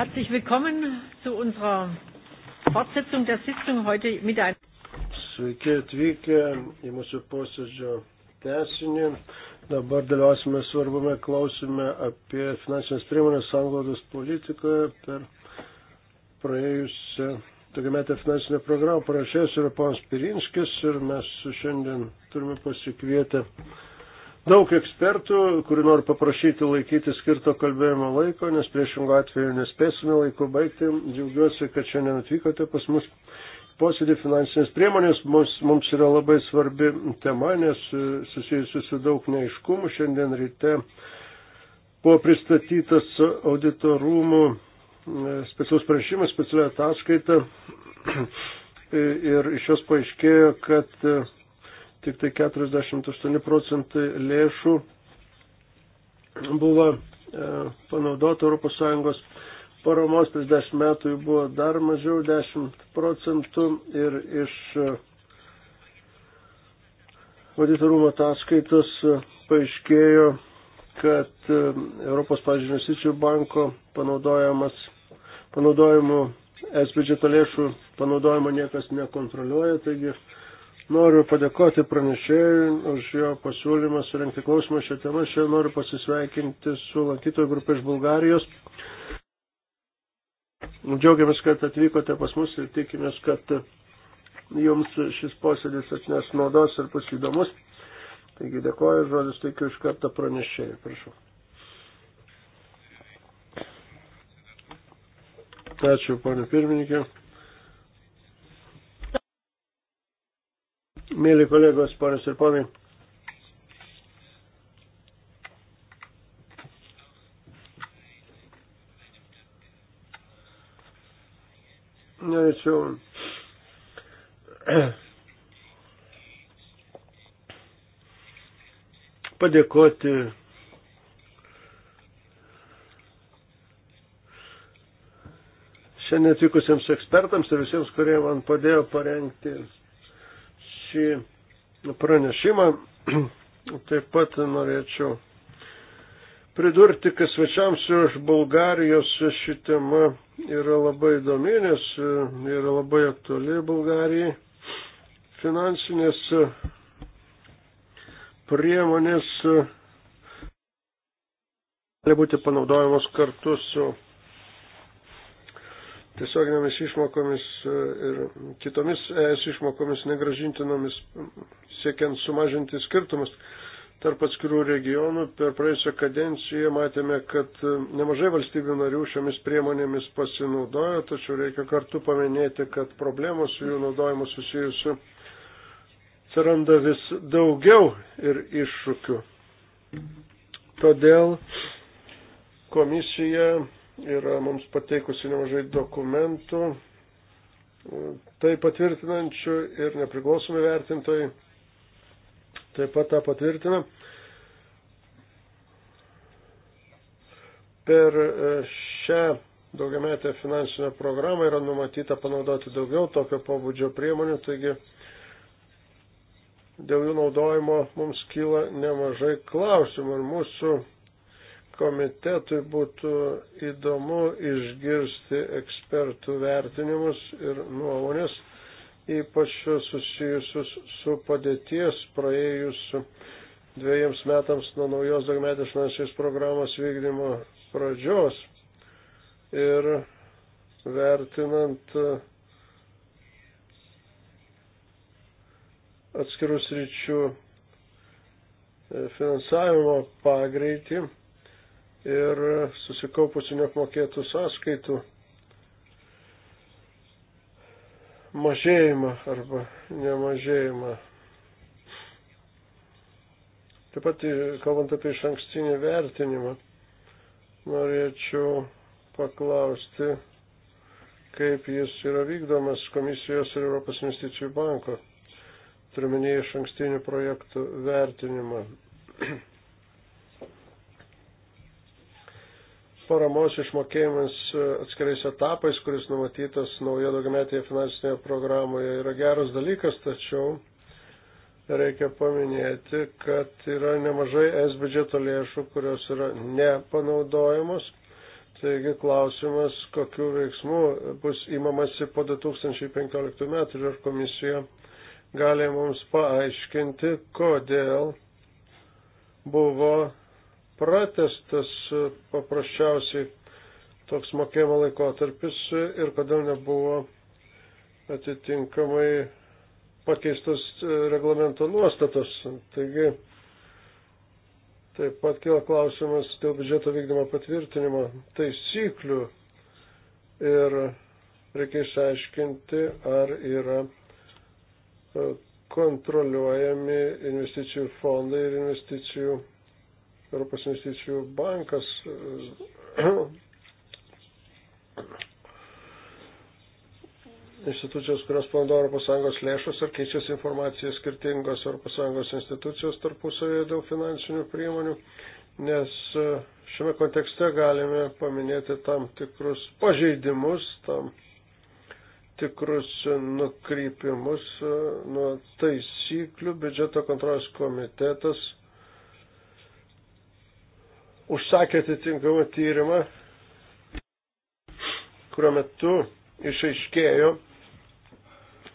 Herzlich willkommen zu unserer Fortsetzung der Sitzung heute mit einem. Sveiki atvykę į mūsų posėdžio tesinį. Dabar dalyvausime svarbame klausime apie finansinės priemonės sanglaudos politikoje per praėjusią tokią metę finansinę programą. Parašės yra ponas Pirinskis ir mes šiandien turime pasikvietę uh, daug ekspertų, kurių noriu paprašyti laikyti skirto kalbėjimo laiko, nes priešingų atveju nespėsime laiko baigti. Džiaugiuosi, kad šiandien atvykote pas mus. Posėdį finansinės priemonės mums, mums yra labai svarbi tema, nes e, susijusi su daug neiškumų. Šiandien ryte buvo pristatytas auditorumų e, specialus prašymas, specialia ataskaita e, ir iš jos paaiškėjo, kad tik tai 48 procentai lėšų buvo e, panaudota ES paramos, prieš 10 metų jų buvo dar mažiau 10 procentų ir iš e, auditorumo ataskaitos e, paaiškėjo, kad Europos pažinėsičių banko panaudojamas, panaudojimų, es biudžeto lėšų panaudojimo niekas nekontroliuoja, taigi Noriu padėkoti pranešėjui už jo pasiūlymą surenkti klausimą šią temą. Šiandien noriu pasisveikinti su lankytojų grupė iš Bulgarijos. Džiaugiamės, kad atvykote pas mus ir tikimės, kad jums šis posėdis atneš naudos ir bus įdomus. Taigi dėkoju, žodis teikiu iš karto pranešėjai. Prašau. Ačiū, ponė pirmininkė. Mėly kolegos, ponas ir ponai. Norėčiau padėkoti šiandien atvykusiems ekspertams ir visiems, kurie man padėjo parengti šį pranešimą. Taip pat norėčiau pridurti, kad svečiams iš Bulgarijos ši tema yra labai įdomi, nes yra labai aktuali Bulgarijai. Finansinės priemonės gali būti panaudojamos kartu su tiesioginėmis išmokomis e, ir kitomis ES išmokomis negražintinomis, siekiant sumažinti skirtumus tarp atskirų regionų. Per praėjusią kadenciją matėme, kad e, nemažai valstybių narių šiomis priemonėmis pasinaudojo, tačiau reikia kartu paminėti, kad problemos su jų naudojimu susijusiu atsiranda vis daugiau ir iššūkių. Todėl komisija yra mums pateikusi nemažai dokumentų, tai patvirtinančių ir nepriklausomi vertintojai taip pat tą patvirtina. Per e, šią daugiametę finansinę programą yra numatyta panaudoti daugiau tokio pobūdžio priemonių, taigi dėl jų naudojimo mums kyla nemažai klausimų ir mūsų komitetui būtų įdomu išgirsti ekspertų vertinimus ir nuomonės, ypač susijusius su padėties praėjus dviejams metams nuo naujos dogmetės finansinės programos vykdymo pradžios ir vertinant atskirus ryčių finansavimo pagreitį ir susikaupusių neapmokėtų sąskaitų mažėjimą arba nemažėjimą. Taip pat, e, kalbant apie iš ankstinį vertinimą, norėčiau paklausti, kaip jis yra vykdomas komisijos ir Europos investicijų banko. Turiuomenėje iš ankstinių projektų vertinimą. paramos išmokėjimas e, atskirais etapais, kuris numatytas naujo daugiametėje finansinėje programoje, yra geras dalykas, tačiau reikia paminėti, kad yra nemažai S biudžeto lėšų, kurios yra nepanaudojamos. Taigi klausimas, kokiu veiksmu bus įmamasi po 2015 metų ir komisija gali mums paaiškinti, kodėl buvo pratestas e, paprasčiausiai toks mokėjimo laikotarpis e, ir kodėl nebuvo atitinkamai pakeistos e, reglamento nuostatos. Taigi, taip pat kila klausimas dėl biudžeto vykdymo patvirtinimo taisyklių ir reikia išaiškinti, ar yra kontroliuojami investicijų fondai ir investicijų Europos investicijų bankas eh, institucijos, kurios panaudoja ES lėšas ir keičiasi informacija skirtingos ES institucijos tarpusavėje dėl finansinių priemonių, nes eh, šiame kontekste galime paminėti tam tikrus pažeidimus, tam tikrus nukrypimus eh, nuo taisyklių. Biudžeto kontrolės komitetas užsakė atitinkamą tyrimą, kurio metu išaiškėjo,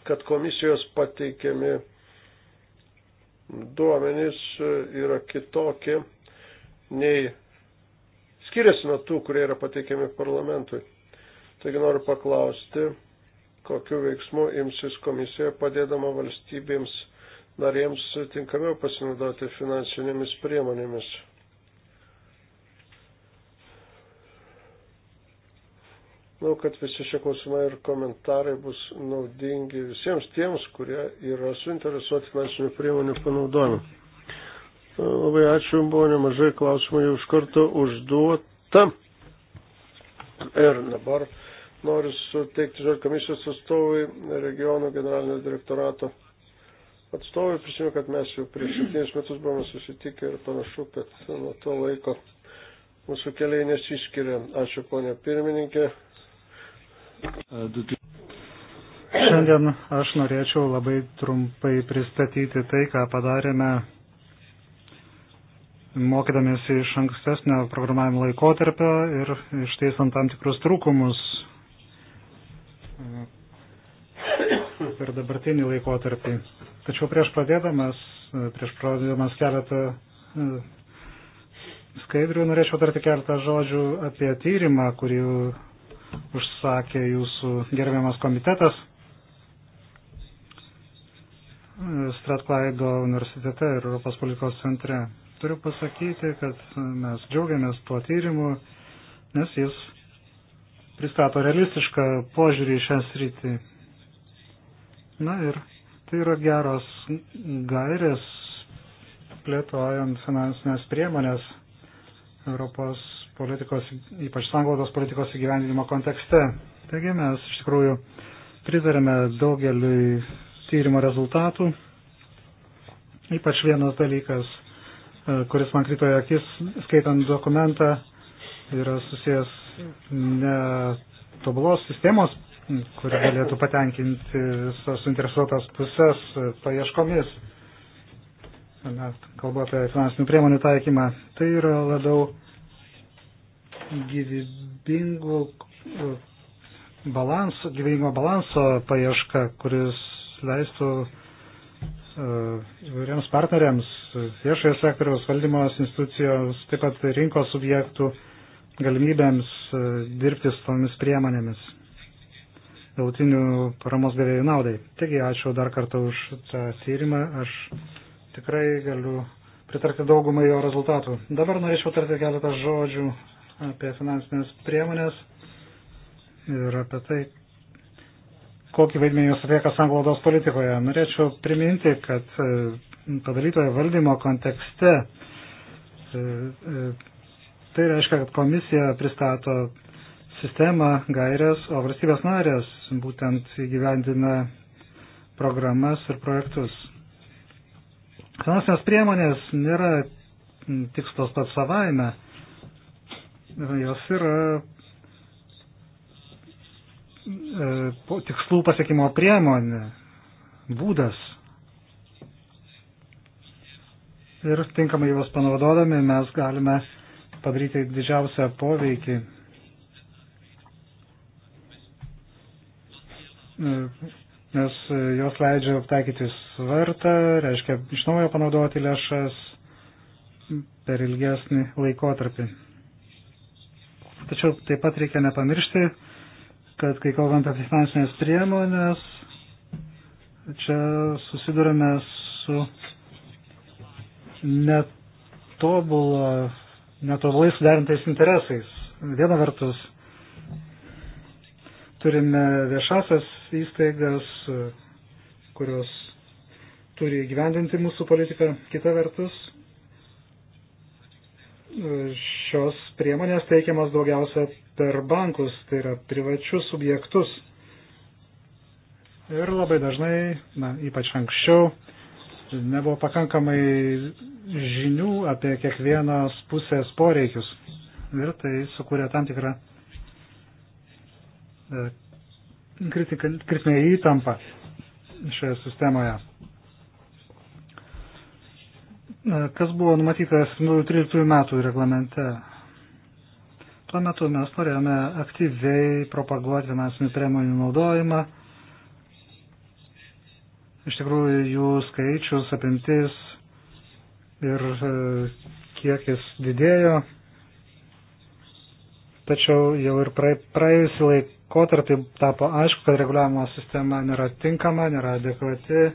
kad komisijos pateikiami duomenys yra kitokie nei skiriasi nuo tų, kurie yra pateikiami parlamentui. Taigi noriu paklausti, kokiu veiksmu imsis komisija padėdama valstybėms narėms tinkamiau pasinaudoti finansinėmis priemonėmis. Manau, kad visi šie klausimai ir komentarai bus naudingi visiems tiems, kurie yra suinteresuoti finansinių priemonių panaudojimu. Labai ačiū, buvo nemažai klausimų jau iš karto užduota. Ir dabar noriu suteikti žodį komisijos atstovui, regionų generalinio direktorato atstovui. Prisimenu, kad mes jau prieš septynis metus buvome susitikę ir panašu, kad nuo to laiko mūsų keliai nesiskiria. Ačiū, ponė pirmininkė, Šiandien aš norėčiau labai trumpai pristatyti tai, ką padarėme mokydamėsi iš ankstesnio programavimo laikotarpio ir išteisant tam tikrus trūkumus per dabartinį laikotarpį. Tačiau prieš pradėdamas, prieš pradėdamas keletą e, skaidrių norėčiau tarti keletą žodžių apie tyrimą, kurį užsakė jūsų gerbiamas komitetas Stratklaido universitete ir Europos politikos centre. Turiu pasakyti, kad mes džiaugiamės tuo tyrimu, nes jis pristato realistišką požiūrį į šią sritį. Na ir tai yra geros gairės plėtojant finansinės priemonės Europos politikos, ypač sanglaudos politikos įgyvendinimo kontekste. Taigi mes iš tikrųjų pritarėme daugeliui tyrimo rezultatų. Ypač vienas dalykas, e, kuris man krito į akis, skaitant dokumentą, yra susijęs ne tobulos sistemos, kuri galėtų patenkinti visas suinteresuotas pusės e, paieškomis. Kalbu apie finansinių priemonių taikymą. Tai yra labiau gyvybingų e, balanso, gyvybingo balanso paieška, kuris leistų e, įvairiems partneriams, viešojo sektoriaus valdymo institucijos, taip pat rinkos subjektų galimybėms e, dirbti su tomis priemonėmis galutinių paramos gavėjų naudai. Taigi ačiū dar kartą už tą tyrimą. Aš tikrai galiu pritarti daugumai jo rezultatų. Dabar norėčiau tarti keletą žodžių apie finansinės priemonės ir apie tai, kokį vaidmenį jūs atlieka sanglaudos politikoje. Norėčiau priminti, kad e, padarytojo valdymo kontekste e, e, tai reiškia, kad komisija pristato sistemą, gairias, o valstybės narės būtent įgyvendina programas ir projektus. Finansinės priemonės nėra tikslas pats savaime, jos yra e, tikslų pasiekimo priemonė, būdas. Ir tinkamai juos panaudodami mes galime padaryti didžiausią poveikį. E, nes jos leidžia aptaikyti svertą, reiškia iš naujo panaudoti lėšas per ilgesnį laikotarpį. Tačiau taip pat reikia nepamiršti, kad kai kalbant apie finansinės priemonės, čia susidurime su netobulą, netobulai suderintais interesais. Viena vertus, turime viešasias įstaigas, kurios turi gyvendinti mūsų politiką. Kita vertus, šios priemonės teikiamas daugiausia per bankus, tai yra privačius subjektus. Ir labai dažnai, na, ypač anksčiau, nebuvo pakankamai žinių apie kiekvienos pusės poreikius. Ir tai sukūrė tam tikrą e, kritinę įtampą šioje sistemoje kas buvo numatytas 2013 metų reglamente. Tuo metu mes norėjome aktyviai propaguoti finansinių priemonių naudojimą. Iš tikrųjų, jų skaičius, apimtis ir e, kiekis didėjo. Tačiau jau ir praėjusį laikotarpį tapo aišku, kad reguliavimo sistema nėra tinkama, nėra adekvati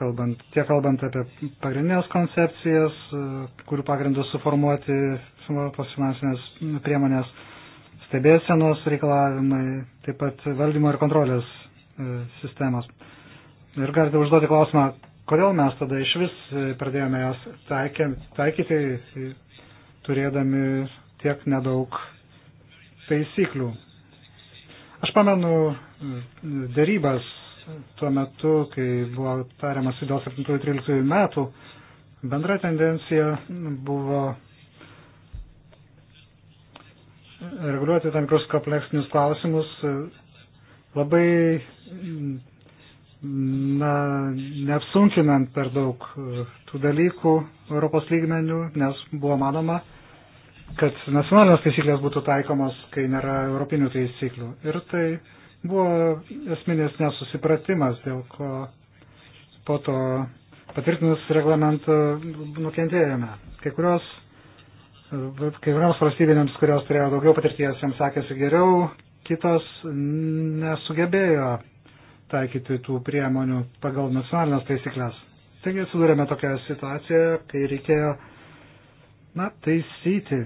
kalbant, tiek kalbant apie pagrindinės koncepcijas, e, kurių pagrindus suformuoti tos finansinės priemonės, stebėsenos reikalavimai, taip pat valdymo ir kontrolės e, sistemos. Ir galite užduoti klausimą, kodėl mes tada iš vis e, pradėjome jas taikyti, turėdami tiek nedaug taisyklių. Aš pamenu darybas tuo metu, kai buvo tariamas dėl 17-13 metų, bendra tendencija buvo reguliuoti tam tikrus kompleksinius klausimus labai na, neapsunkinant per daug tų dalykų Europos lygmenių, nes buvo manoma, kad nacionalinės taisyklės būtų taikomos, kai nėra europinių taisyklių. Ir tai Buvo esminės nesusipratimas, dėl ko po to patvirtinus reglamentą nukentėjome. Kai kurios, kai kurioms valstybinėms, kurios turėjo daugiau patirties, jiems sakėsi geriau, kitos nesugebėjo taikyti tų priemonių pagal nacionalinės taisyklės. Taigi atsidūrėme tokią situaciją, kai reikėjo, na, taisyti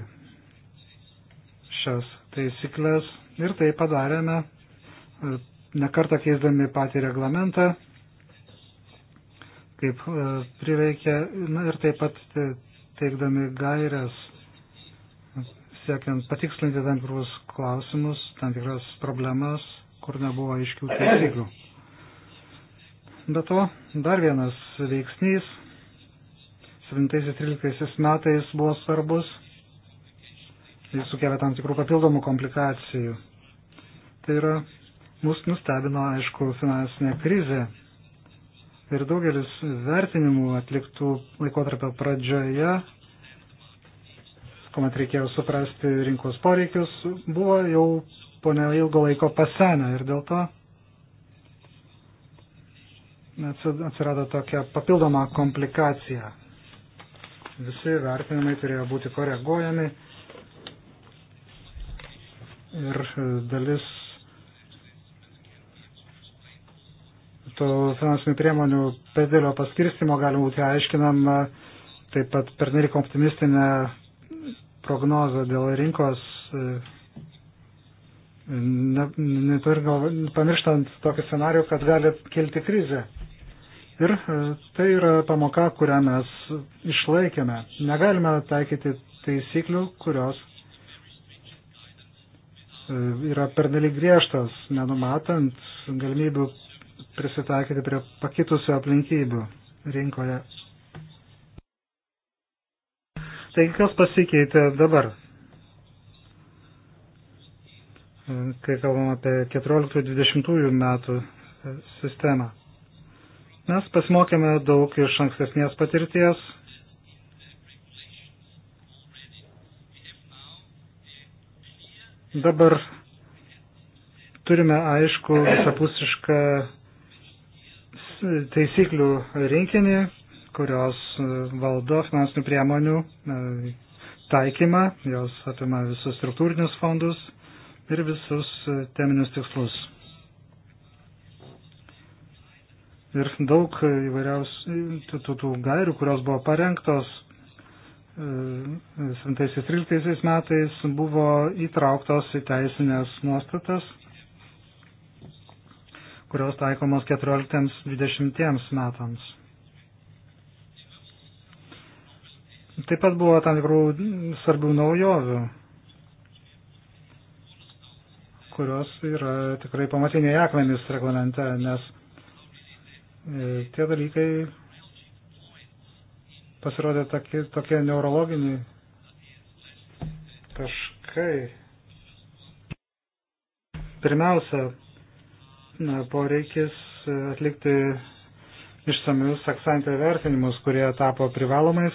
šias taisyklės ir tai padarėme E, nekartą keisdami patį reglamentą, kaip e, prireikia, na ir taip pat teikdami gairias, siekiant patikslinti tam tikrus klausimus, tam tikras problemas, kur nebuvo aiškių taisyklių. Be to, dar vienas veiksnys 7-13 metais buvo svarbus, jis sukėlė tam tikrų papildomų komplikacijų. Tai yra Mus nustebino, aišku, finansinė krizė. Ir daugelis vertinimų atliktų laikotarpio pradžioje, kuomet reikėjo suprasti rinkos poreikius, buvo jau po neilgo laiko pasenę ir dėl to atsirado tokia papildoma komplikacija. Visi vertinimai turėjo būti koreguojami ir dalis tų finansinių priemonių per didelio paskirstimo gali būti aiškinama e, taip pat pernelik optimistinė prognozė dėl rinkos, e, ne, ne, pamirštant tokį scenarių, kad gali kilti krizė. Ir e, tai yra pamoka, kurią mes išlaikėme. Negalime taikyti taisyklių, kurios yra pernelik griežtos, nenumatant galimybių prisitaikyti prie pakitusių aplinkybių rinkoje. Taigi, kas pasikeitė dabar? kai kalbam apie 14-20 metų sistemą. Mes pasimokėme daug iš ankstesnės patirties. Dabar turime aišku visapusišką taisyklių rinkinį, kurios e, valdo finansinių priemonių e, taikymą, jos apima visus struktūrinius fondus ir visus e, teminius tikslus. Ir daug įvairiausių tų gairių, kurios buvo parengtos 2013 metais, buvo įtrauktos į teisinės nuostatas kurios taikomos 14-20 metams. Taip pat buvo tam tikrų svarbių naujovių, kurios yra tikrai pamatiniai akmenys reglamente, nes e, tie dalykai pasirodė tokie, tokie neurologiniai taškai. Pirmiausia, poreikis e, atlikti išsamius aksantę vertinimus, kurie tapo privalomais.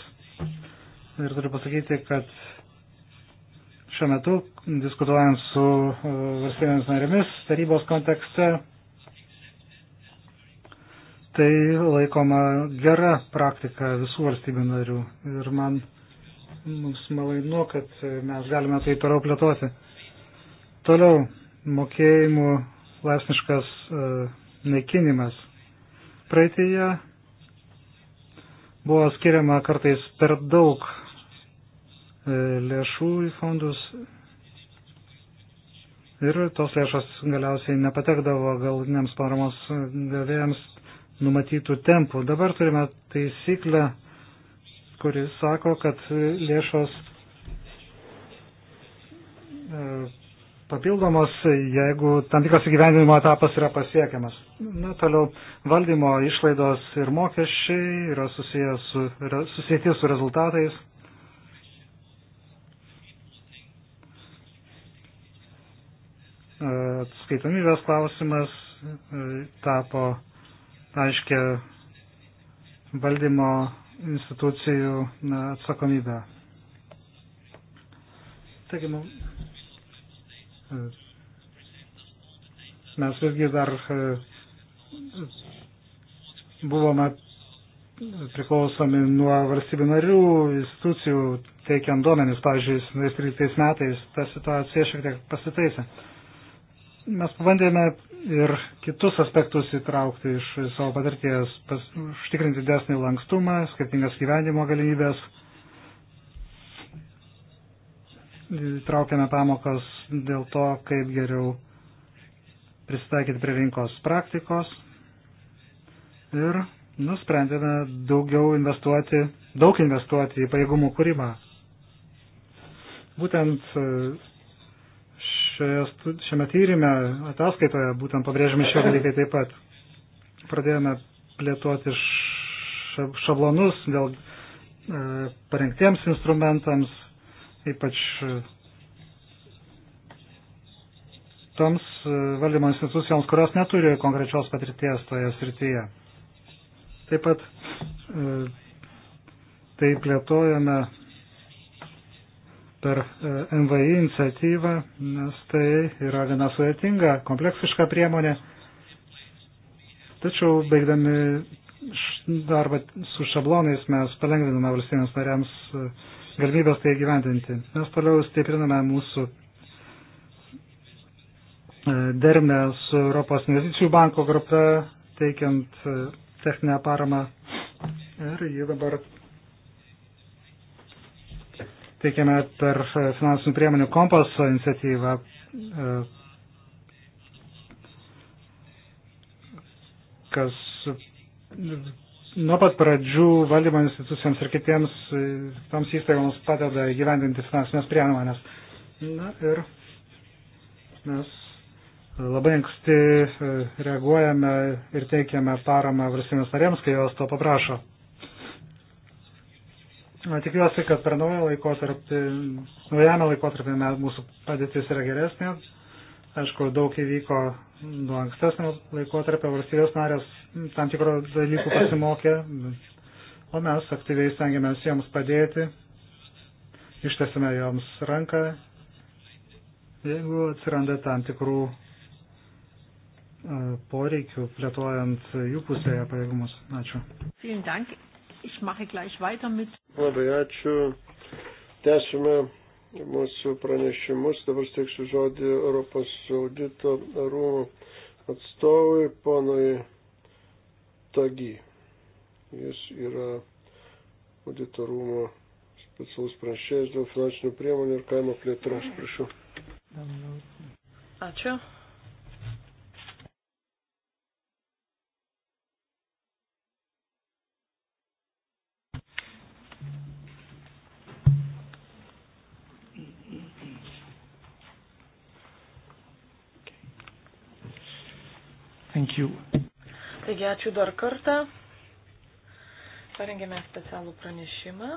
Ir turiu pasakyti, kad šiuo metu, diskutuojant su e, valstybėmis narėmis tarybos kontekste, tai laikoma gera praktika visų valstybių narių. Ir man mums malainu, kad mes galime tai toliau plėtoti. Toliau mokėjimų laipsniškas e, naikinimas. Praeitėje buvo skiriama kartais per daug e, lėšų į fondus ir tos lėšos galiausiai nepatekdavo galutiniams paramos gavėjams numatytų tempų. Dabar turime taisyklę, kuris sako, kad lėšos e, papildomos, jeigu tam tikras įgyvendinimo etapas yra pasiekiamas. Na, toliau valdymo išlaidos ir mokesčiai yra susijęs su, susijęti su rezultatais. Skaitomybės klausimas e, tapo aiškia valdymo institucijų atsakomybę. Taigi, mes visgi dar e, buvome priklausomi nuo valstybių narių institucijų teikiant duomenis, pavyzdžiui, 2013 metais ta situacija šiek tiek pasitaisė. Mes pabandėme ir kitus aspektus įtraukti iš savo patirties, užtikrinti desnį lankstumą, skirtingas gyvenimo galimybės, traukiame pamokas dėl to, kaip geriau pristaikyti prie rinkos praktikos ir nusprendėme daugiau investuoti, daug investuoti į pajėgumų kūrimą. Būtent e, šioje, šiame tyrimė ataskaitoje būtent pabrėžiami šie dalykai taip pat. Pradėjome plėtoti šablonus dėl e, parengtiems instrumentams, ypač e, toms e, valdymo institucijoms, kurios neturi konkrečios patirties toje srityje. Taip pat e, tai plėtojame per MVI iniciatyvą, nes tai yra viena sudėtinga, kompleksiška priemonė. Tačiau baigdami darbą su šablonais mes palengviname valstybėms nariams uh, galimybės tai gyventinti. Mes toliau stipriname mūsų e, dermę su Europos investicijų banko grupe, teikiant e, techninę paramą. Ir jį dabar teikiame per e, finansinių priemonių kompaso iniciatyvą. kas nuo pat pradžių valdymo institucijams ir kitiems e, toms įstaigoms padeda įgyvendinti finansinės priemonės. Na ir mes labai anksti e, reaguojame ir teikiame paramą valstybės narėms, kai jos to paprašo. Tikiuosi, kad per naują laikotarpį, naujame laikotarpį mūsų padėtis yra geresnė, Aišku, daug įvyko nuo ankstesnio laikotarpio valstybės narės tam tikro dalykų pasimokė, o mes aktyviai stengiamės joms padėti, ištesime joms ranką, jeigu atsiranda tam tikrų e, poreikių plėtojant jų pusėje pajėgumus. Ačiū. Labai ačiū. Tęsime mūsų pranešimus. Dabar steiksiu žodį Europos audito rūmų atstovui, ponui Tagy. Jis yra audito rūmų specialus pranešėjas dėl finansinių priemonių ir kaimo plėtros. Prašau. Ačiū. Thank you. Taigi ačiū dar kartą. Parengėme specialų pranešimą.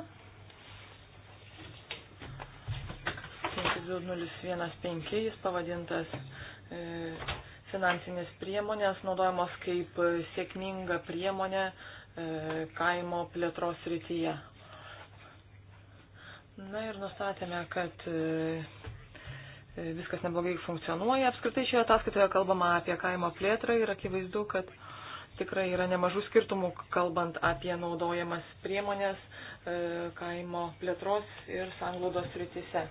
2015 jis pavadintas e, finansinės priemonės, naudojamos kaip sėkminga priemonė e, kaimo plėtros rytyje. Na ir nustatėme, kad e, E, viskas neblogai funkcionuoja. Apskritai šioje ataskaitoje kalbama apie kaimo plėtrą ir akivaizdu, kad tikrai yra nemažų skirtumų, kalbant apie naudojamas priemonės e, kaimo plėtros ir sanglaudos rytise.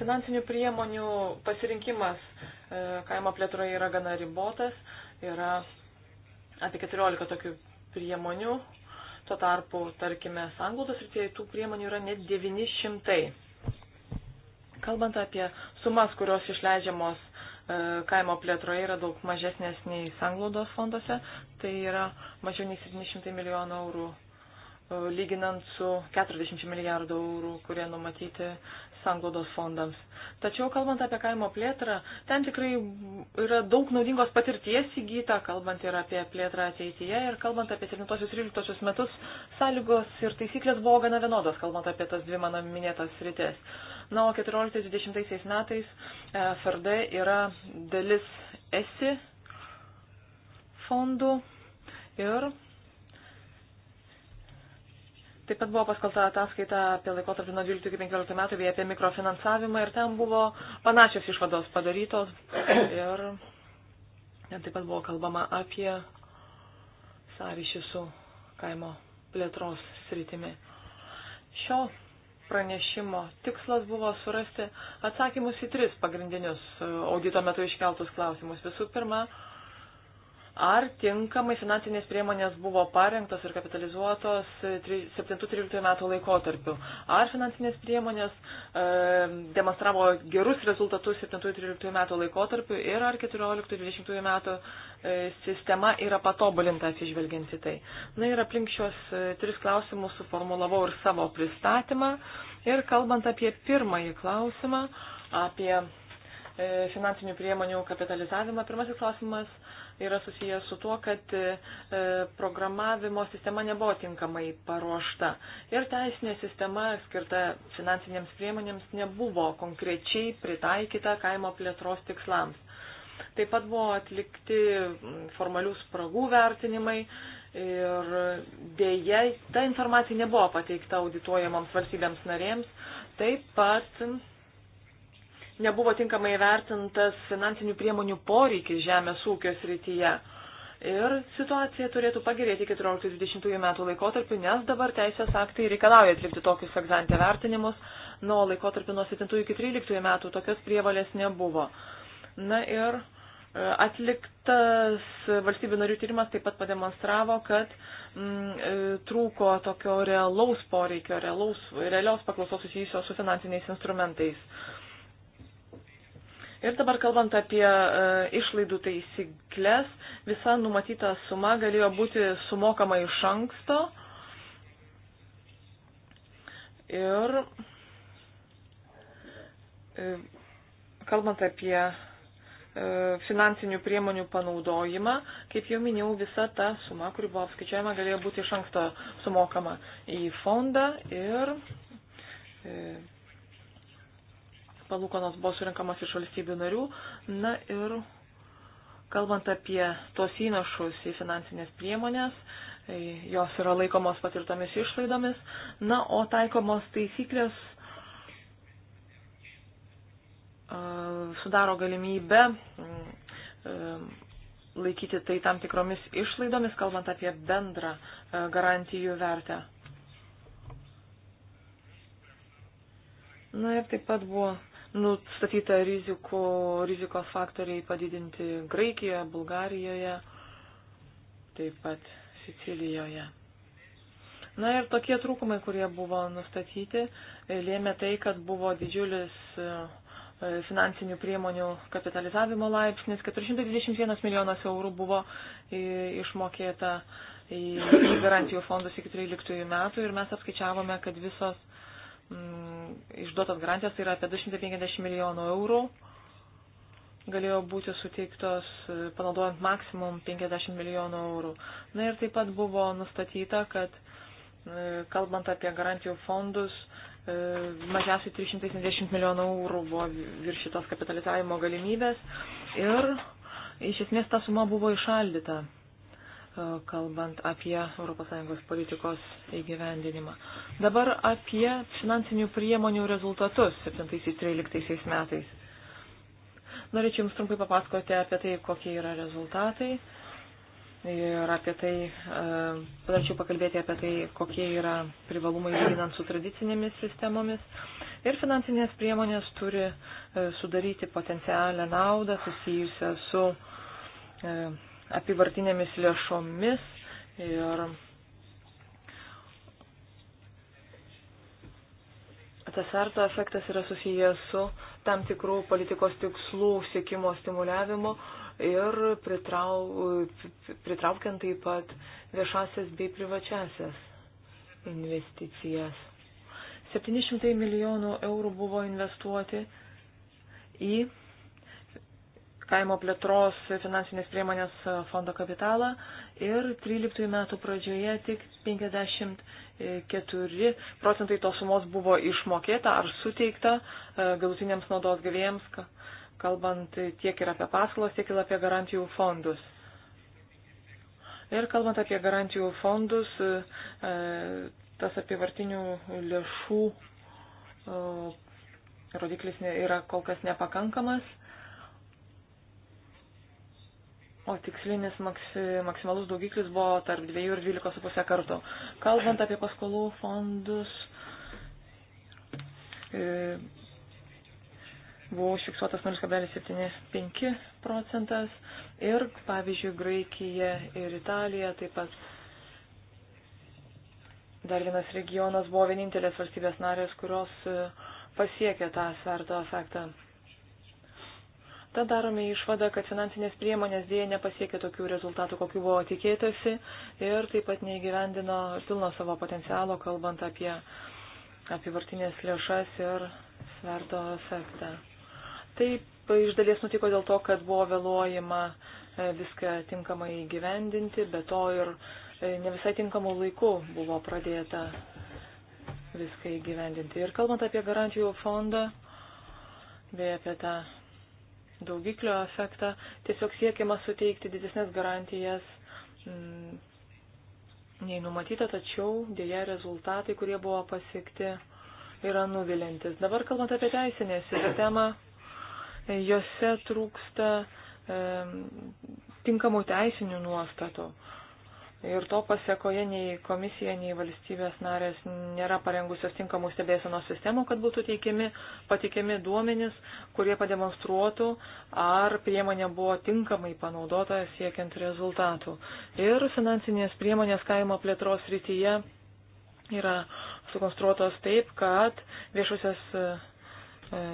Finansinių priemonių pasirinkimas e, kaimo plėtroje yra gana ribotas, yra apie 14 tokių priemonių, tuo tarpu, tarkime, sanglaudos rytėje tų priemonių yra net 900. Kalbant apie sumas, kurios išleidžiamos e, kaimo plėtroje yra daug mažesnės nei sanglaudos fonduose, tai yra mažiau nei 700 milijonų eurų e, lyginant su 40 milijardų eurų, kurie numatyti sanglaudos fondams. Tačiau, kalbant apie kaimo plėtrą, ten tikrai yra daug naudingos patirties įgyta, kalbant ir apie plėtrą ateityje, ir kalbant apie 17-13 metus, sąlygos ir taisyklės buvo gana vienodos, kalbant apie tas dvi mano minėtas rytės. Na, o 14-20 metais e, FRD yra dalis ESI fondų ir Taip pat buvo paskalta ataskaita apie laikotarpį nuo 12 iki 15 metų, bei apie mikrofinansavimą ir ten buvo panašios išvados padarytos. Ir ten taip pat buvo kalbama apie sąryšį su kaimo plėtros sritimi. Šio pranešimo tikslas buvo surasti atsakymus į tris pagrindinius e, audito metu iškeltus klausimus. Visų pirma, ar tinkamai finansinės priemonės buvo parengtos ir kapitalizuotos 7-13 metų laikotarpiu, ar finansinės priemonės e, demonstravo gerus rezultatus 7-13 metų laikotarpiu ir ar 14-20 metų e, sistema yra patobulinta atsižvelgiant į tai. Na ir aplink šios e, tris klausimus suformulavau ir savo pristatymą ir kalbant apie pirmąjį klausimą, apie e, finansinių priemonių kapitalizavimą, pirmasis klausimas yra susijęs su tuo, kad e, programavimo sistema nebuvo tinkamai paruošta ir teisinė sistema skirta finansinėms priemonėms nebuvo konkrečiai pritaikyta kaimo plėtros tikslams. Taip pat buvo atlikti formalių spragų vertinimai ir dėja ta informacija nebuvo pateikta audituojamoms valstybėms narėms. Taip pat nebuvo tinkamai vertintas finansinių priemonių poreikis žemės ūkio srityje. Ir situacija turėtų pagerėti 14-20 metų laikotarpiu, nes dabar teisės aktai reikalauja atlikti tokius egzantę vertinimus, nuo laikotarpiu nuo 7 iki 13 metų tokios prievalės nebuvo. Na ir e, Atliktas valstybių narių tyrimas taip pat pademonstravo, kad m, mm, e, trūko tokio realaus poreikio, realaus, realios paklausos susijusios su finansiniais instrumentais. Ir dabar kalbant apie e, išlaidų taisyklės, visa numatyta suma galėjo būti sumokama iš anksto. Ir e, kalbant apie e, finansinių priemonių panaudojimą, kaip jau minėjau, visa ta suma, kuri buvo apskaičiuojama, galėjo būti iš anksto sumokama į fondą ir e, palūkanos buvo surinkamas iš valstybių narių. Na ir kalbant apie tos įnašus į finansinės priemonės, jos yra laikomos patirtomis išlaidomis. Na, o taikomos taisyklės sudaro galimybę laikyti tai tam tikromis išlaidomis, kalbant apie bendrą garantijų vertę. Na ir taip pat buvo nustatyta rizikų, rizikos faktoriai padidinti Graikijoje, Bulgarijoje, taip pat Sicilijoje. Na ir tokie trūkumai, kurie buvo nustatyti, e, lėmė tai, kad buvo didžiulis e, e, finansinių priemonių kapitalizavimo laipsnis. 421 milijonas eurų buvo išmokėta į garantijų fondus iki 13 metų ir mes apskaičiavome, kad visos m, mm, išduotos garantijos, tai yra apie 250 milijonų eurų, galėjo būti suteiktos e, panaudojant maksimum 50 milijonų eurų. Na ir taip pat buvo nustatyta, kad e, kalbant apie garantijų fondus, e, mažiausiai 370 milijonų eurų buvo viršytos kapitalizavimo galimybės ir iš esmės ta suma buvo išaldyta kalbant apie ES politikos įgyvendinimą. Dabar apie finansinių priemonių rezultatus 17-13 metais. Norėčiau Jums trumpai papasakoti apie tai, kokie yra rezultatai ir apie tai, e, norėčiau pakalbėti apie tai, kokie yra privalumai lyginant su tradicinėmis sistemomis. Ir finansinės priemonės turi e, sudaryti potencialią naudą susijusią su e, apivartinėmis lėšomis ir tas sarto efektas yra susijęs su tam tikrų politikos tikslų siekimo stimuliavimu ir pritrau, pritraukiant taip pat viešasias bei privačiasias investicijas. 700 milijonų eurų buvo investuoti į kaimo plėtros finansinės priemonės fondo kapitalą ir 13 metų pradžioje tik 54 procentai tos sumos buvo išmokėta ar suteikta e, galutiniams naudos gavėjams, kalbant tiek ir apie paskolas, tiek ir apie garantijų fondus. Ir kalbant apie garantijų fondus, e, tas apivartinių lėšų e, rodiklis yra kol kas nepakankamas O tikslinis maksi, maksimalus daugiklis buvo tarp 2 ir 12,5 kartų. Kalbant apie paskolų fondus, e, buvo užfiksuotas 0,75 procentas ir, pavyzdžiui, Graikija ir Italija taip pat. Dar vienas regionas buvo vienintelės valstybės narės, kurios e, pasiekė tą sverto efektą. Tad darome išvadą, kad finansinės priemonės dėja nepasiekė tokių rezultatų, kokių buvo tikėtasi ir taip pat neįgyvendino pilno savo potencialo, kalbant apie apivartinės lėšas ir sverto efektą. Taip iš dalies nutiko dėl to, kad buvo vėluojama e, viską tinkamai įgyvendinti, bet to ir e, ne visai tinkamų laikų buvo pradėta viską įgyvendinti. Ir kalbant apie garantijų fondą, bei apie tą daugiklio efektą, tiesiog siekiama suteikti didesnės garantijas m, mm, nei numatyta, tačiau dėja rezultatai, kurie buvo pasiekti, yra nuvilintis. Dabar kalbant apie teisinę sistemą, jose trūksta e, tinkamų teisinių nuostatų. E, Ir to pasiekoje nei komisija, nei valstybės narės nėra parengusios tinkamų stebėsenos sistemų, kad būtų teikiami patikimi duomenys, kurie pademonstruotų, ar priemonė buvo tinkamai panaudota siekiant rezultatų. Ir finansinės priemonės kaimo plėtros rytyje yra sukonstruotos taip, kad viešusios. E,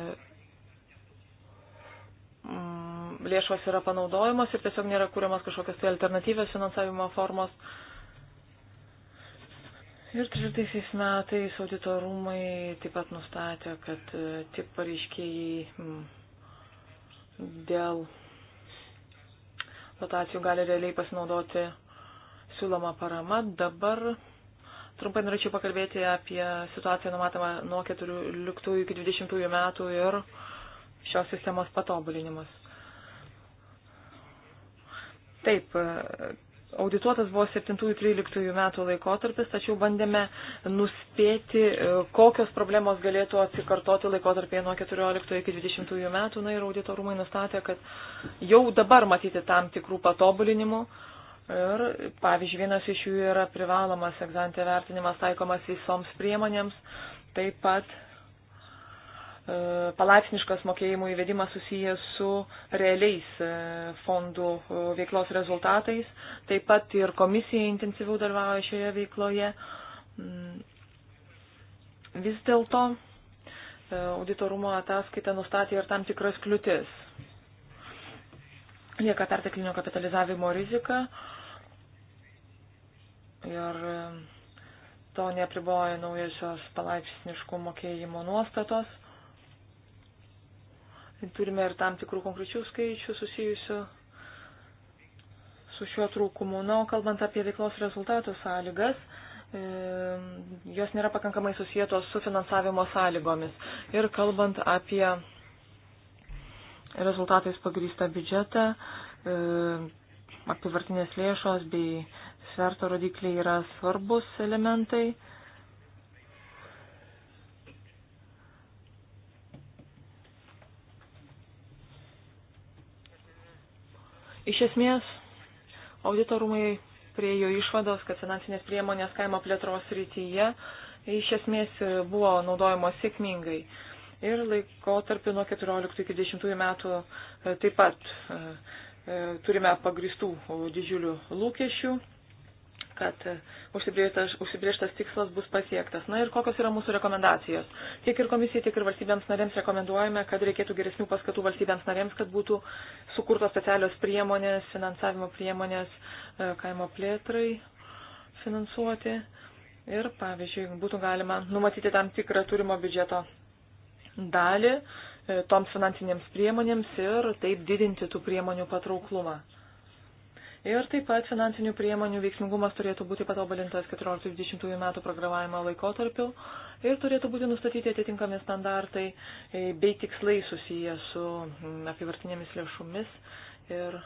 lėšos yra panaudojamos ir tiesiog nėra kūriamas kažkokios tai alternatyvios finansavimo formos. Ir 13 metais auditorumai taip pat nustatė, kad e, tik pareiškėjai mm, dėl dotacijų gali realiai pasinaudoti siūloma parama. Dabar trumpai norėčiau pakalbėti apie situaciją numatomą nuo 14 iki 20 metų ir šios sistemos patobulinimus. Taip, audituotas buvo 7-13 metų laikotarpis, tačiau bandėme nuspėti, kokios problemos galėtų atsikartoti laikotarpėje nuo 14 iki 20 metų. Na ir auditorumai nustatė, kad jau dabar matyti tam tikrų patobulinimų. Ir, pavyzdžiui, vienas iš jų yra privalomas egzantė vertinimas taikomas visoms priemonėms. Taip pat E, palaipsniškas mokėjimų įvedimas susijęs su realiais e, fondų e, veiklos rezultatais. Taip pat ir komisija intensyviau dalyvauja šioje veikloje. Mm. Vis dėlto auditorumo ataskaita nustatė ir tam tikras kliūtis. Lieka perteklinio kapitalizavimo rizika ir to neapriboja naujasios palaipsniškų mokėjimo nuostatos. Turime ir tam tikrų konkrečių skaičių susijusių su šiuo trūkumu. Na, o kalbant apie veiklos rezultatų sąlygas, e, jos nėra pakankamai susijėtos su finansavimo sąlygomis. Ir kalbant apie rezultatais pagrįstą biudžetą, e, apivartinės lėšos bei sverto rodikliai yra svarbus elementai. Iš esmės, auditorumai priejo išvados, kad finansinės priemonės kaimo plėtros rytyje iš esmės buvo naudojamos sėkmingai. Ir laikotarpiu nuo 14 iki 20 metų e, taip pat e, e, turime pagristų didžiulių lūkesčių kad užsibriežtas, užsibriežtas tikslas bus pasiektas. Na ir kokios yra mūsų rekomendacijos? Tiek ir komisijai, tiek ir valstybėms narėms rekomenduojame, kad reikėtų geresnių paskatų valstybėms narėms, kad būtų sukurtos specialios priemonės, finansavimo priemonės e, kaimo plėtrai finansuoti. Ir, pavyzdžiui, būtų galima numatyti tam tikrą turimo biudžeto dalį e, toms finansinėms priemonėms ir taip didinti tų priemonių patrauklumą. Ir taip pat finansinių priemonių veiksmingumas turėtų būti patobulintas 14-20 metų programavimo laikotarpiu ir turėtų būti nustatyti atitinkami standartai e, bei tikslai susiję su mm, apivartinėmis lėšomis ir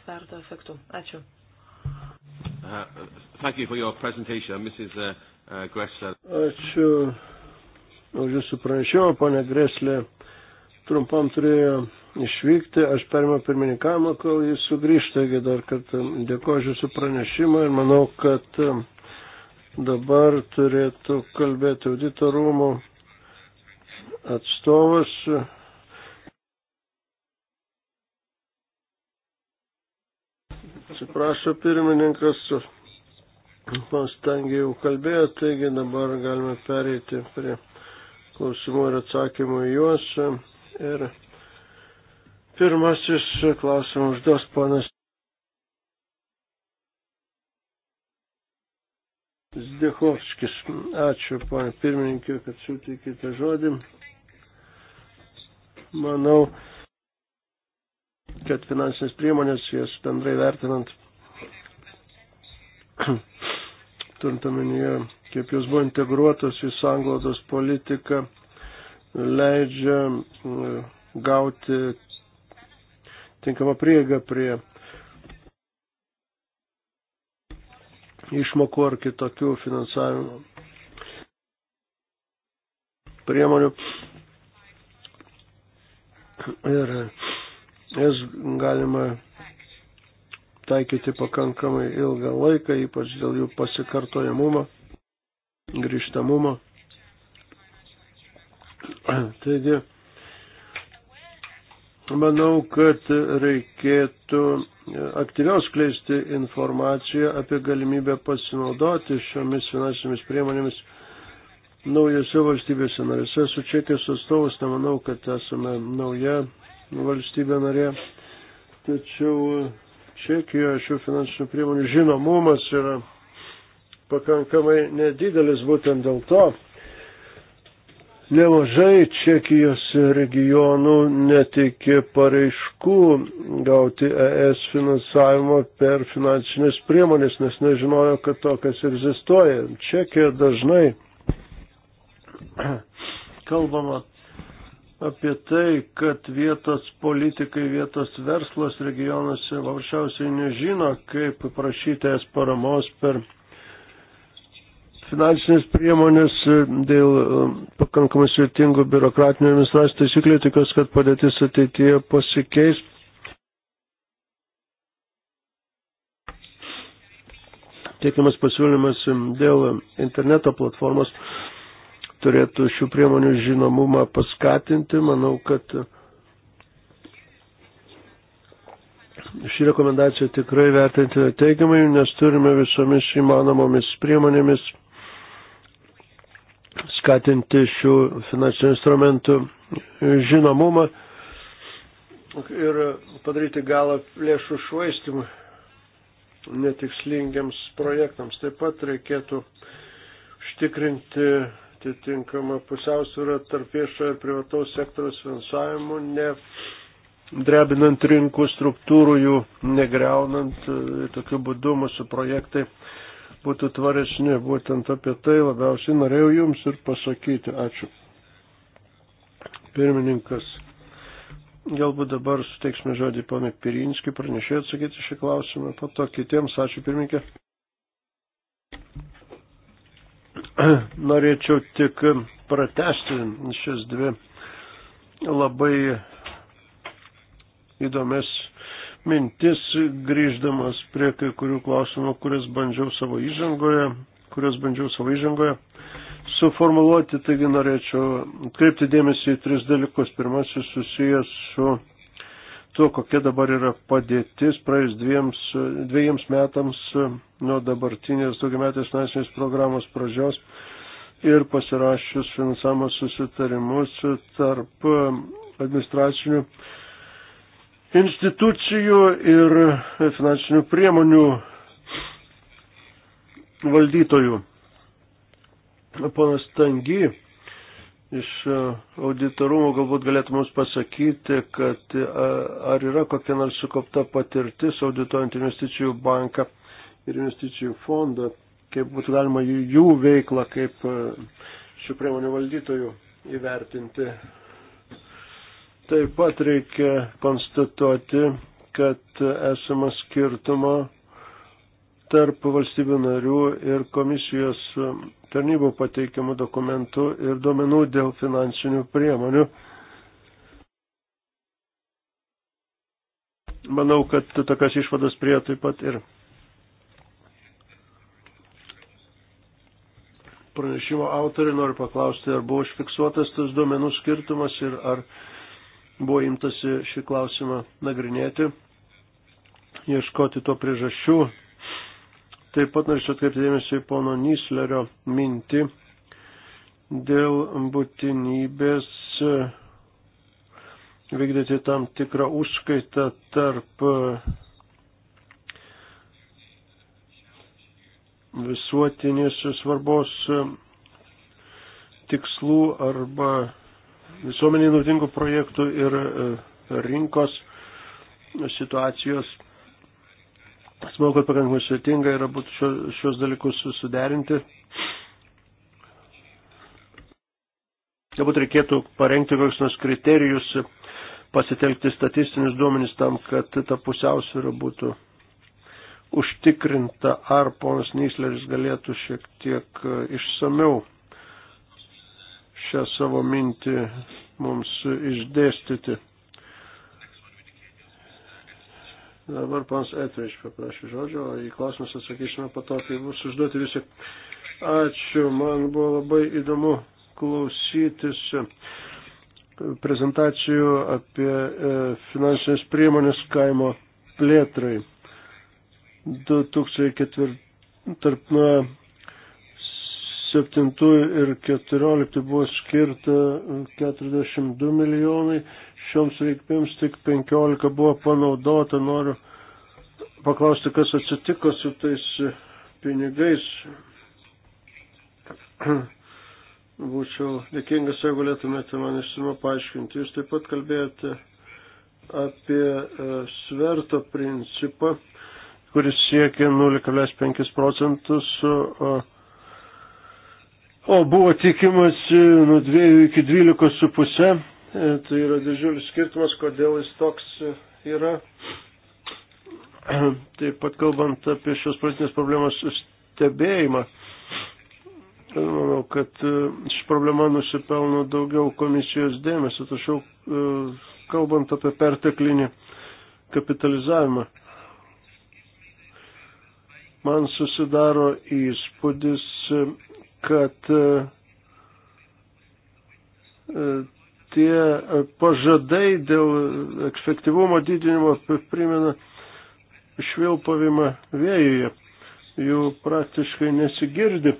starto efektu. Ačiū. Uh, thank you for your presentation, Mrs. Uh, uh, Gressler. Ačiū už Jūsų pranešimą, ponė Greslė. Trumpam turėjo išvykti, aš perimu pirmininkavimą, kol jis sugrįžta, taigi dar kartą dėkoju jūsų pranešimą ir manau, kad e, dabar turėtų kalbėti auditorumų atstovas. E, atsiprašo pirmininkas, pastangiai jau kalbėjo, taigi dabar galime pereiti prie klausimų ir atsakymų į juos. E, ir Pirmasis klausimas užduos ponas Zdechovskis. Ačiū, ponė pirmininkė, kad sutikite žodį. Manau, kad finansinės priemonės, jas bendrai vertinant, turint omenyje, kaip jos buvo integruotos į sanglaudos politiką, leidžia e, gauti tinkama prieiga prie išmokų ar kitokių finansavimo priemonių. Ir jas galima taikyti pakankamai ilgą laiką, ypač dėl jų pasikartojamumo, grįžtamumo. Taigi, Manau, kad reikėtų aktyviau skleisti informaciją apie galimybę pasinaudoti šiomis finansinėmis priemonėmis naujose valstybėse narėse. Su Čekijos atstovus nemanau, kad esame nauja valstybė narė, tačiau Čekijoje šių finansinių priemonių žinomumas yra pakankamai nedidelis būtent dėl to, Nemažai Čekijos regionų netikė pareiškų gauti ES finansavimo per finansinės priemonės, nes nežinojo, kad tokias egzistuoja. Čekija dažnai kalbama apie tai, kad vietos politikai, vietos verslas regionuose paprasčiausiai nežino, kaip prašyti es paramos per finansinės priemonės, e, dėl e, pakankamai svetingų biurokratinių administracijų taisyklių, tikiuosi, kad padėtis ateityje pasikeis. Tiekiamas pasiūlymas e, dėl interneto platformos turėtų šių priemonių žinomumą paskatinti. Manau, kad ši rekomendacija tikrai vertintina teigiamai, nes turime visomis įmanomomis priemonėmis skatinti šių finansinių instrumentų žinomumą ir padaryti galą lėšų švaistimui netikslingiams projektams. Taip pat reikėtų užtikrinti atitinkamą pusiausvyrą tarp viešo ir privataus sektoriaus finansavimų, nedrebinant rinkų struktūrų, jų negreunant, tokiu būdu mūsų projektai būtų tvaresni. Būtent apie tai labiausiai norėjau Jums ir pasakyti. Ačiū. Pirmininkas. Galbūt dabar suteiksime žodį ponui Pirinskį, pranešėjai atsakyti šį klausimą, po to kitiems. Ačiū pirmininkė. Norėčiau tik pratesti šias dvi labai įdomias mintis grįždamas prie kai kurių klausimų, kurias bandžiau savo įžangoje, kurias bandžiau savo įžangoje suformuluoti, taigi norėčiau kreipti dėmesį į tris dalykus. Pirmasis susijęs su tuo, kokia dabar yra padėtis praėjus dviems, dviejams metams nuo dabartinės daugiametės nacinės programos pradžios ir pasirašius finansavimo susitarimus tarp administracinių institucijų ir finansinių priemonių valdytojų. Ponas Tangy iš auditorumo galbūt galėtų mums pasakyti, kad ar yra kokia nors sukaupta patirtis audituojant investicijų banką ir investicijų fondą, kaip būtų galima jų veiklą kaip šių priemonių valdytojų įvertinti. Taip pat reikia konstatuoti, kad esama skirtumo tarp valstybių narių ir komisijos tarnybų pateikiamų dokumentų ir duomenų dėl finansinių priemonių. Manau, kad tokias išvadas prie taip pat ir pranešimo autoriai noriu paklausti, ar buvo užfiksuotas tas duomenų skirtumas ir ar buvo imtasi šį klausimą nagrinėti, ieškoti to priežasčių. Taip pat norėčiau atkreipti dėmesį į pono Nyslerio mintį dėl būtinybės vykdyti tam tikrą užskaitą tarp visuotinės svarbos tikslų arba visuomeniai naudingų projektų ir e, rinkos situacijos. Smanau, kad pakankamai sudėtinga yra būtų šios, šios dalykus suderinti. Galbūt reikėtų parengti kokius nors kriterijus, pasitelkti statistinius duomenys tam, kad ta pusiausvyrą būtų užtikrinta, ar ponas Nysleris galėtų šiek tiek e, išsameu šią savo mintį mums išdėstyti. Dabar pans Etvič paprašė žodžio, o į klausimus atsakysime po to, kai bus užduoti visi. Ačiū, man buvo labai įdomu klausytis prezentacijų apie e, finansinės priemonės kaimo plėtrai. 2004 tarp nuo 7 ir 14 buvo skirta 42 milijonai, šioms reikmėms tik 15 buvo panaudota. Noriu paklausti, kas atsitiko su tais pinigais. Būčiau dėkingas, jeigu galėtumėte man išsimo paaiškinti. Jūs taip pat kalbėjote apie e, sverto principą, kuris siekia 0,5 procentus. O o buvo tikimasi nuo 2 iki 12,5. E, tai yra didžiulis skirtumas, kodėl jis toks e, yra. Taip pat kalbant apie šios politinės problemos stebėjimą, manau, kad e, ši problema nusipelno daugiau komisijos dėmesio, tačiau kalbant apie perteklinį kapitalizavimą, man susidaro įspūdis, kad e, e, tie pažadai dėl efektyvumo didinimo primena švilpavimą vėjuje. Jų praktiškai nesigirdi.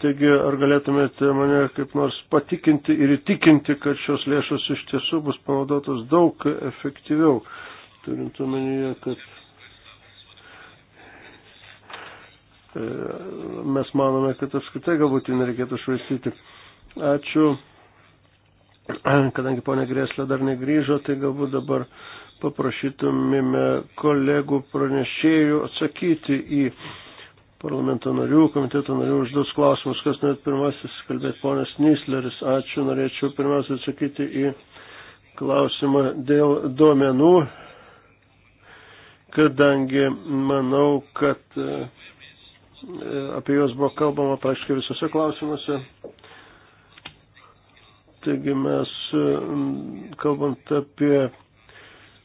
Taigi, ar galėtumėte mane kaip nors patikinti ir įtikinti, kad šios lėšos iš tiesų bus panaudotos daug efektyviau, turint omenyje, kad E, mes manome, kad apskritai galbūt jų nereikėtų švaistyti. Ačiū, kadangi ponė Grėslė dar negryžo, tai galbūt dabar paprašytumėme kolegų pranešėjų atsakyti į parlamento narių, komiteto narių užduos klausimus, kas net pirmasis kalbėti ponas Nisleris. Ačiū, norėčiau pirmiausia atsakyti į klausimą dėl duomenų, kadangi manau, kad uh, apie juos buvo kalbama praktiškai visose klausimuose. Taigi mes, kalbant apie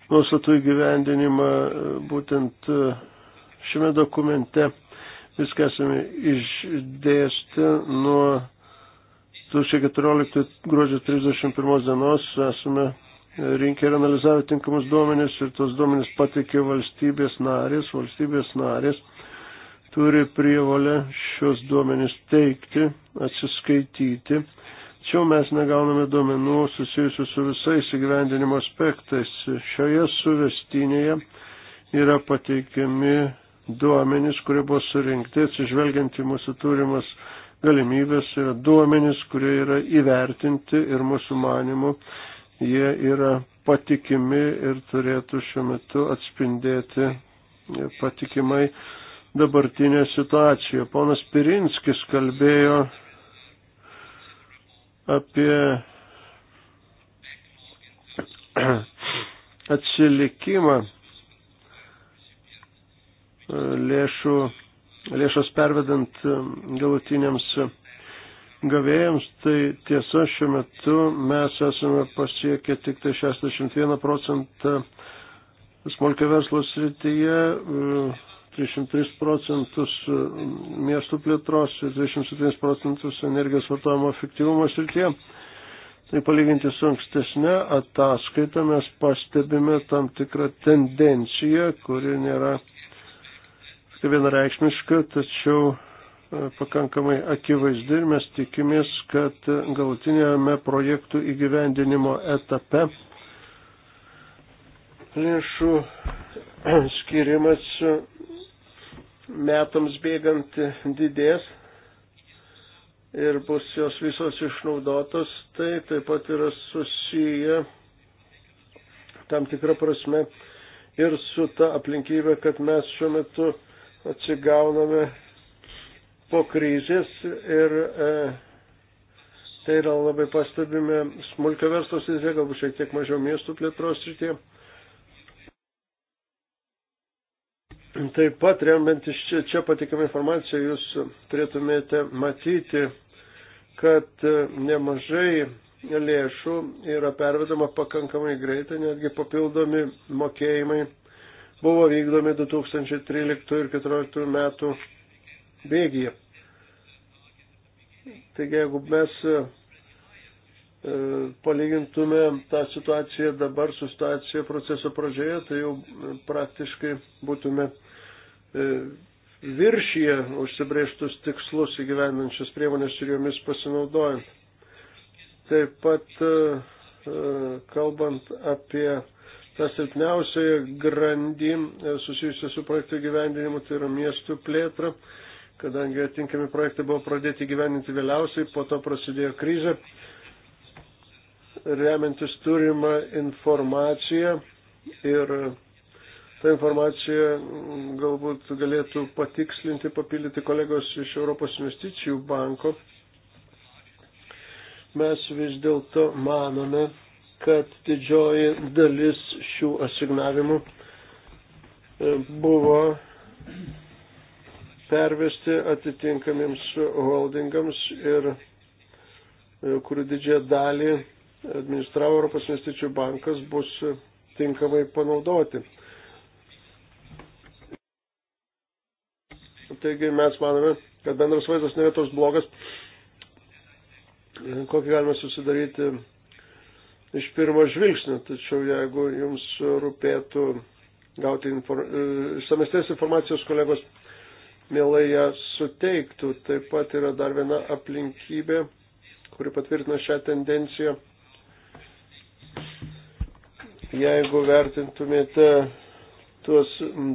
nuostatų įgyvendinimą, būtent e, šiame dokumente viską esame išdėstę nuo 2014 gruodžio 31 dienos esame rinkę ir analizavę tinkamus duomenis ir tos duomenis pateikė valstybės narės, valstybės narės turi prievalę šios duomenys teikti, atsiskaityti. Čia mes negauname duomenų susijusių su visais įgyvendinimo aspektais. Šioje suvestinėje yra pateikiami duomenys, kurie buvo surinkti atsižvelgiant į mūsų turimas galimybės, tai yra duomenys, kurie yra įvertinti ir mūsų manimu jie yra patikimi ir turėtų šiuo metu atspindėti patikimai dabartinę situaciją. Ponas Pirinskis kalbėjo apie atsilikimą lėšų, lėšos pervedant galutiniams gavėjams. Tai tiesa, šiuo metu mes esame pasiekę tik tai 61 procentą smulkio verslo srityje 303 procentus e, miestų plėtros ir 27 procentus energijos vartojimo efektyvumo srityje. Tai palyginti su ankstesne ataskaita mes pastebime tam tikrą tendenciją, kuri nėra vienareikšmiška, tačiau e, pakankamai akivaizdi ir mes tikimės, kad galutinėme projektų įgyvendinimo etape lėšų skirimas metams bėgant didės ir bus jos visos išnaudotos, tai taip pat yra susiję tam tikrą prasme ir su ta aplinkybė, kad mes šiuo metu atsigauname po krizės ir e, tai yra labai pastebime smulkio verslo srityje, galbūt šiek tiek mažiau miestų plėtros srityje. Taip pat, remiantis čia, čia patikimą informaciją, jūs turėtumėte matyti, kad e, nemažai lėšų yra pervedama pakankamai greitai, netgi papildomi mokėjimai buvo vykdomi 2013 ir 2014 metų bėgyje. Taigi, jeigu mes E, palygintume tą situaciją dabar su situacija proceso pradžioje, tai jau praktiškai būtume e, viršyje užsibrėžtus tikslus įgyvendančias priemonės ir jomis pasinaudojant. Taip pat e, kalbant apie tą silpniausią grandį susijusią su projektų gyvendinimu, tai yra miestų plėtra, kadangi atinkami projektai buvo pradėti gyveninti vėliausiai, po to prasidėjo krizė remiantis turimą informaciją ir tą informaciją galbūt galėtų patikslinti, papildyti kolegos iš Europos investicijų banko. Mes vis dėlto manome, kad didžioji dalis šių asignavimų e, buvo pervesti atitinkamiems holdingams ir e, kurių didžiąją dalį administravo Europos investicijų bankas, bus tinkamai panaudoti. Taigi mes manome, kad bendras vaizdas nėra toks blogas, kokį galima susidaryti iš pirmo žvilgsnio. Tačiau jeigu jums rūpėtų gauti infor... E, išsamestės informacijos kolegos, mielai ją suteiktų. Taip pat yra dar viena aplinkybė, kuri patvirtina šią tendenciją Jeigu vertintumėte tuos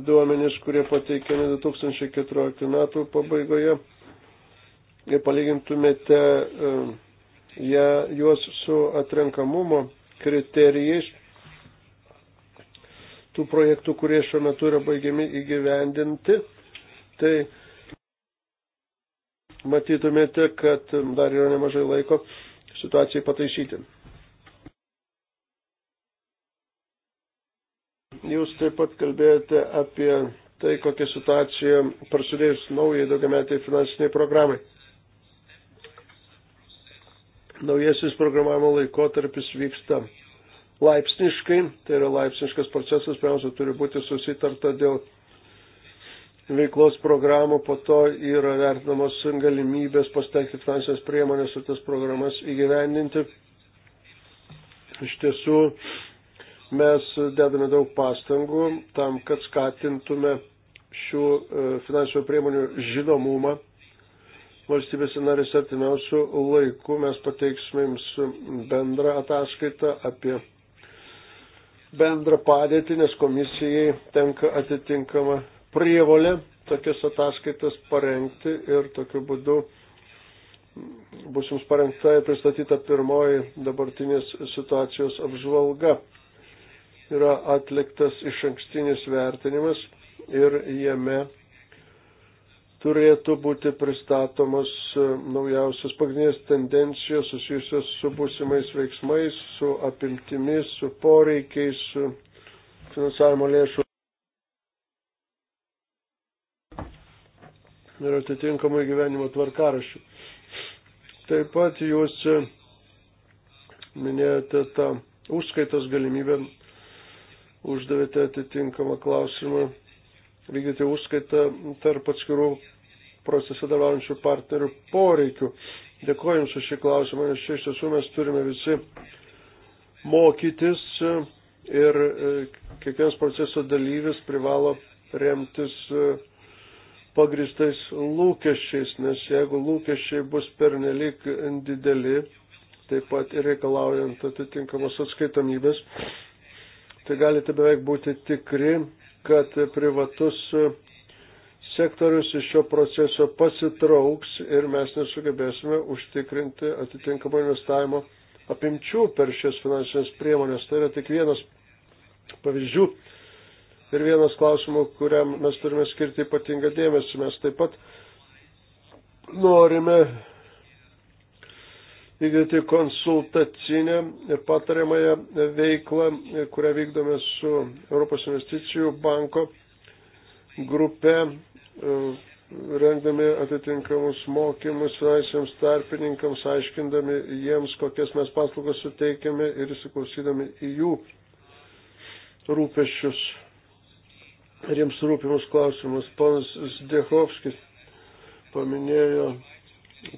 duomenys, kurie pateikiami 2014 metų pabaigoje, ir palygintumėte e, ja, juos su atrenkamumo kriterijais, tų projektų, kurie šiuo metu yra baigiami įgyvendinti, tai matytumėte, kad dar yra nemažai laiko situacijai pataisyti. Jūs taip pat kalbėjote apie tai, kokia situacija prasidėjus naujai daugiametiai finansiniai programai. Naujasis programavimo laikotarpis vyksta laipsniškai, tai yra laipsniškas procesas, pirmiausia, turi būti susitarta dėl veiklos programų, po to yra vertinamos galimybės pasteikti finansinės priemonės ir tas programas įgyvendinti. Iš tiesų, Mes dedame daug pastangų tam, kad skatintume šių e, finansinių priemonių žinomumą valstybėse narėse artimiausių laikų mes pateiksime jums bendrą ataskaitą apie bendrą padėtį, nes komisijai tenka atitinkama prievolė tokias ataskaitas parengti ir tokiu būdu bus jums parengta ir pristatyta pirmoji dabartinės situacijos apžvalga yra atliktas iš ankstinis vertinimas ir jame turėtų būti pristatomos e, naujausios pagrindinės tendencijos susijusios su būsimais veiksmais, su apimtimis, su poreikiais, su finansavimo lėšų. Ir atitinkamai gyvenimo tvarkarašių. Taip pat jūs e, minėjote tą užskaitos galimybę uždavėte atitinkamą klausimą, vykdėte užskaitą tarp atskirų procese dalyvaujančių partnerių poreikių. Dėkuoju Jums už šį klausimą, nes čia iš tiesų mes turime visi mokytis ir e, kiekvienas proceso dalyvis privalo remtis e, pagristais lūkesčiais, nes jeigu lūkesčiai bus pernelik dideli, taip pat ir reikalaujant atitinkamos atskaitomybės, tai galite beveik būti tikri, kad privatus sektorius iš šio proceso pasitrauks ir mes nesugebėsime užtikrinti atitinkamo investavimo apimčių per šias finansinės priemonės. Tai yra tik vienas pavyzdžių ir vienas klausimų, kuriam mes turime skirti ypatingą dėmesį. Mes taip pat norime vykdyti konsultacinę ir patariamąją veiklą, kurią vykdome su Europos investicijų banko grupe, rengdami atitinkamus mokymus finansiniams tarpininkams, aiškindami jiems, kokias mes paslaugas suteikiame ir įsiklausydami į jų rūpešius ir jiems rūpimus klausimus. Ponas Zdechovskis paminėjo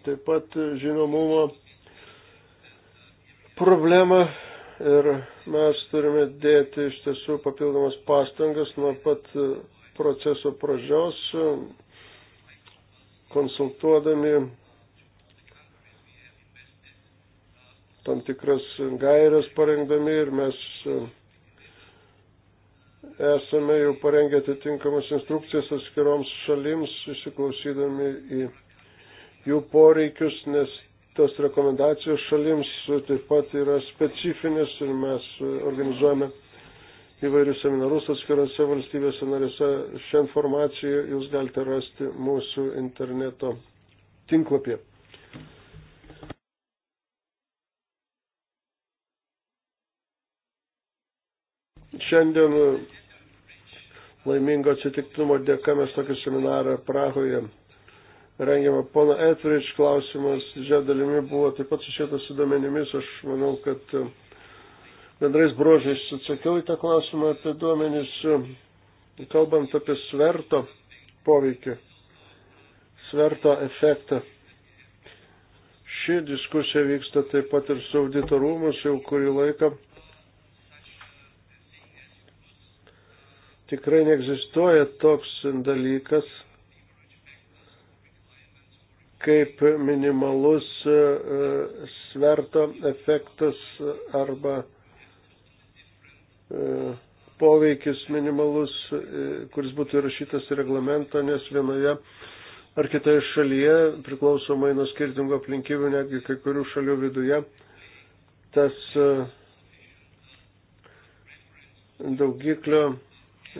taip pat žinomumo problemą ir mes turime dėti iš tiesų papildomas pastangas nuo pat e, proceso pradžios, e, konsultuodami tam tikras gairias parengdami ir mes e, esame jau parengę atitinkamas instrukcijas atskiroms šalims, įsiklausydami į jų poreikius, nes tos rekomendacijos šalims taip pat yra specifinės ir mes organizuojame įvairius seminarus atskirose valstybėse narėse. Šią informaciją jūs galite rasti mūsų interneto tinklapyje. Šiandien laimingo atsitiktumo dėka mes tokį seminarą Prahoje rengiamą pono Etrič klausimas didžia dalimi buvo taip pat susijęs su duomenimis. Aš manau, kad e, bendrais brožiais atsakiau į tą klausimą apie duomenis, e, kalbant apie sverto poveikį, sverto efektą. Ši diskusija vyksta taip pat ir su auditorumus jau kurį laiką. Tikrai neegzistuoja toks dalykas kaip minimalus e, e, sverto efektas arba e, poveikis minimalus, kuris būtų įrašytas į reglamentą, nes vienoje ar kitoje šalyje, priklausomai nuo skirtingų aplinkybių, netgi kai kurių šalių viduje, tas daugiklio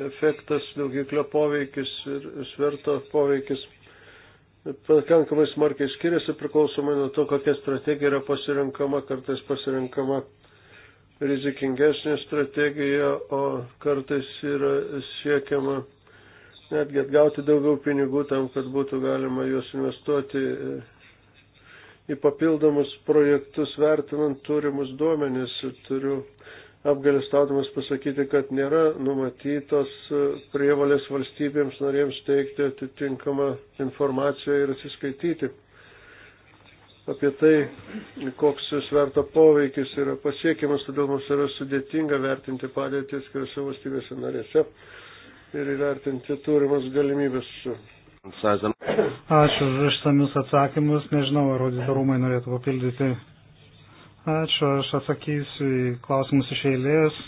efektas, daugiklio poveikis ir sverto poveikis pakankamai smarkiai skiriasi priklausomai nuo to, kokia strategija yra pasirinkama, kartais pasirinkama rizikingesnė strategija, o kartais yra siekiama netgi atgauti daugiau pinigų tam, kad būtų galima juos investuoti į papildomus projektus, vertinant turimus duomenis. Turiu apgalistatomis pasakyti, kad nėra numatytos e, prievalės valstybėms norėjams teikti atitinkamą informaciją ir atsiskaityti apie tai, koks sverto poveikis yra pasiekiamas, todėl mums yra sudėtinga vertinti padėtį atskirose valstybėse narėse ir įvertinti turimas galimybės. Ačiū už išsamius atsakymus. Nežinau, ar auditorumai norėtų papildyti Ačiū, aš atsakysiu į klausimus iš eilės.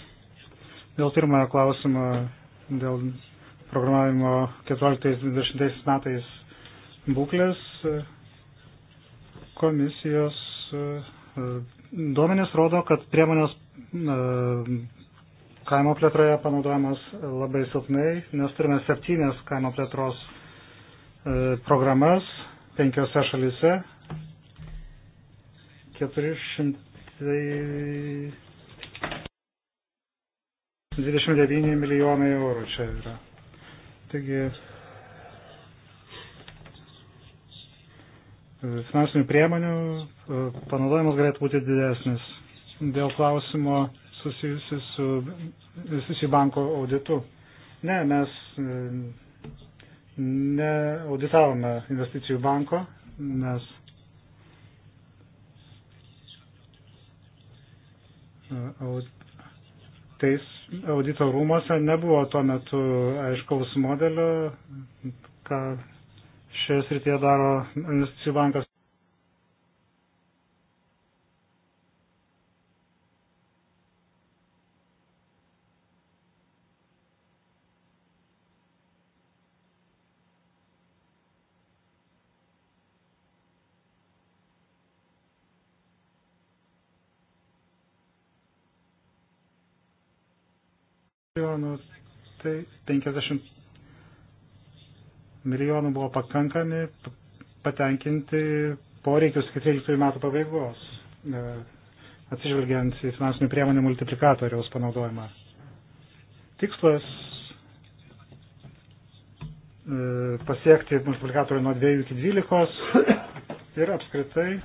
Dėl pirmojo klausimo, dėl programavimo 14-20 metais būklės komisijos duomenys rodo, kad priemonės kaimo plėtroje panaudojamos labai silpnai, nes turime septynės kaimo plėtros e, programas penkiose šalise 400 29 tai milijonai eurų čia yra. Taigi finansinių priemonių e, panaudojimas galėtų būti didesnis. Dėl klausimo susijusi su susijusi banko auditu. Ne, mes e, neauditavome investicijų banko, nes teis, audito rūmose nebuvo tuo metu aiškaus modelio, ką šioje srityje daro investicijų bankas milijonų, tai 50 milijonų buvo pakankami patenkinti poreikius iki 13 metų pabaigos, e, atsižvelgiant į finansinių priemonių multiplikatoriaus panaudojimą. Tikslas e, pasiekti multiplikatorių nuo 2 iki 12 ir apskritai e,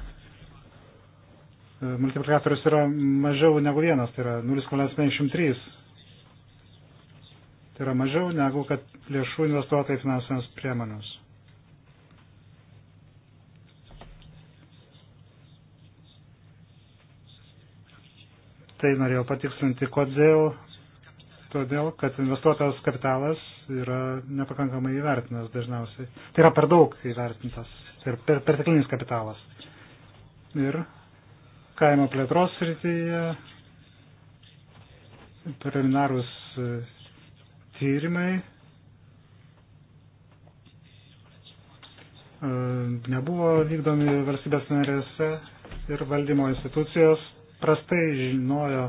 multiplikatorius yra mažiau negu vienas, tai yra 0,73 Tai yra mažiau negu kad lėšų investuota į finansinės priemonės. Tai norėjau patikslinti, kodėl. Todėl, kad investuotas kapitalas yra nepakankamai įvertinas dažniausiai. Tai yra per daug įvertintas. Tai yra per, perteklinis kapitalas. Ir kaimo plėtros srityje preliminarus tyrimai e, nebuvo vykdomi valstybės narėse ir valdymo institucijos prastai žinojo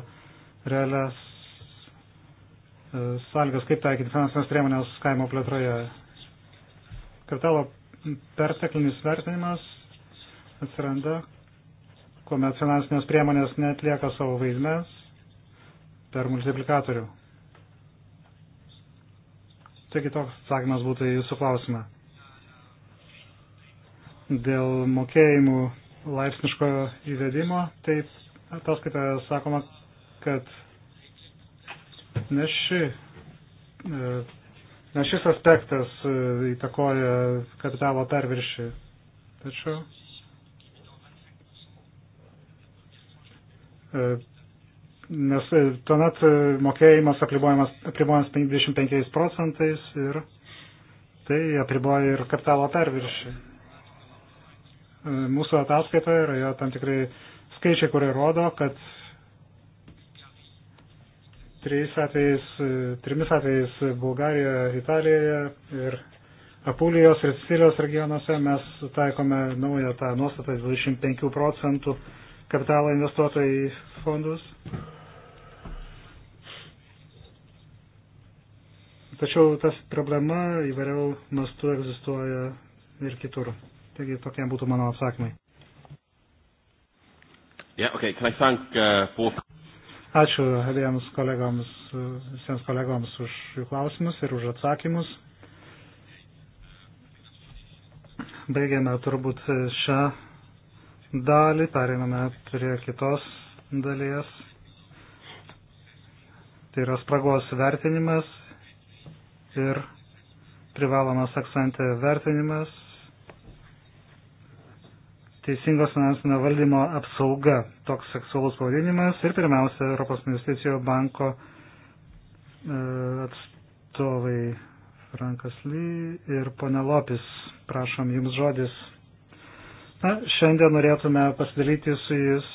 realias e, sąlygas, kaip taikyti finansinės priemonės kaimo plėtroje. Kartalo perteklinis vertinimas atsiranda, kuomet finansinės priemonės netlieka savo vaidmens per multiplikatorių. Taigi toks atsakymas būtų į jūsų klausimą. Dėl mokėjimų laipsniško įvedimo, tai ataskaita sakoma, kad ne, ši, e, ne šis aspektas e, įtakoja kapitalo perviršį. Tačiau e, nes e, tuomet e, mokėjimas apribojamas, apribojamas 25 procentais ir tai apriboja ir kapitalo perviršį. E, mūsų ataskaitoje yra tam tikrai skaičiai, kurie rodo, kad trys atvejais, trimis atvejais Bulgarijoje, Italijoje ir Apulijos ir Sicilijos regionuose mes taikome naują tą nuostatą 25 procentų kapitalo investuotojai fondus Tačiau tas problema įvairiau mastu egzistuoja ir kitur. Taigi tokie būtų mano atsakymai. Yeah, okay. Can I thank, uh, both... Ačiū abiems kolegoms, visiems kolegoms už jų klausimus ir už atsakymus. Baigėme turbūt šią dalį, periname prie kitos dalies. Tai yra spragos vertinimas ir privalomas akcentė vertinimas, teisingos finansinio valdymo apsauga, toks seksualus pavadinimas ir pirmiausia Europos investicijų banko e, atstovai Frankas Ly ir ponė Lopis, prašom jums žodis. Na, šiandien norėtume pasidalyti su jais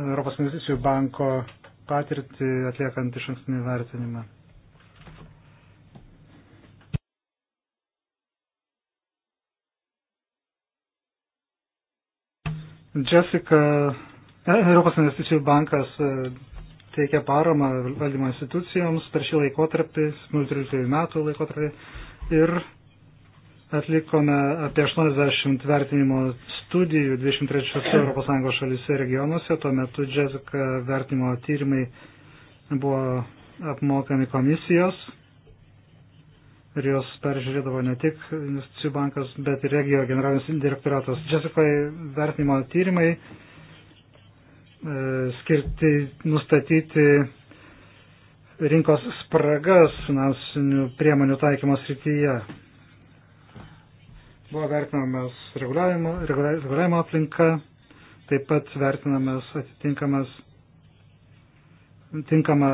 Europos investicijų banko patirtį atliekant iš ankstinį vertinimą. Jessica, e, Europos investicijų bankas e, teikia paramą valdymo institucijoms per šį laikotarpį, 13 metų laikotarpį, ir atlikome apie 80 vertinimo studijų 23 ES šalyse regionuose. Tuo metu Jessica vertinimo tyrimai buvo apmokami komisijos ir jos peržiūrėdavo ne tik investicijų bankas, bet ir regio generalinis direktoratas. Jessicoje vertinimo tyrimai e, skirti nustatyti rinkos spragas finansinių priemonių taikymo srityje. Buvo vertinamas reguliavimo, reguliavimo aplinka, taip pat vertinamas atitinkamas tinkama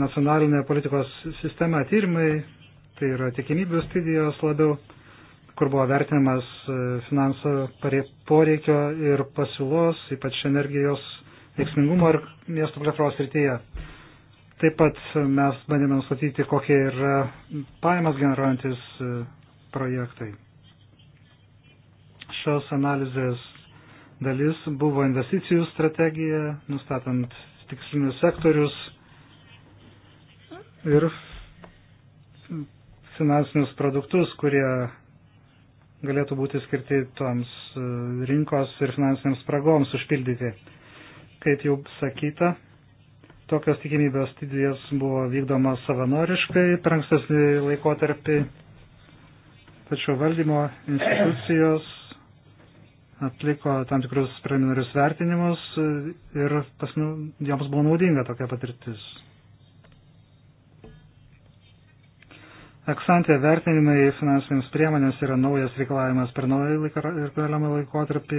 nacionalinė politikos sistema tyrimai tai yra tikimybių studijos labiau, kur buvo vertinamas e, finansų poreikio ir pasiūlos, ypač energijos veiksmingumo ir miestų plėtros rytyje. Taip pat mes bandėme nustatyti, kokie yra pajamas generuojantis e, projektai. Šios analizės dalis buvo investicijų strategija, nustatant tikslinius sektorius ir finansinius produktus, kurie galėtų būti skirti toms e, rinkos ir finansiniams spragoms užpildyti. Kaip jau sakyta, tokios tikimybės studijas buvo vykdomas savanoriškai per ankstesnį laikotarpį, tačiau valdymo institucijos atliko tam tikrus preliminarius vertinimus e, ir tas, nu, joms buvo naudinga tokia patirtis. Eksantė vertinimai finansinėms priemonėms yra naujas reikalavimas per naują reikalavimą laikotarpį.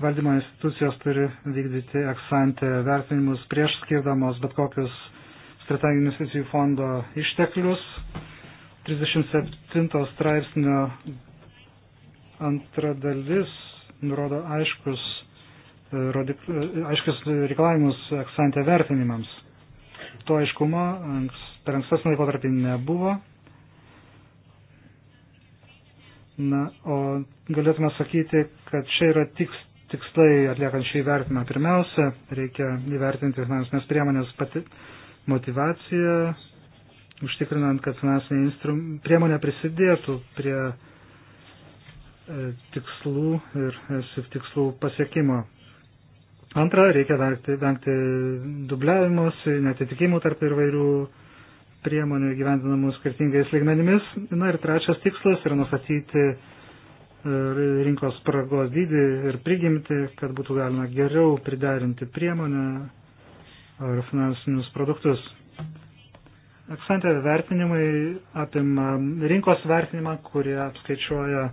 Valdymo institucijos turi vykdyti eksantė vertinimus prieš skirdamos bet kokius strateginių investicijų fondo išteklius. 37 straipsnio antra dalis nurodo aiškus, e, e, aiškus reikalavimus eksantė vertinimams. To aiškumo per ankstesnį laikotarpį nebuvo Na, o galėtume sakyti, kad čia yra tiks, tikslai atliekant šį įvertimą. Pirmiausia, reikia įvertinti finansinės priemonės pati motivaciją, užtikrinant, kad finansinė instrum, priemonė prisidėtų prie e, tikslų ir e, SIF tikslų pasiekimo. Antra, reikia vengti, vengti dubliavimus, netitikimų tarp įvairių priemonių gyvendinamų skirtingais lygmenimis. Na ir trečias tikslas yra nustatyti e, rinkos spragos dydį ir prigimti, kad būtų galima geriau priderinti priemonę ar finansinius produktus. Eksantė vertinimai apima rinkos vertinimą, kurie apskaičiuoja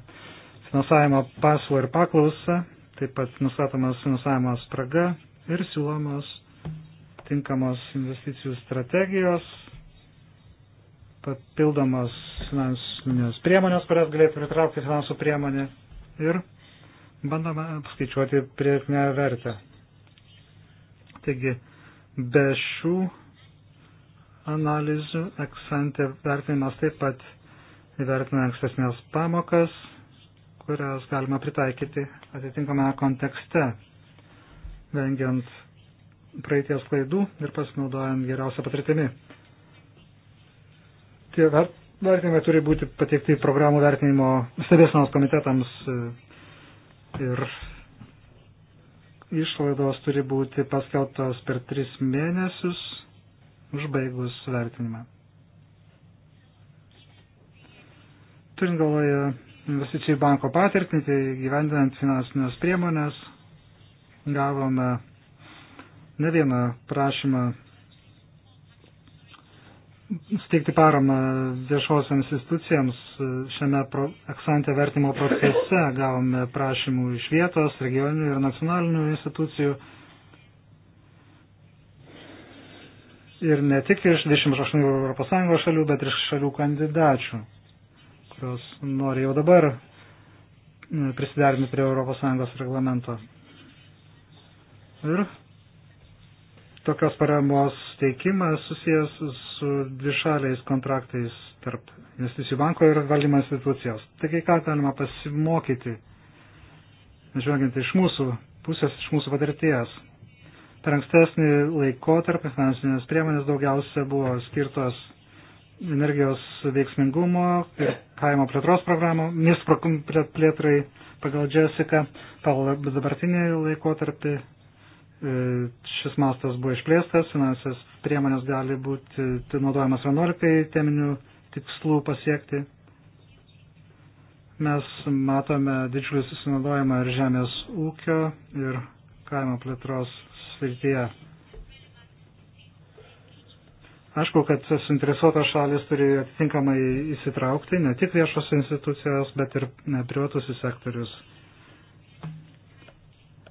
finansavimo pasiūlą ir paklausą, taip pat nustatomas finansavimo spraga ir siūlomos tinkamos investicijų strategijos, papildomos finansinės priemonės, kurias galėtų pritraukti finansų priemonė ir bandome apskaičiuoti priekinę vertę. Taigi, be šių analizių eksantė vertinimas taip pat įvertina ankstesnės pamokas, kurias galima pritaikyti atitinkamame kontekste, vengiant praeities klaidų ir pasinaudojant geriausią patirtimį tie vertinimai turi būti pateikti programų vertinimo stebėsenos komitetams e, ir išlaidos turi būti paskelbtos per tris mėnesius užbaigus vertinimą. Turint galvoje investicijų banko patirtį, tai gyvendinant finansinės priemonės, gavome ne vieną prašymą steigti paramą viešosiams institucijams e, šiame pro, eksantė vertimo procese. Gavome prašymų iš vietos, regioninių ir nacionalinių institucijų. Ir ne tik iš 28 ES šalių, bet ir iš šalių kandidačių, kurios nori jau dabar e, prisiderinti prie ES reglamento. Ir tokios paramos teikimas susijęs su dvišaliais kontraktais tarp investicijų banko ir valdymo institucijos. Taigi ką galima pasimokyti, žvelgiant iš mūsų pusės, iš mūsų patirties. Per ankstesnį laikotarpį finansinės priemonės daugiausia buvo skirtos energijos veiksmingumo ir kaimo plėtros programų, miestų plėtrai pagal Jessica, pagal dabartinį laikotarpį E, šis mastas buvo išplėstas, finansės priemonės gali būti naudojamas 11 teminių tikslų pasiekti. Mes matome didžiulį susinaudojimą ir žemės ūkio, ir kaimo plėtros srityje. Aišku, kad suinteresuotos šalis turi atitinkamai įsitraukti, ne tik viešos institucijos, bet ir privatus sektorius.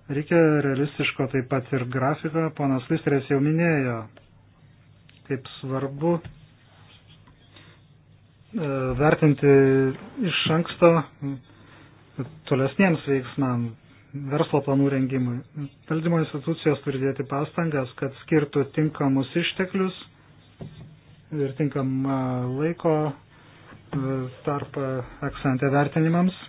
Reikia realistiško taip pat ir grafiko. Ponas Listerės jau minėjo, kaip svarbu e, vertinti iš anksto tolesniems veiksmams, verslo planų rengimui. Valdymo institucijos turi dėti pastangas, kad skirtų tinkamus išteklius ir tinkamą laiko e, tarpą akcentę vertinimams.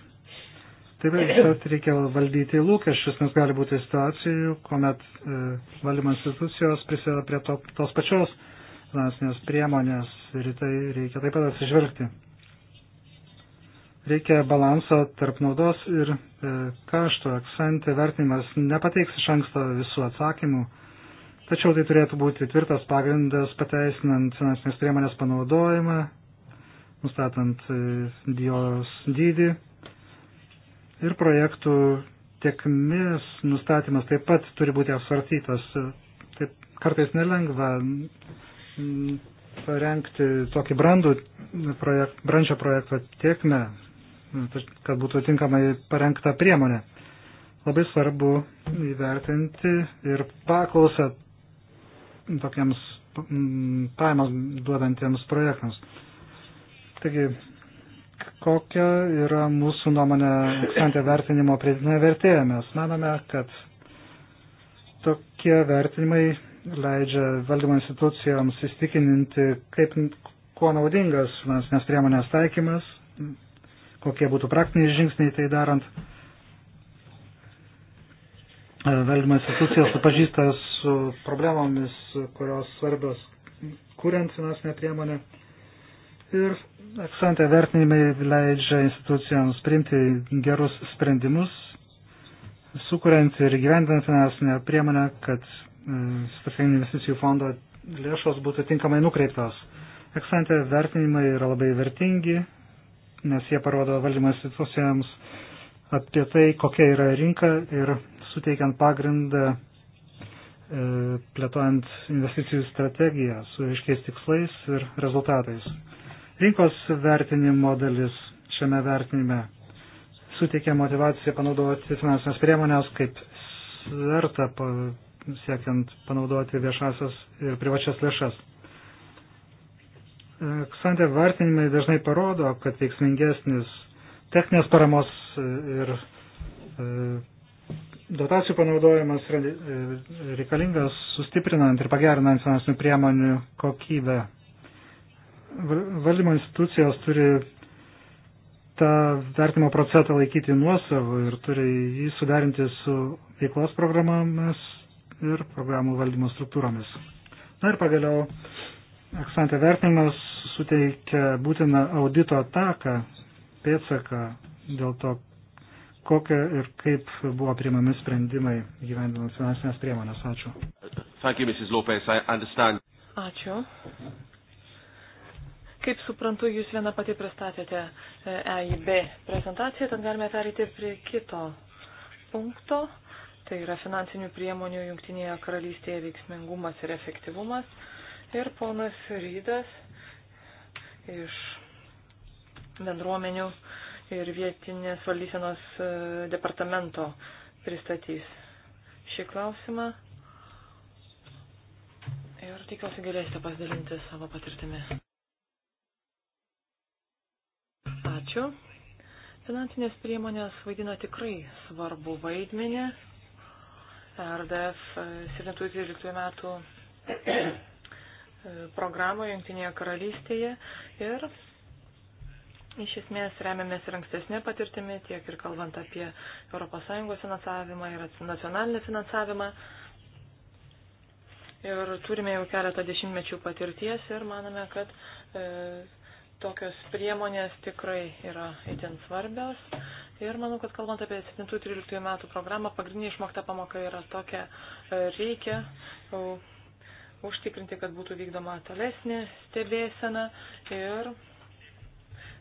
Taip pat reikia valdyti lūkesčius, nes gali būti situacijų, kuomet e, valdymo institucijos prisideda prie to, tos pačios finansinės priemonės ir tai reikia taip pat atsižvelgti. Reikia balanso tarp naudos ir e, kašto. Aksantė vertinimas nepateiks iš anksto visų atsakymų, tačiau tai turėtų būti tvirtas pagrindas pateisinant finansinės priemonės panaudojimą, nustatant e, jos dydį ir projektų tiekmės nustatymas taip pat turi būti apsvartytas. Taip kartais nelengva mm, parengti tokį brandų projekt, brandžio projekto tiekmę, mm, kad būtų tinkamai parengta priemonė. Labai svarbu įvertinti ir paklausą tokiems mm, pajamas duodantiems projektams. Taigi Kokia yra mūsų nuomonė eksantė vertinimo pridinė vertė? Mes manome, kad tokie vertinimai leidžia valdymo institucijoms įstikininti, kaip, kuo naudingas finansinės priemonės taikymas, kokie būtų praktiniai žingsniai tai darant. Valdymo institucijos supažįsta su problemomis, kurios svarbios kuriant finansinę priemonę ir akcentą vertinimai leidžia institucijoms priimti gerus sprendimus, sukuriant ir gyvendinant finansinę priemonę, kad e, strateginių investicijų fondo lėšos būtų tinkamai nukreiptos. Eksantė vertinimai yra labai vertingi, nes jie parodo valdymo institucijams apie tai, kokia yra rinka ir suteikiant pagrindą e, plėtojant investicijų strategiją su aiškiais tikslais ir rezultatais. Rinkos vertinimo dalis šiame vertinime suteikia motivaciją panaudoti finansinės priemonės kaip svertą siekiant panaudoti viešasias ir privačias lėšas. E, Ksantė vertinimai dažnai parodo, kad veiksmingesnis techninės paramos ir e, dotacijų panaudojimas e, reikalingas sustiprinant ir pagerinant finansinių priemonių kokybę valdymo institucijos turi tą vertimo procesą laikyti nuosavų ir turi jį suderinti su veiklos programomis ir programų valdymo struktūromis. Na ir pagaliau, eksantė vertinimas suteikia būtiną audito ataką, pėtsaką dėl to, kokia ir kaip buvo priimami sprendimai gyvendinant finansinės priemonės. Ačiū. Thank you, Mrs. Lopez. I understand. Ačiū. Kaip suprantu, jūs vieną patį pristatėte EIB e prezentaciją, tad galime perėti prie kito punkto. Tai yra finansinių priemonių jungtinėje karalystėje veiksmingumas ir efektyvumas. Ir ponas Rydas iš bendruomenių ir vietinės valdysenos e, departamento pristatys šį klausimą. Ir tikiuosi galėsite pasidalinti savo patirtimi. Ačiū. Finansinės priemonės vaidina tikrai svarbu vaidmenį. RDF 7-13 metų programoje Junktinėje karalystėje ir iš esmės remiamės ir ankstesnė patirtimi, tiek ir kalbant apie ES finansavimą ir nacionalinį finansavimą. Ir turime jau keletą dešimtmečių patirties ir manome, kad e, tokios priemonės tikrai yra itin svarbios. Ir manau, kad kalbant apie 7-13 metų programą, pagrindinė išmokta pamoka yra tokia, e, reikia e, užtikrinti, kad būtų vykdoma tolesnė stebėsena ir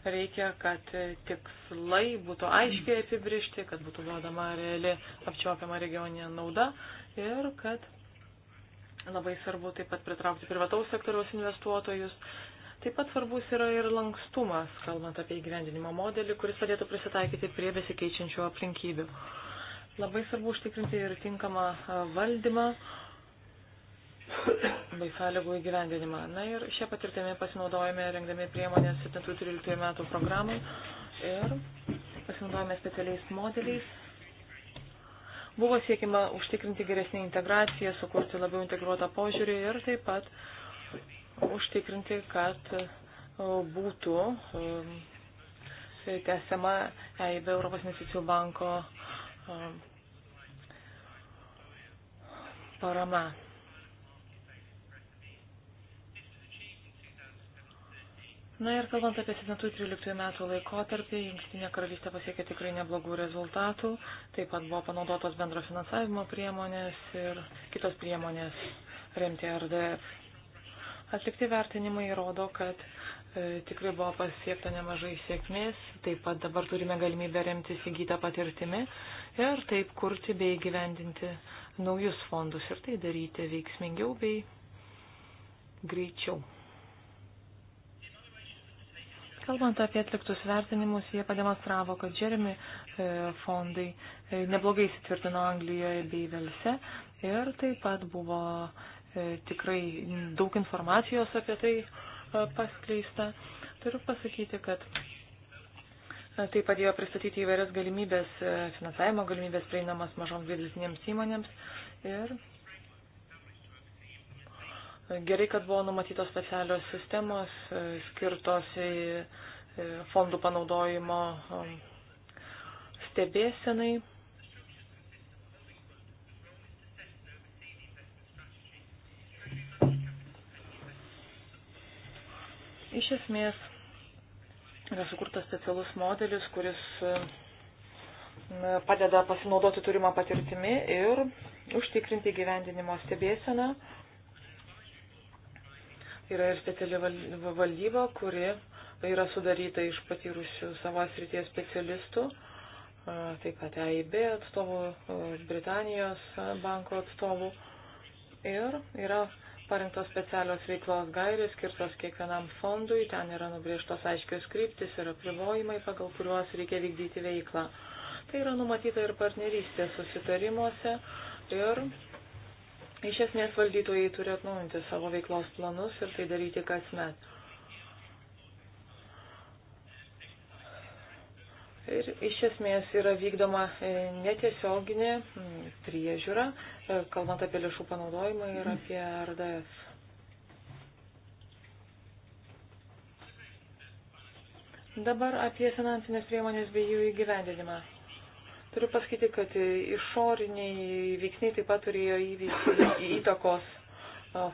reikia, kad tikslai būtų aiškiai apibrišti, kad būtų duodama reali apčiopiama regioninė nauda ir kad labai svarbu taip pat pritraukti privataus sektoriaus investuotojus Taip pat svarbus yra ir lankstumas, kalbant apie įgyvendinimo modelį, kuris padėtų prisitaikyti prie besikeičiančių aplinkybių. Labai svarbu užtikrinti ir tinkamą valdymą bei sąlygų įgyvendinimą. Na ir šią patirtimį pasinaudojame rengdami priemonės 7-13 metų programai ir pasinaudojame specialiais modeliais. Buvo siekima užtikrinti geresnį integraciją, sukurti labiau integruotą požiūrį ir taip pat užtikrinti, kad e, būtų e, tęsiama EIB Europos investicijų banko e, parama. Na ir kalbant apie 7-13 metų laikotarpį, Junktinė karalystė pasiekė tikrai neblogų rezultatų, taip pat buvo panaudotos bendro finansavimo priemonės ir kitos priemonės remti RDF. Atlikti vertinimai rodo, kad e, tikrai buvo pasiekta nemažai sėkmės, taip pat dabar turime galimybę remtis įgytą patirtimi ir taip kurti bei gyvendinti naujus fondus ir tai daryti veiksmingiau bei greičiau. Kalbant apie atliktus vertinimus, jie pademonstravo, kad Jeremy e, fondai e, neblogai įsitvirtino Anglijoje bei Velse ir taip pat buvo E, tikrai daug informacijos apie tai e, paskleista. Turiu pasakyti, kad e, tai padėjo pristatyti įvairias galimybės, finansavimo galimybės prieinamas mažoms vidutinėms įmonėms ir Gerai, kad buvo numatytos specialios sistemos skirtos į fondų panaudojimo stebėsenai. Iš esmės yra sukurtas specialus modelis, kuris padeda pasinaudoti turimą patirtimi ir užtikrinti gyvendinimo stebėseną. Yra ir speciali valdyba, kuri yra sudaryta iš patyrusių savo srities specialistų, taip pat AIB e atstovų, Britanijos banko atstovų. Ir yra parengtos specialios veiklos gairės skirtos kiekvienam fondui, ten yra nubriežtos aiškios kryptis ir apribojimai, pagal kuriuos reikia vykdyti veiklą. Tai yra numatyta ir partnerystės susitarimuose ir iš esmės valdytojai turi atnaujinti savo veiklos planus ir tai daryti kasmet. Ir iš esmės yra vykdoma e, netiesioginė priežiūra, e, kalbant apie lėšų panaudojimą ir apie RDF. Dabar apie finansinės priemonės bei jų įgyvendinimą. Turiu pasakyti, kad e, išoriniai veiksniai taip pat turėjo įtakos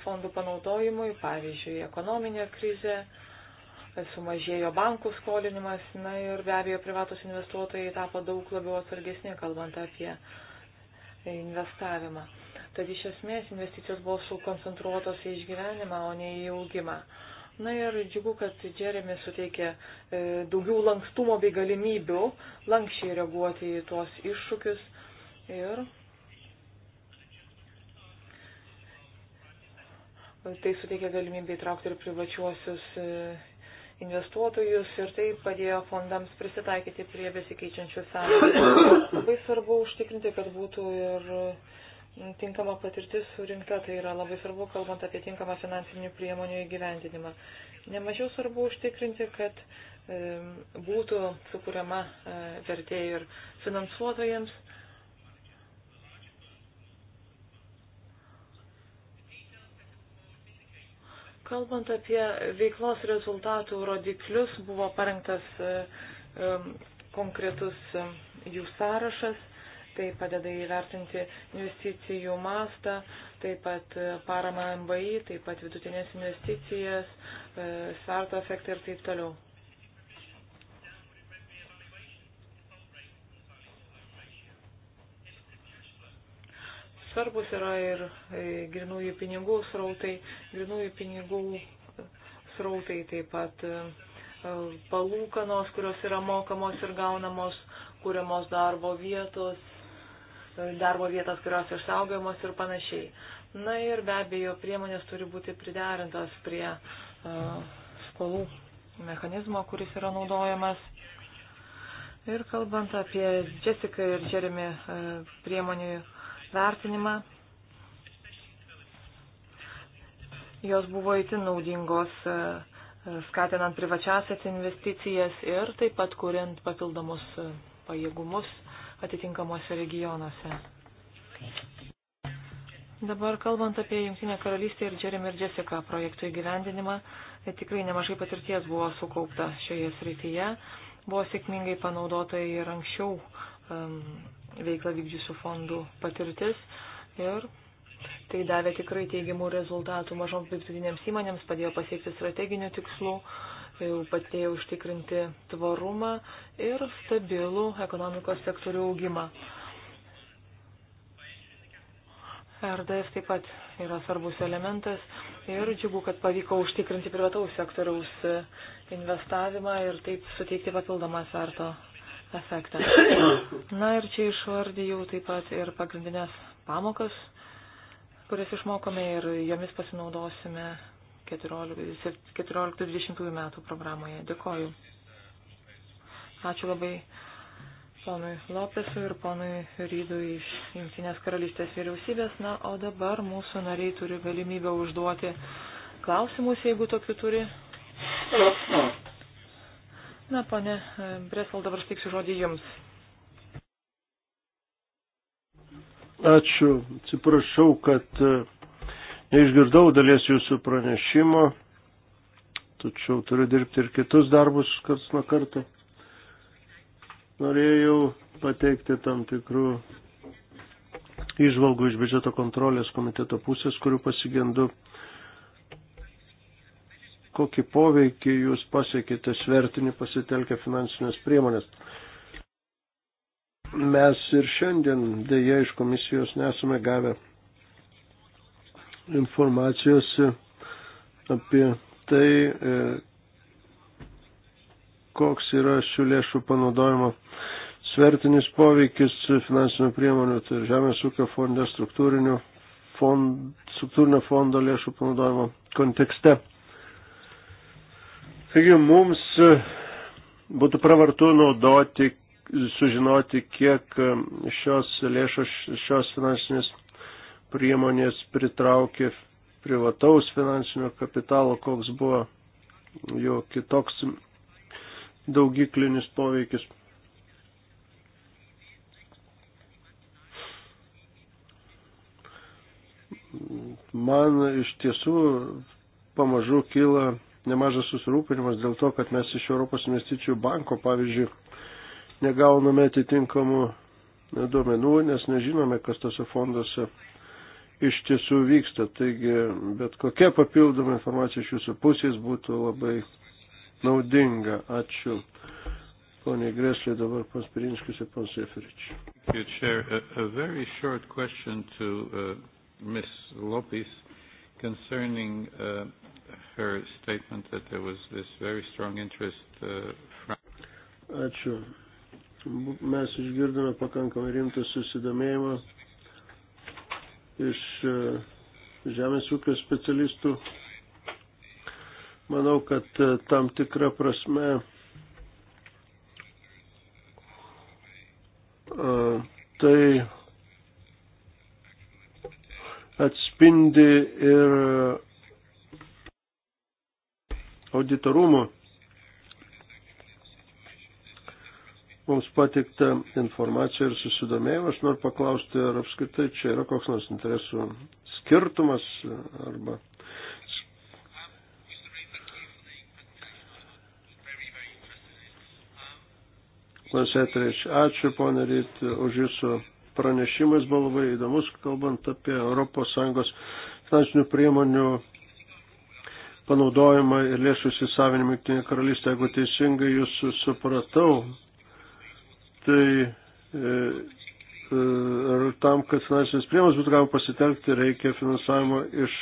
fondų panaudojimui, pavyzdžiui, ekonominė krizė, sumažėjo bankų skolinimas, na ir be abejo privatus investuotojai tapo daug labiau atsargesni, kalbant apie investavimą. Tad iš esmės investicijos buvo sukoncentruotos į išgyvenimą, o ne į augimą. Na ir džiugu, kad Džeremi suteikė e, daugiau lankstumo bei galimybių lankščiai reaguoti į tuos iššūkius. Ir tai suteikia galimybę įtraukti ir privačiuosius e, investuotojus ir tai padėjo fondams prisitaikyti prie besikeičiančių sąlygų. Labai svarbu užtikrinti, kad būtų ir tinkama patirtis surinkta, tai yra labai svarbu, kalbant apie tinkamą finansinių priemonių įgyvendinimą. Nemažiau svarbu užtikrinti, kad būtų sukūriama e, vertė ir finansuotojams, Kalbant apie veiklos rezultatų rodiklius, buvo parengtas e, e, konkretus e, jų sąrašas, tai padeda įvertinti investicijų mastą, taip pat paramą MBI, taip pat vidutinės investicijas, sverto efektą ir taip toliau. svarbus yra ir e, grinųjų pinigų srautai, grinųjų pinigų srautai taip pat e, e, palūkanos, kurios yra mokamos ir gaunamos, kūriamos darbo vietos, darbo vietas, kurios išsaugojamos ir panašiai. Na ir be abejo, priemonės turi būti priderintos prie uh, skolų mechanizmo, kuris yra naudojamas. Ir kalbant apie Jessica ir Jeremy uh, priemonių vertinimą. Jos buvo itin naudingos e, skatinant privačiasias investicijas ir taip pat kuriant papildomus e, pajėgumus atitinkamuose regionuose. Dabar kalbant apie Junktinę karalystę ir Jeremy ir Jessica projektų įgyvendinimą, tai tikrai nemažai patirties buvo sukaupta šioje srityje. Buvo sėkmingai panaudota ir anksčiau um, veiklą vykdžiusių fondų patirtis ir tai davė tikrai teigiamų rezultatų mažoms vidutinėms įmonėms, padėjo pasiekti strateginių tikslų, padėjo užtikrinti tvarumą ir stabilų ekonomikos sektorių augimą. RDF taip pat yra svarbus elementas ir džiugu, kad pavyko užtikrinti privataus sektoriaus investavimą ir taip suteikti papildomą svertą efektą. Na ir čia išvardijau taip pat ir pagrindinės pamokas, kurias išmokome ir jomis pasinaudosime 14-20 metų programoje. Dėkoju. Ačiū labai ponui Lopesui ir ponui Rydui iš Junktinės karalystės vyriausybės. Na, o dabar mūsų nariai turi galimybę užduoti klausimus, jeigu tokių turi. Hello. Na, ponė e, Bresal, dabar steiksiu žodį jums. Ačiū. Atsiprašau, kad e, neišgirdau dalies jūsų pranešimo, tačiau turiu dirbti ir kitus darbus karts nuo karto. Norėjau pateikti tam tikrų išvalgų iš biudžeto kontrolės komiteto pusės, kurių pasigendu kokį poveikį jūs pasiekite svertinį pasitelkę finansinės priemonės. Mes ir šiandien dėja iš komisijos nesame gavę informacijos apie tai, e, koks yra šių lėšų panaudojimo svertinis poveikis finansinių priemonių, tai Žemės ūkio fonde struktūrinio fond, struktūrinio fondo lėšų panaudojimo kontekste. Taigi mums e, būtų pravartu naudoti, sužinoti, kiek e, šios lėšos, šios finansinės priemonės pritraukė privataus finansinio kapitalo, koks buvo jo kitoks daugiklinis poveikis. Man iš tiesų pamažu kyla nemažas susirūpinimas dėl to, kad mes iš Europos investicijų banko, pavyzdžiui, negauname atitinkamų e, duomenų, nes nežinome, kas tose fonduose iš tiesų vyksta. Taigi, bet kokia papildoma informacija iš jūsų pusės būtų labai naudinga. Ačiū. Pone Greslė, dabar pas Pirinskis ir pas Eferič. Uh, concerning uh, her statement that there was this very strong interest uh, from. Ačiū. Mes išgirdome pakankamai rimtą susidomėjimą iš uh, žemės ūkio specialistų. Manau, kad uh, tam tikrą prasme uh, tai atspindi ir auditorumo mums pateiktą informaciją ir susidomėjimą. Aš noriu paklausti, ar apskritai čia yra koks nors interesų skirtumas arba. Lansetrič, ačiū ponė Ryt už jūsų pranešimą, jis buvo labai įdomus, kalbant apie ES finansinių priemonių panaudojimą ir lėšų įsisavinimą Junktinė karalystė, jeigu teisingai jūs supratau, tai e, e, tam, kad finansinės priemonės būtų galima pasitelkti, reikia finansavimo iš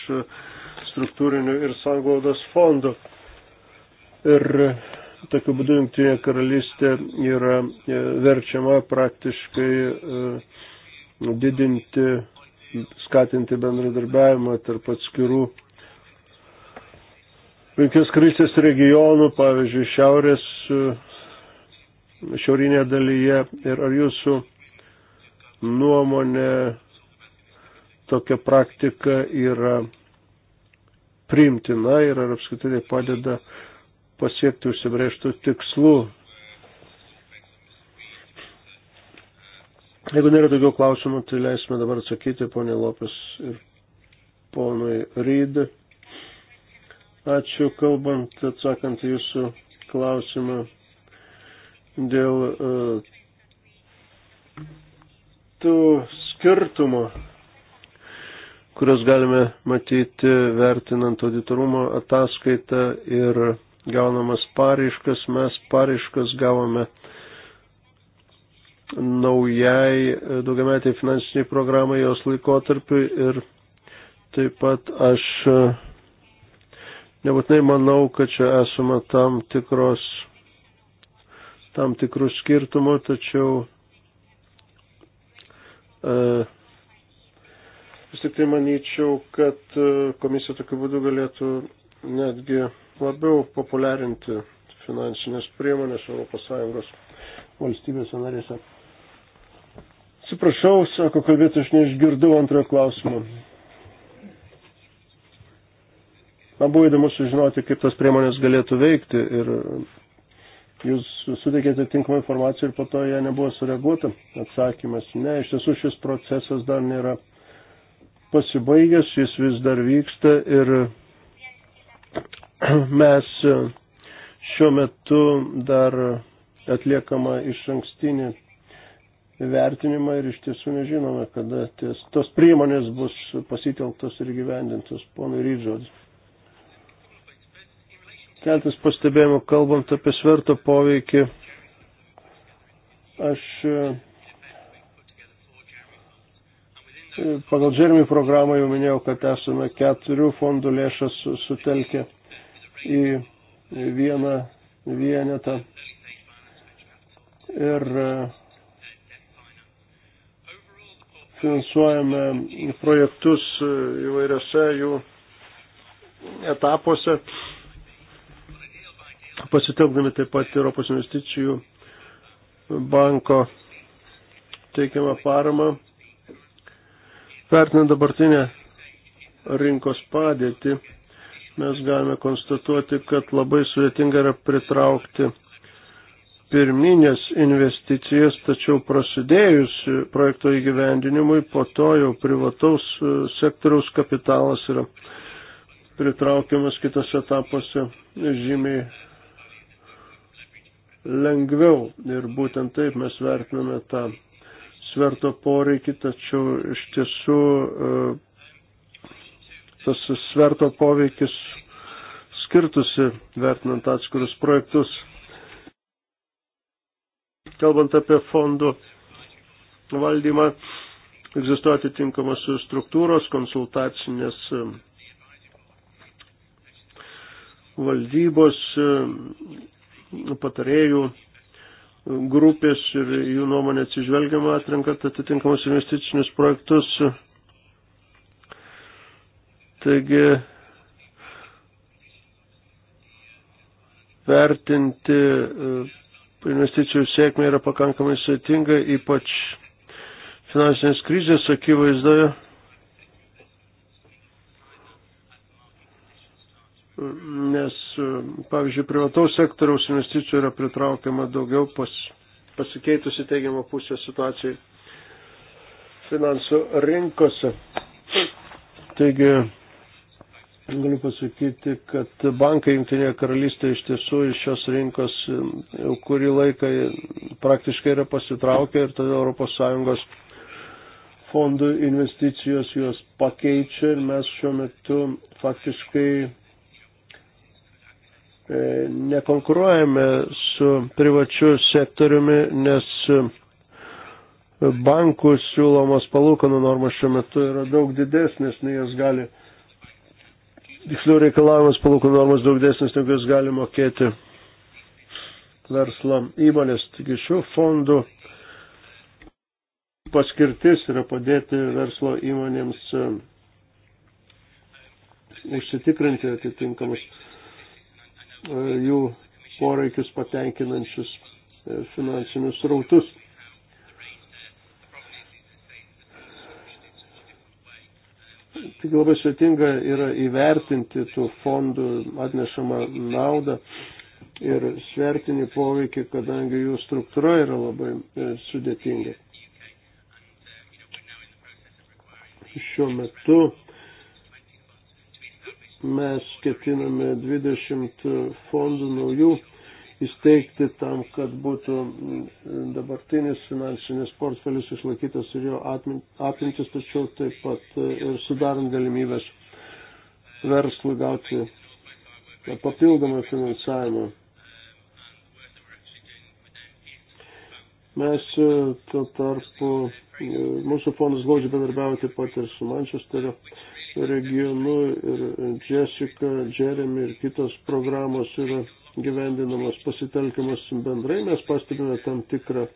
struktūrinių ir sanglaudos fondų. Ir tokiu būdu Junktinė karalystė yra e, verčiama praktiškai e, didinti, skatinti bendradarbiavimą tarp atskirų Junkės karalystės regionų, pavyzdžiui, šiaurės, e, šiaurinėje dalyje ir ar jūsų nuomonė tokia praktika yra priimtina ir ar apskritai tai padeda pasiekti užsibrėžtų tikslų. Jeigu nėra daugiau klausimų, tai leisime dabar atsakyti ponė Lopes ir ponui Rydui. Ačiū, kalbant, atsakant jūsų klausimą dėl uh, tų skirtumų, kurios galime matyti vertinant auditorumo ataskaitą ir gaunamas pareiškas. Mes pareiškas gavome naujai daugiametiai finansiniai programai jos laikotarpiu ir taip pat aš uh, Nebūtinai manau, kad čia esama tam, tikros, tam tikrų skirtumų, tačiau e, vis tik tai manyčiau, kad e, komisija tokiu būdu galėtų netgi labiau populiarinti finansinės priemonės ES valstybėse narėse. Atsiprašau, sako kalbėti, aš neišgirdau antrojo klausimo. Man buvo įdomu sužinoti, kaip tos priemonės galėtų veikti ir jūs suteikėte tinkamą informaciją ir po to ją nebuvo sureaguota. Atsakymas, ne, iš tiesų šis procesas dar nėra pasibaigęs, jis vis dar vyksta ir mes šiuo metu dar atliekama iš ankstinį vertinimą ir iš tiesų nežinome, kada ties, tos priemonės bus pasitelktos ir gyvendintos. Ponui Rydžodis. Keltas pastebėjimų, kalbant apie sverto poveikį, aš e, pagal Džermį programą jau minėjau, kad esame keturių fondų lėšas sutelkę į vieną vienetą. Ir e, finansuojame projektus e, įvairiose jų etapuose pasitelkdami taip pat Europos investicijų banko teikiamą paramą, vertinant dabartinę rinkos padėtį, mes galime konstatuoti, kad labai sudėtinga yra pritraukti pirminės investicijas, tačiau prasidėjus projekto įgyvendinimui, po to jau privataus e, sektoriaus kapitalas yra pritraukiamas kitose etapuose žymiai lengviau. Ir būtent taip mes vertiname tą sverto poreikį, tačiau iš tiesų e, tas sverto poveikis skirtusi vertinant atskirus projektus. Kalbant apie fondų valdymą, egzistuoja atitinkamos struktūros, konsultacinės e, valdybos, e, patarėjų grupės ir jų nuomonė atsižvelgiama atrenkant atitinkamus investicinius projektus. Taigi vertinti e, investicijų sėkmę yra pakankamai sėtinga, ypač finansinės krizės akivaizdoje. nes, pavyzdžiui, privataus sektoriaus investicijų yra pritraukiama daugiau pas, pasikeitusi teigiamą pusę situacijai finansų rinkose. Taigi, galiu pasakyti, kad bankai Junktinėje karalystėje iš tiesų iš šios rinkos jau kurį laiką praktiškai yra pasitraukę ir todėl ES fondų investicijos juos pakeičia ir mes šiuo metu faktiškai E, nekonkuruojame su privačiu sektoriumi, nes e, bankų siūlomos palūkanų normos šiuo metu yra daug didesnės, nei jas gali, tiksliau reikalavimas palūkanų normos daug didesnės, negu jas gali mokėti verslo įmonės. Taigi šių fondų paskirtis yra padėti verslo įmonėms e, užsitikrinti atitinkamus E, jų poreikius patenkinančius e, finansinius rautus. Tik labai svetinga yra įvertinti tų fondų atnešamą naudą ir svertinį poveikį, kadangi jų struktūra yra labai e, sudėtinga. Šiuo metu Mes ketiname 20 fondų naujų įsteigti tam, kad būtų dabartinis finansinis portfelis išlaikytas ir jo apimtis, tačiau taip pat ir sudarant galimybės verslui gauti papildomą finansavimą. Mes e, tuo tarpu, e, mūsų fondas glaudžiai bendarbiavo taip pat ir su Manchesterio regionu ir Jessica, Jeremy ir kitos programos yra gyvendinamos, pasitelkiamos bendrai. Mes pastebime tam tikrą e,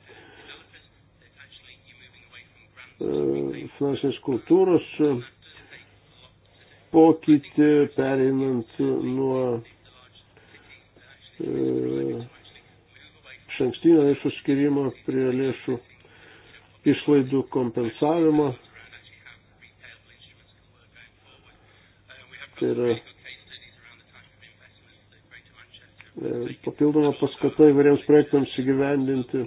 finansinės kultūros pokytį, pereinant nuo iš ankstinio lėšų skirimo prie lėšų išlaidų kompensavimo. Tai yra e, papildoma paskata įvairiems projektams įgyvendinti.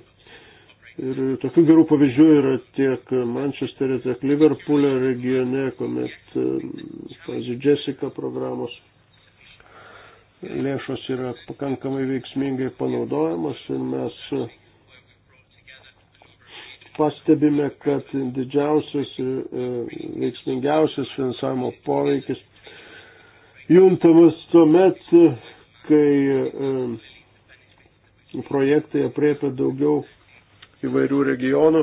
Ir tokių gerų pavyzdžių yra tiek Mančesterio, tiek Liverpoolio regione, kuomet, e, pavyzdžiui, Jessica programos lėšos yra pakankamai veiksmingai panaudojamos ir mes pastebime, kad didžiausias ir e, veiksmingiausias finansavimo poveikis juntamas tuomet, kai e, projektai apriepia daugiau įvairių regionų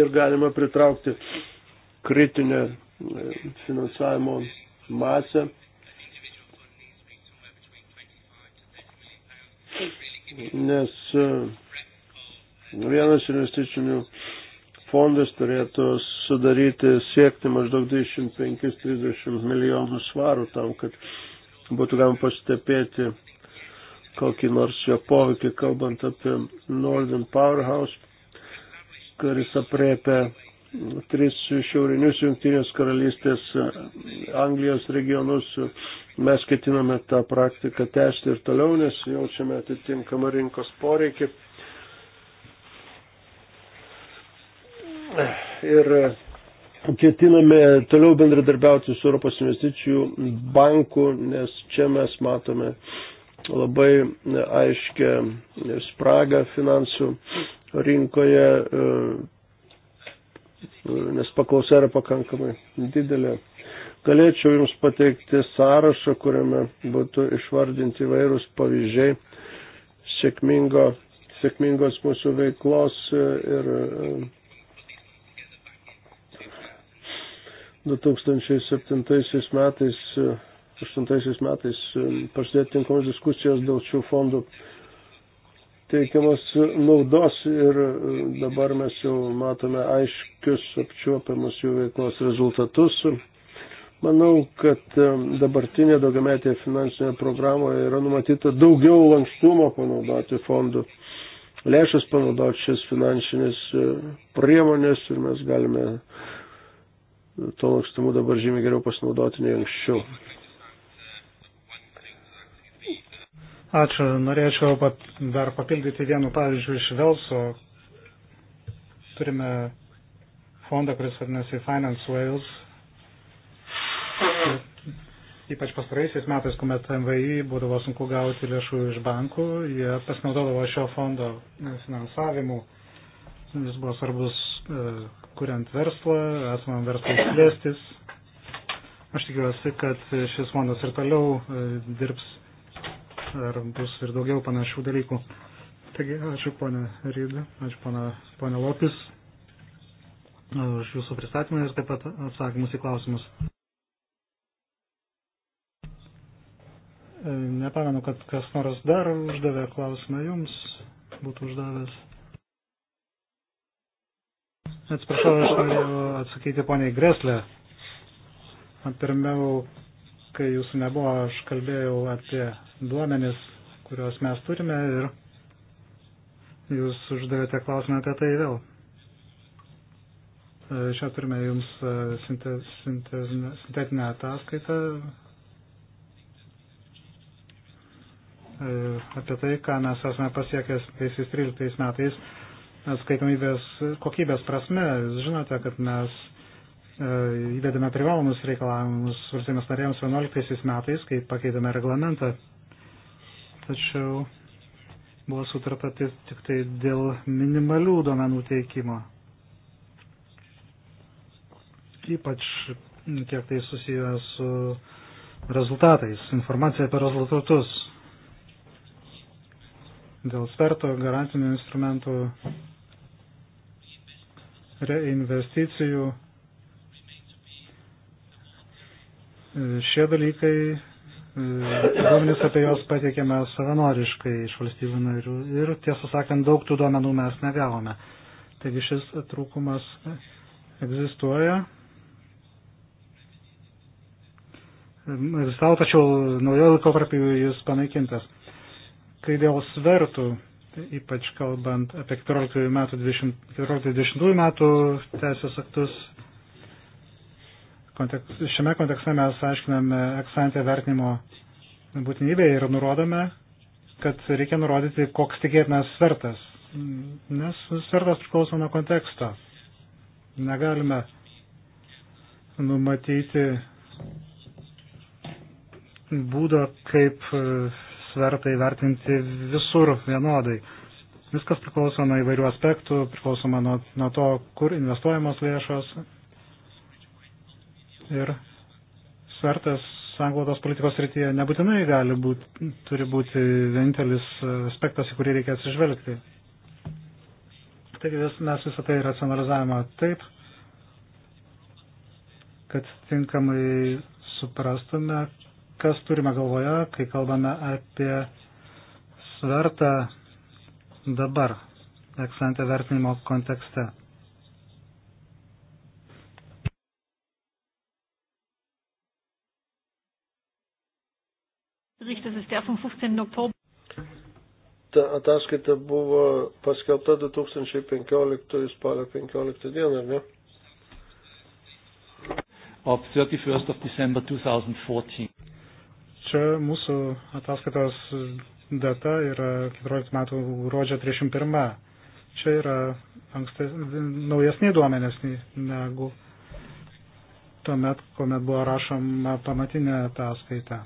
ir galima pritraukti kritinę e, finansavimo masę. Nes e, vienas investicinių fondas turėtų sudaryti, siekti maždaug 25-30 milijonų svarų tam, kad būtų galima pastebėti kokį nors jo poveikį, kalbant apie Northern Powerhouse, kuris apriepia tris šiaurinius Junktinės karalystės Anglijos regionus. Mes ketiname tą praktiką tęsti ir toliau, nes jaučiame atitinkamą rinkos poreikį. Ir ketiname toliau bendradarbiauti su Europos investicijų banku, nes čia mes matome labai aiškę spragą finansų rinkoje nes paklausa yra pakankamai didelė. Galėčiau Jums pateikti sąrašą, kuriame būtų išvardinti vairūs pavyzdžiai sėkmingo, sėkmingos mūsų veiklos ir 2007 e, metais, 2008 metais e, prasidėjo tinkamos diskusijos dėl šių fondų teikiamos naudos ir e, dabar mes jau matome aiškius apčiuopiamus jų veiklos rezultatus. Manau, kad e, dabartinė daugiametė finansinė programoje yra numatyta daugiau lankstumo panaudoti fondų lėšas, panaudoti šias finansinės e, priemonės ir mes galime to lankstumu dabar žymiai geriau pasinaudoti nei anksčiau. Ačiū. Norėčiau pat dar papildyti vienu pavyzdžiu iš Velso. Turime fondą, kuris vadinasi Finance Wales. Ir ypač pastaraisiais metais, kuomet MVI būdavo sunku gauti lėšų iš bankų, jie pasinaudodavo šio fondo finansavimu. Jis buvo svarbus e, kuriant verslą, esamam verslui plėstis. Aš tikiuosi, kad šis fondas ir toliau e, dirbs ar bus ir daugiau panašių dalykų. Taigi, ačiū ponė Rydė, ačiū ponė Lopis už jūsų pristatymą ir taip pat atsakymus į klausimus. E, nepamenu, kad kas nors dar uždavė klausimą jums, būtų uždavęs. Atsiprašau, aš norėjau atsakyti poniai Greslę. Pirmiau kai jūsų nebuvo, aš kalbėjau apie duomenis, kuriuos mes turime ir jūs uždavėte klausimą apie tai vėl. E, čia turime jums e, sinte, sinte, sintetinę ataskaitą e, apie tai, ką mes esame pasiekę 2013 metais atskaitomybės kokybės prasme. Jūs žinote, kad mes E, įvedėme privalomus reikalavimus valstybės narėms 11 metais, kai pakeitėme reglamentą. Tačiau buvo sutarta tik tai dėl minimalių duomenų teikimo. Ypač kiek tai susiję su rezultatais, informacija apie rezultatus. Dėl sverto garantinių instrumentų reinvesticijų E, šie dalykai, e, duomenys apie juos pateikėme savanoriškai iš valstybių narių ir tiesą sakant, daug tų duomenų mes negavome. Taigi šis trūkumas egzistuoja. E, egzistavo, tačiau naujojo laikotarpiu jis panaikintas. Kai dėl svertų, tai ypač kalbant apie 14 metų, 20, 14 metų teisės aktus, kontekst, šiame kontekste mes aiškiname eksantę vertinimo būtinybę ir nurodome, kad reikia nurodyti, koks tikėtinas svertas, nes svertas priklauso nuo konteksto. Negalime numatyti būdo, kaip svertai vertinti visur vienodai. Viskas priklauso nuo įvairių aspektų, priklausoma nuo, nuo to, kur investuojamos lėšos ir svertas sanglaudos politikos rytyje nebūtinai gali būti, turi būti vienintelis e, aspektas, į kurį reikia atsižvelgti. Taigi vis, mes visą tai racionalizavimą taip, kad tinkamai suprastume, kas turime galvoje, kai kalbame apie svertą dabar, eksantę vertinimo kontekste. der vom 15. Oktober. Ta ataskaita buvo paskelbta 2015 spalio 15 dieną, ar ne? Of 31st of December 2014. Čia mūsų ataskaitos data yra 14 metų gruodžio 31. Čia yra ankstes, naujesni duomenės negu tuomet, kuomet buvo rašoma pamatinė ataskaita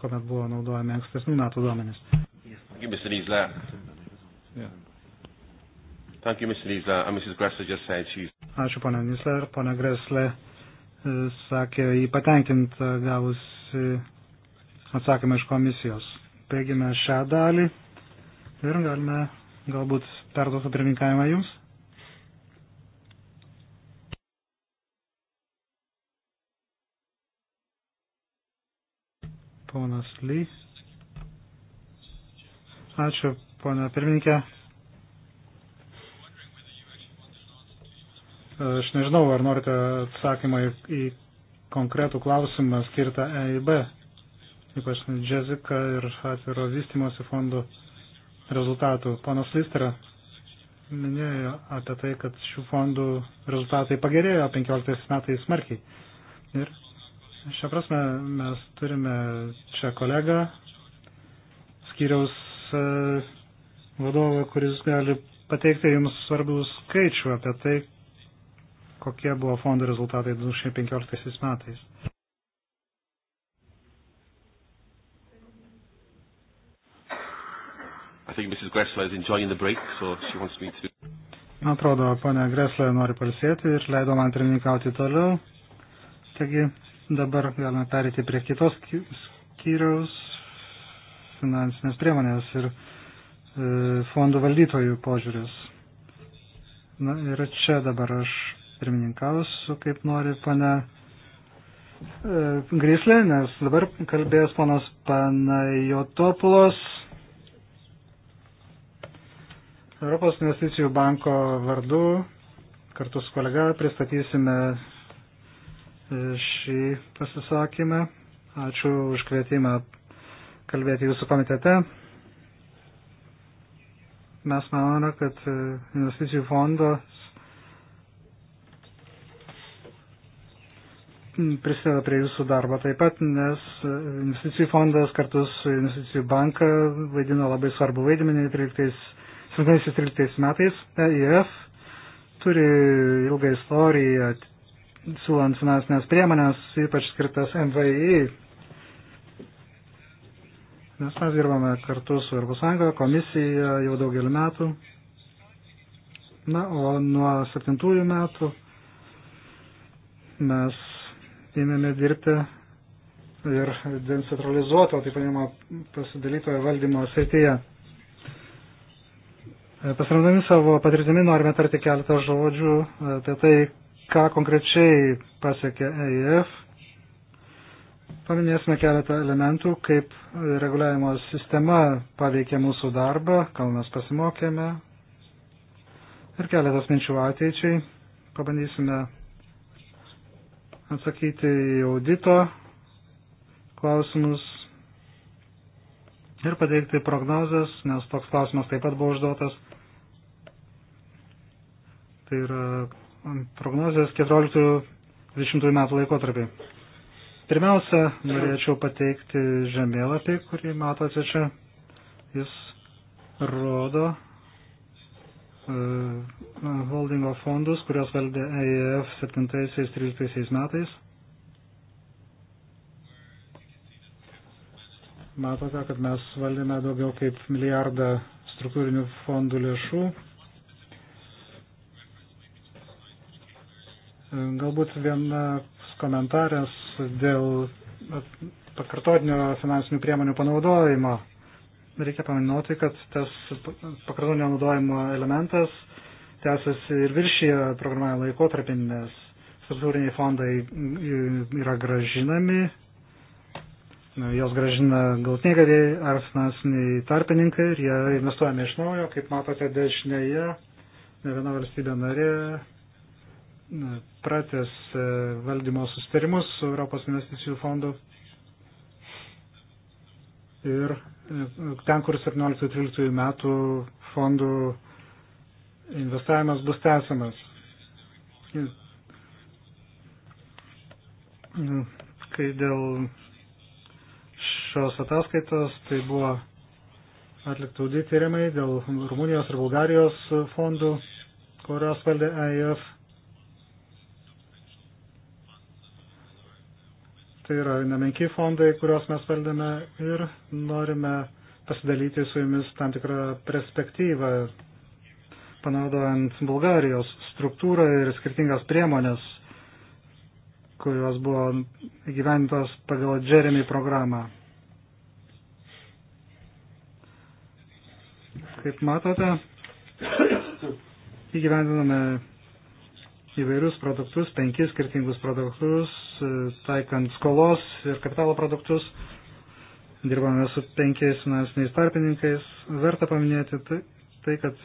kuomet buvo naudojami ankstesnių metų duomenys. Ačiū, ponia Nisler. Ponia Greslė e, sakė, jį patenkint e, gavus atsakymą iš komisijos. Baigime šią dalį ir galime galbūt perduoti pirmininkavimą jums. ponas Ly. Ačiū, ponia pirmininkė. Aš nežinau, ar norite atsakymą į konkretų klausimą skirtą EIB, ypač Jessica ir atviro vystimosi fondų rezultatų. Panas Listera minėjo apie tai, kad šių fondų rezultatai pagerėjo 15 metais smarkiai. Ir Šią prasme mes turime čia kolegą, skyriaus e, vadovą, kuris gali pateikti jums svarbių skaičių apie tai, kokie buvo fondo rezultatai 2015 metais. I think Mrs. Gressler is enjoying the break, so she wants me to. Man atrodo, ponia Gressler nori palsėti ir leido man pirmininkauti toliau. Taigi, Dabar galime perėti prie kitos skyriaus finansinės priemonės ir e, fondų valdytojų požiūris. Na ir čia dabar aš pirmininkausiu, kaip nori pane e, Grislė, nes dabar kalbės ponas Panajotopulos, Europos investicijų banko vardu. Kartu su kolega pristatysime šį pasisakymą. Ačiū už kvietimą kalbėti jūsų komitete. Mes manome, kad e, investicijų fondas prisideda prie jūsų darbo taip pat, nes e, investicijų fondas kartu su investicijų banka vaidino labai svarbu vaidmenį 2013 metais. EIF turi ilgą istoriją siūlant finansinės priemonės, ypač skirtas MVI. Nes mes dirbame kartu su Europos Sąjunga, komisija jau daugelį metų. Na, o nuo septintųjų metų mes ėmėme dirbti ir decentralizuoto, taip vadinamo, pasidalytojo valdymo srityje. Pasiremdami savo patirtimi norime tarti keletą žodžių apie tai, ką konkrečiai pasiekė EIF. Paminėsime keletą elementų, kaip reguliavimo sistema paveikė mūsų darbą, gal mes pasimokėme ir keletas minčių ateičiai. Pabandysime atsakyti į audito klausimus ir pateikti prognozes, nes toks klausimas taip pat buvo užduotas. Tai yra prognozijas 14-20 metų laikotarpį. Pirmiausia, norėčiau pateikti žemėlapį, kurį matote čia. Jis rodo uh, e, holdingo fondus, kurios valdė EIF 7-13 metais. Matote, kad mes valdėme daugiau kaip milijardą struktūrinių fondų lėšų Galbūt vienas komentaras dėl pakartotinio finansinių priemonių panaudojimo. Reikia paminoti, kad tas pakartotinio naudojimo elementas tęsiasi ir viršyje programavimo laikotarpį, nes struktūriniai fondai yra gražinami, jos gražina galtiniai gavėjai ar finansiniai tarpininkai ir jie investuojami iš naujo, kaip matote dešinėje, ne viena valstybė narė pratęs e, valdymo sustarimus su Europos investicijų fondu ir e, ten, kur 17-13 metų fondų investavimas bus tęsiamas. Nu, kai dėl šios ataskaitos, tai buvo atlikti audit tyrimai dėl Rumunijos ir Bulgarijos fondų, kurios valdė EIF Tai yra nemenki fondai, kuriuos mes valdėme ir norime pasidalyti su jumis tam tikrą perspektyvą, panaudojant Bulgarijos struktūrą ir skirtingas priemonės, kurios buvo įgyventos pagal Jeremy programą. Kaip matote, įgyvendiname įvairius produktus, penkis skirtingus produktus, taikant skolos ir kapitalo produktus. Dirbame su penkiais finansiniais tarpininkais. Verta paminėti tai, tai kad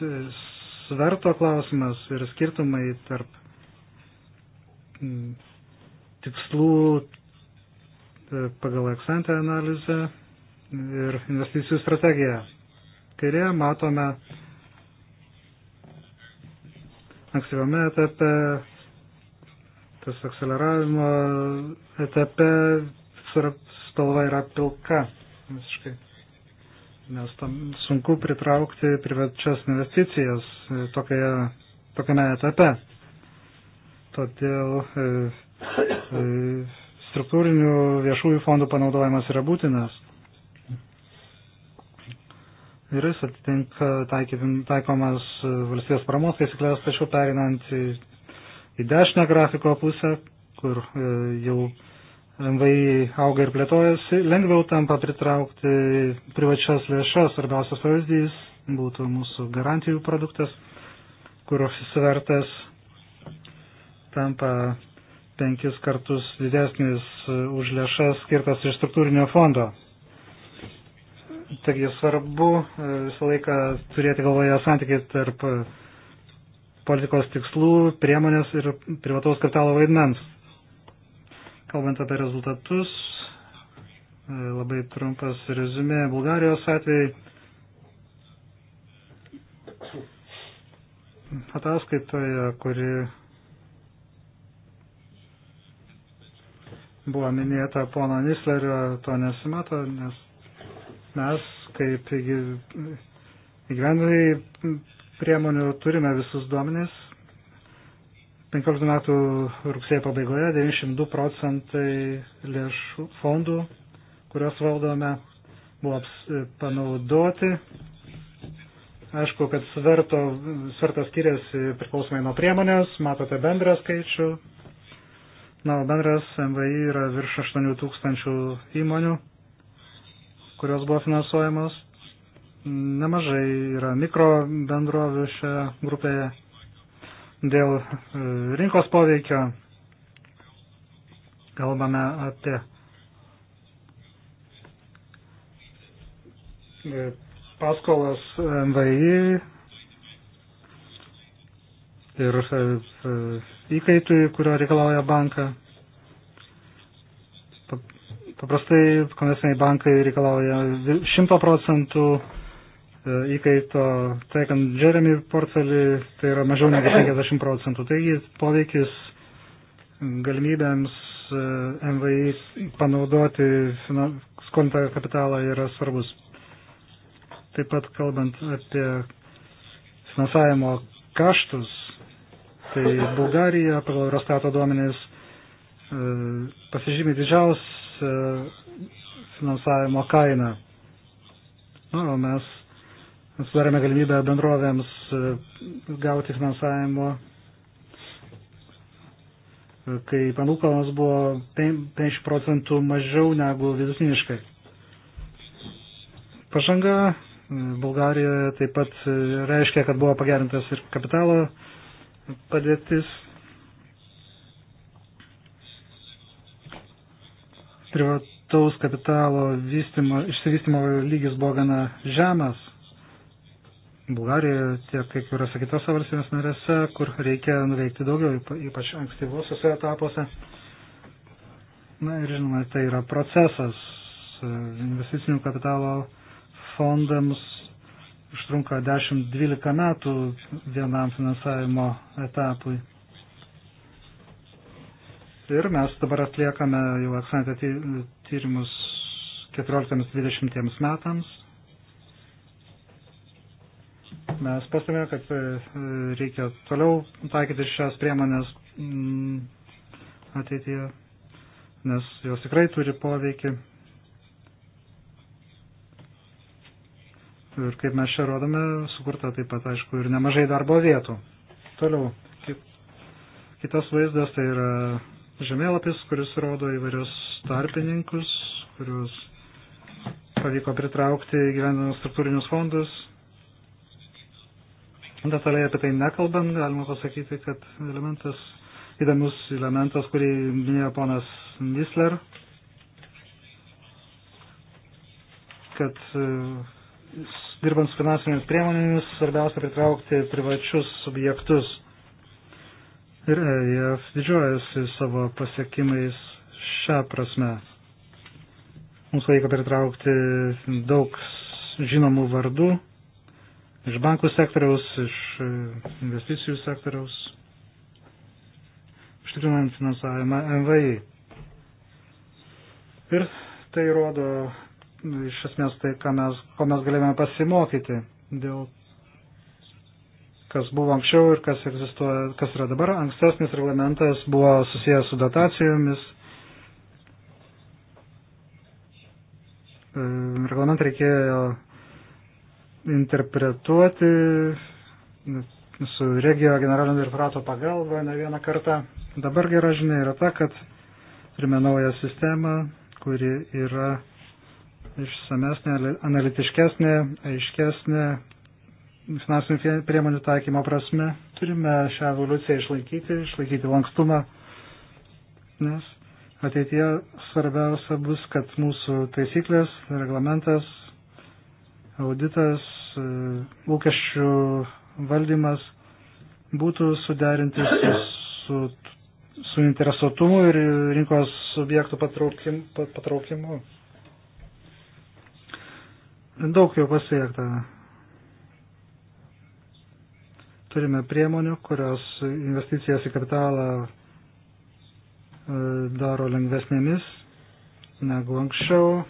sverto klausimas ir skirtumai tarp mm, tikslų e, pagal eksantę analizę ir investicijų strategiją. Kairėje matome ankstyvame etape tas akceleravimo etape spalva yra pilka visiškai. Nes tam sunku pritraukti privačias investicijas e, tokioje, tokiame etape. Todėl e, e, struktūrinių viešųjų fondų panaudojimas yra būtinas. Ir jis atitinka taikyvim, taikomas e, valstybės paramos taisyklės, tačiau perinant į į dešinę grafiko pusę, kur e, jau MVI auga ir plėtojasi, lengviau tampa pritraukti privačias lėšas. Svarbiausias pavyzdys būtų mūsų garantijų produktas, kurio svertas tampa penkis kartus didesnis e, už lėšas skirtas iš struktūrinio fondo. Taigi svarbu e, visą laiką turėti galvoje santykį tarp politikos tikslų, priemonės ir privataus kapitalo vaidmens. Kalbant apie rezultatus, e, labai trumpas rezumė Bulgarijos atvejai. Ataskaitoje, kuri buvo minėta pono Nislerio, to nesimato, nes mes kaip įgyvendai priemonių turime visus duomenys. 15 metų rugsėjo pabaigoje 92 procentai lėšų fondų, kuriuos valdome, buvo e, panaudoti. Aišku, kad sverto, svertas skiriasi priklausomai nuo priemonės, matote bendrą skaičių. Na, bendras MVI yra virš 8 tūkstančių įmonių, kurios buvo finansuojamos nemažai yra mikro bendrovių šioje grupėje dėl e, rinkos poveikio. Kalbame apie e, paskolas MVI ir e, įkaitui, kurio reikalauja banką. Paprastai komerciniai bankai reikalauja 100 procentų E, įkaito, taikant Jeremy portfelį, tai yra mažiau negu 50 procentų. Taigi poveikis galimybėms e, MVI panaudoti skolintą kapitalą yra svarbus. Taip pat kalbant apie finansavimo kaštus, tai Bulgarija pagal Rostato duomenys e, pasižymė didžiausią finansavimo kainą. Na, o mes sudarėme galimybę bendrovėms e, gauti finansavimo, kai panūkalnas buvo 50 procentų mažiau negu vidutiniškai. Pažanga e, Bulgarijoje taip pat e, reiškia, kad buvo pagerintas ir kapitalo padėtis. Privataus kapitalo vystimo, išsivystimo lygis buvo gana žemas, Bulgarijoje, tiek kai kuriuose kitose valstybės narėse, kur reikia nuveikti daugiau, ypač ankstyvosiuose etapuose. Na ir žinoma, tai yra procesas. Investicinių kapitalo fondams užtrunka 10-12 metų vienam finansavimo etapui. Ir mes dabar atliekame jau aksantę tyrimus 14-20 metams Mes pastumėme, kad e, reikia toliau taikyti šias priemonės mm, ateityje, nes jos tikrai turi poveikį. Ir kaip mes čia rodome, sukurta taip pat, aišku, ir nemažai darbo vietų. Toliau, kitas vaizdas tai yra žemėlapis, kuris rodo įvairius tarpininkus, kuriuos pavyko pritraukti gyvenant struktūrinius fondus, Detaliai apie tai nekalbant, galima pasakyti, kad elementas, įdomus elementas, kurį minėjo ponas Nisler, kad e, dirbant su finansinėmis priemonėmis svarbiausia pritraukti privačius subjektus. Ir EIF didžiuojasi savo pasiekimais šią prasme. Mums reikia pritraukti daug žinomų vardų iš bankų sektoriaus, iš e, investicijų sektoriaus, užtikrinant finansavimą MVI. Ir tai rodo iš esmės tai, ką mes, ko mes galėjome pasimokyti dėl kas buvo anksčiau ir kas egzistuoja, kas yra dabar. Ankstesnis reglamentas buvo susijęs su dotacijomis. E, reglamentą reikėjo interpretuoti su regio generalinio direktorato pagalba ne vieną kartą. Dabar gera žinia yra ta, kad turime naują sistemą, kuri yra išsamesnė, analitiškesnė, aiškesnė finansinių priemonių taikymo prasme. Turime šią evoliuciją išlaikyti, išlaikyti lankstumą, nes ateitie svarbiausia bus, kad mūsų taisyklės, reglamentas auditas, e, lūkesčių valdymas būtų suderinti su, su, su interesuotumu ir rinkos subjektų patraukim, patraukimu. Daug jau pasiekta. Turime priemonių, kurios investicijas į kapitalą e, daro lengvesnėmis negu anksčiau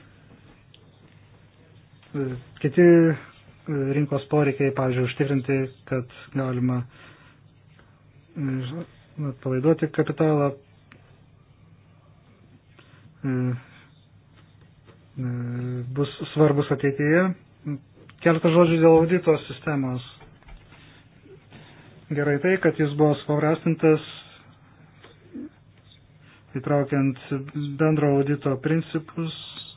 kiti e, rinkos poreikiai, pavyzdžiui, užtikrinti, kad galima e, palaiduoti kapitalą, e, bus svarbus ateityje. Keletą žodžių dėl audito sistemos. Gerai tai, kad jis buvo supaprastintas įtraukiant bendro audito principus,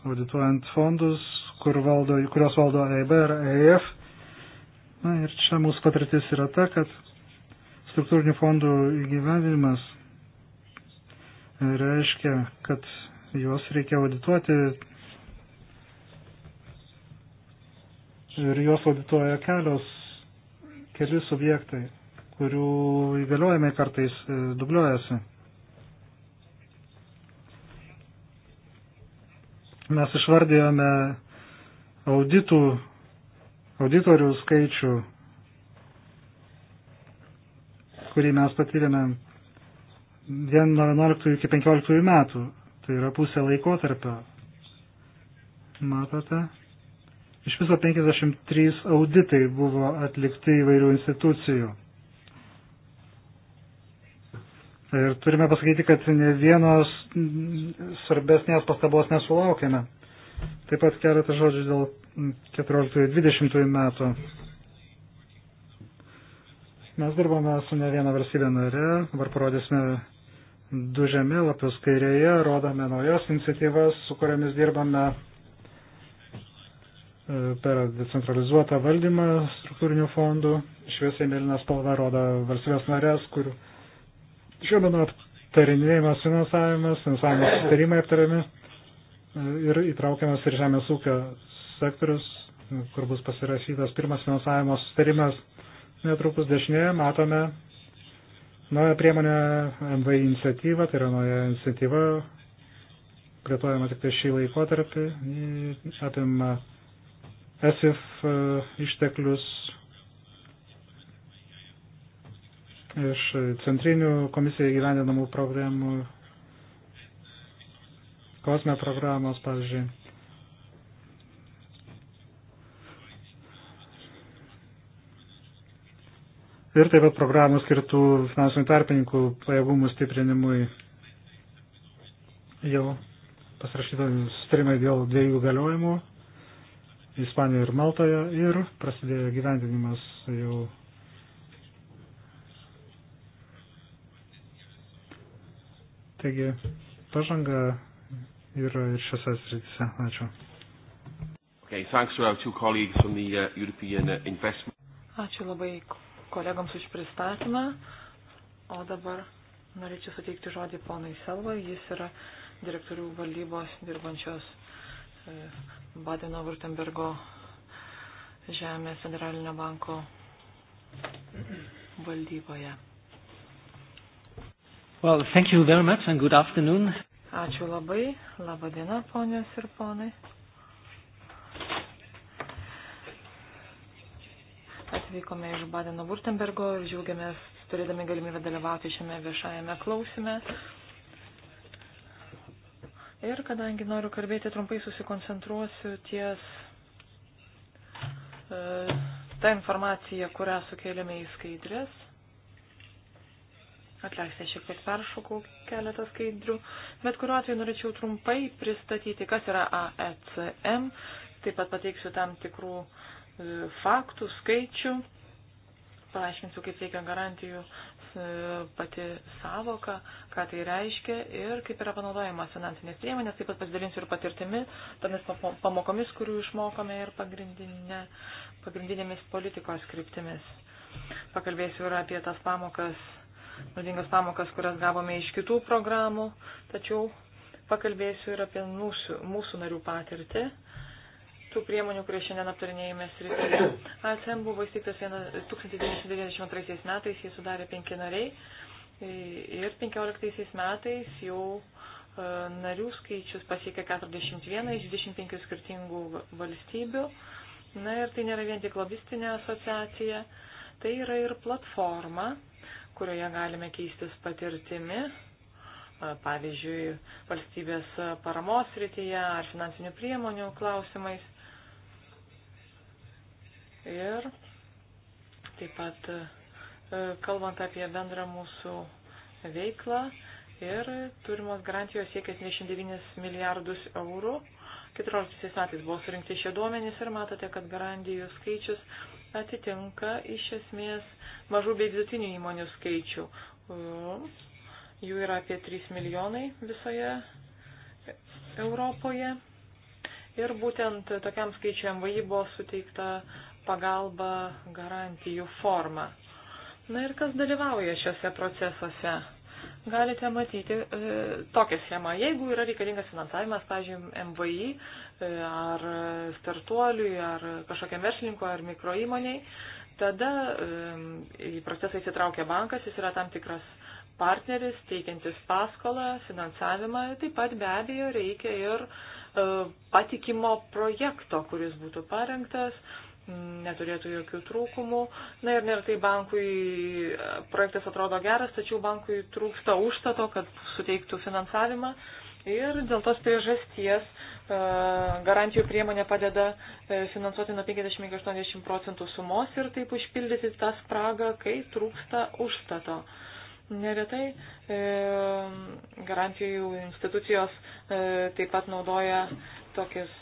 audituojant fondus, kur valdo, kurios valdo EIB ir EIF. Na ir čia mūsų patirtis yra ta, kad struktūrinių fondų įgyvendinimas reiškia, kad juos reikia audituoti ir juos audituoja kelios, keli subjektai, kurių įgaliojimai kartais e, dubliuojasi. Mes išvardėjome auditų, auditorių skaičių, kurį mes patyrėme vien nuo 11 iki 15 metų. Tai yra pusė laikotarpio. Matote? Iš viso 53 auditai buvo atlikti įvairių institucijų. Ir turime pasakyti, kad ne vienos svarbesnės pastabos nesulaukėme. Taip pat keletą žodžių dėl 14-20 metų. Mes dirbame su ne viena valstybė nare, dabar parodysime du žemėlapius kairėje, rodome naujas iniciatyvas, su kuriamis dirbame e, per decentralizuotą valdymą struktūrinių fondų. Šviesiai mėlyna spalva rodo valstybės narės, kur šiuo metu aptarinėjimas finansavimas, finansavimo sutarimai aptariami ir įtraukiamas ir žemės ūkio sektorius, kur bus pasirašytas pirmas finansavimo sustarimas. Netrukus dešinėje matome naują priemonę MVI iniciatyvą, tai yra nauja iniciatyva, plėtojama tik tai šį laikotarpį, apima ESIF e, išteklius iš centrinių komisijai gyvendinamų programų kosme programos, pavyzdžiui. Ir taip pat programų skirtų finansinių tarpininkų pajėgumų stiprinimui jau pasirašyta sustarimai dėl dviejų galiojimų Ispanijoje ir Maltoje ir prasidėjo gyvendinimas jau Taigi pažanga yra ir šiose srityse. Ačiū. Okay, thanks to our two colleagues from the uh, European uh, Investment. Ačiū labai kolegams už pristatymą. O dabar norėčiau suteikti žodį ponui Selvai. Jis yra direktorių valdybos dirbančios e, Badeno-Württembergo žemės federalinio banko valdyboje. Well, thank you very much and good afternoon. Ačiū labai. Labadiena, ponios ir ponai. Atvykome iš Badeno Burtenbergo ir džiaugiamės turėdami galimybę dalyvauti šiame viešajame klausime. Ir kadangi noriu kalbėti trumpai, susikoncentruosiu ties e, tą informaciją, kurią sukėlėme į skaidrės. Atleiskite, šiek tiek peršokau keletą skaidrių, bet kuriuo atveju norėčiau trumpai pristatyti, kas yra AECM, taip pat pateiksiu tam tikrų e, faktų, skaičių, paaiškinsiu, kaip veikia garantijų e, pati savoka, ką tai reiškia ir kaip yra panaudojamas finansinės priemonės, taip pat pasidalinsiu ir patirtimi, tomis pamokomis, kurių išmokome ir pagrindinė, pagrindinėmis politikos kryptimis. Pakalbėsiu ir apie tas pamokas naudingas pamokas, kurias gavome iš kitų programų, tačiau pakalbėsiu ir apie mūsų, mūsų narių patirtį. Tų priemonių, kurie šiandien aptarinėjame srityje. ASM buvo įsteigtas 1992 metais, jie sudarė penki nariai ir 15 metais jau e, narių skaičius pasiekė 41 iš 25 skirtingų valstybių. Na ir tai nėra vien tik lobistinė asociacija, tai yra ir platforma, kurioje galime keistis patirtimi, pavyzdžiui, valstybės paramos rytyje ar finansinių priemonių klausimais. Ir taip pat kalbant apie bendrą mūsų veiklą ir turimos garantijos siekia 29 milijardus eurų. 14 metais buvo surinkti šie duomenys ir matote, kad garantijų skaičius atitinka iš esmės mažų bei vidutinių įmonių skaičių. Jų yra apie 3 milijonai visoje Europoje. Ir būtent tokiam skaičiu MVI buvo suteikta pagalba garantijų forma. Na ir kas dalyvauja šiuose procesuose? Galite matyti e, tokią schemą. Jeigu yra reikalingas finansavimas, pavyzdžiui, MVI, ar startuoliui, ar kažkokiam verslininkui, ar mikroįmoniai. Tada į procesą įsitraukia bankas, jis yra tam tikras partneris, teikiantis paskolą, finansavimą. Taip pat be abejo reikia ir e, patikimo projekto, kuris būtų parengtas, neturėtų jokių trūkumų. Na ir neretai bankui e, projektas atrodo geras, tačiau bankui trūksta užstato, kad suteiktų finansavimą. Ir dėl tos priežasties e, garantijų priemonė padeda e, finansuoti nuo 50 iki 80 procentų sumos ir taip užpildyti tą spragą, kai trūksta užstato. Neretai e, garantijų institucijos taip pat naudoja tokias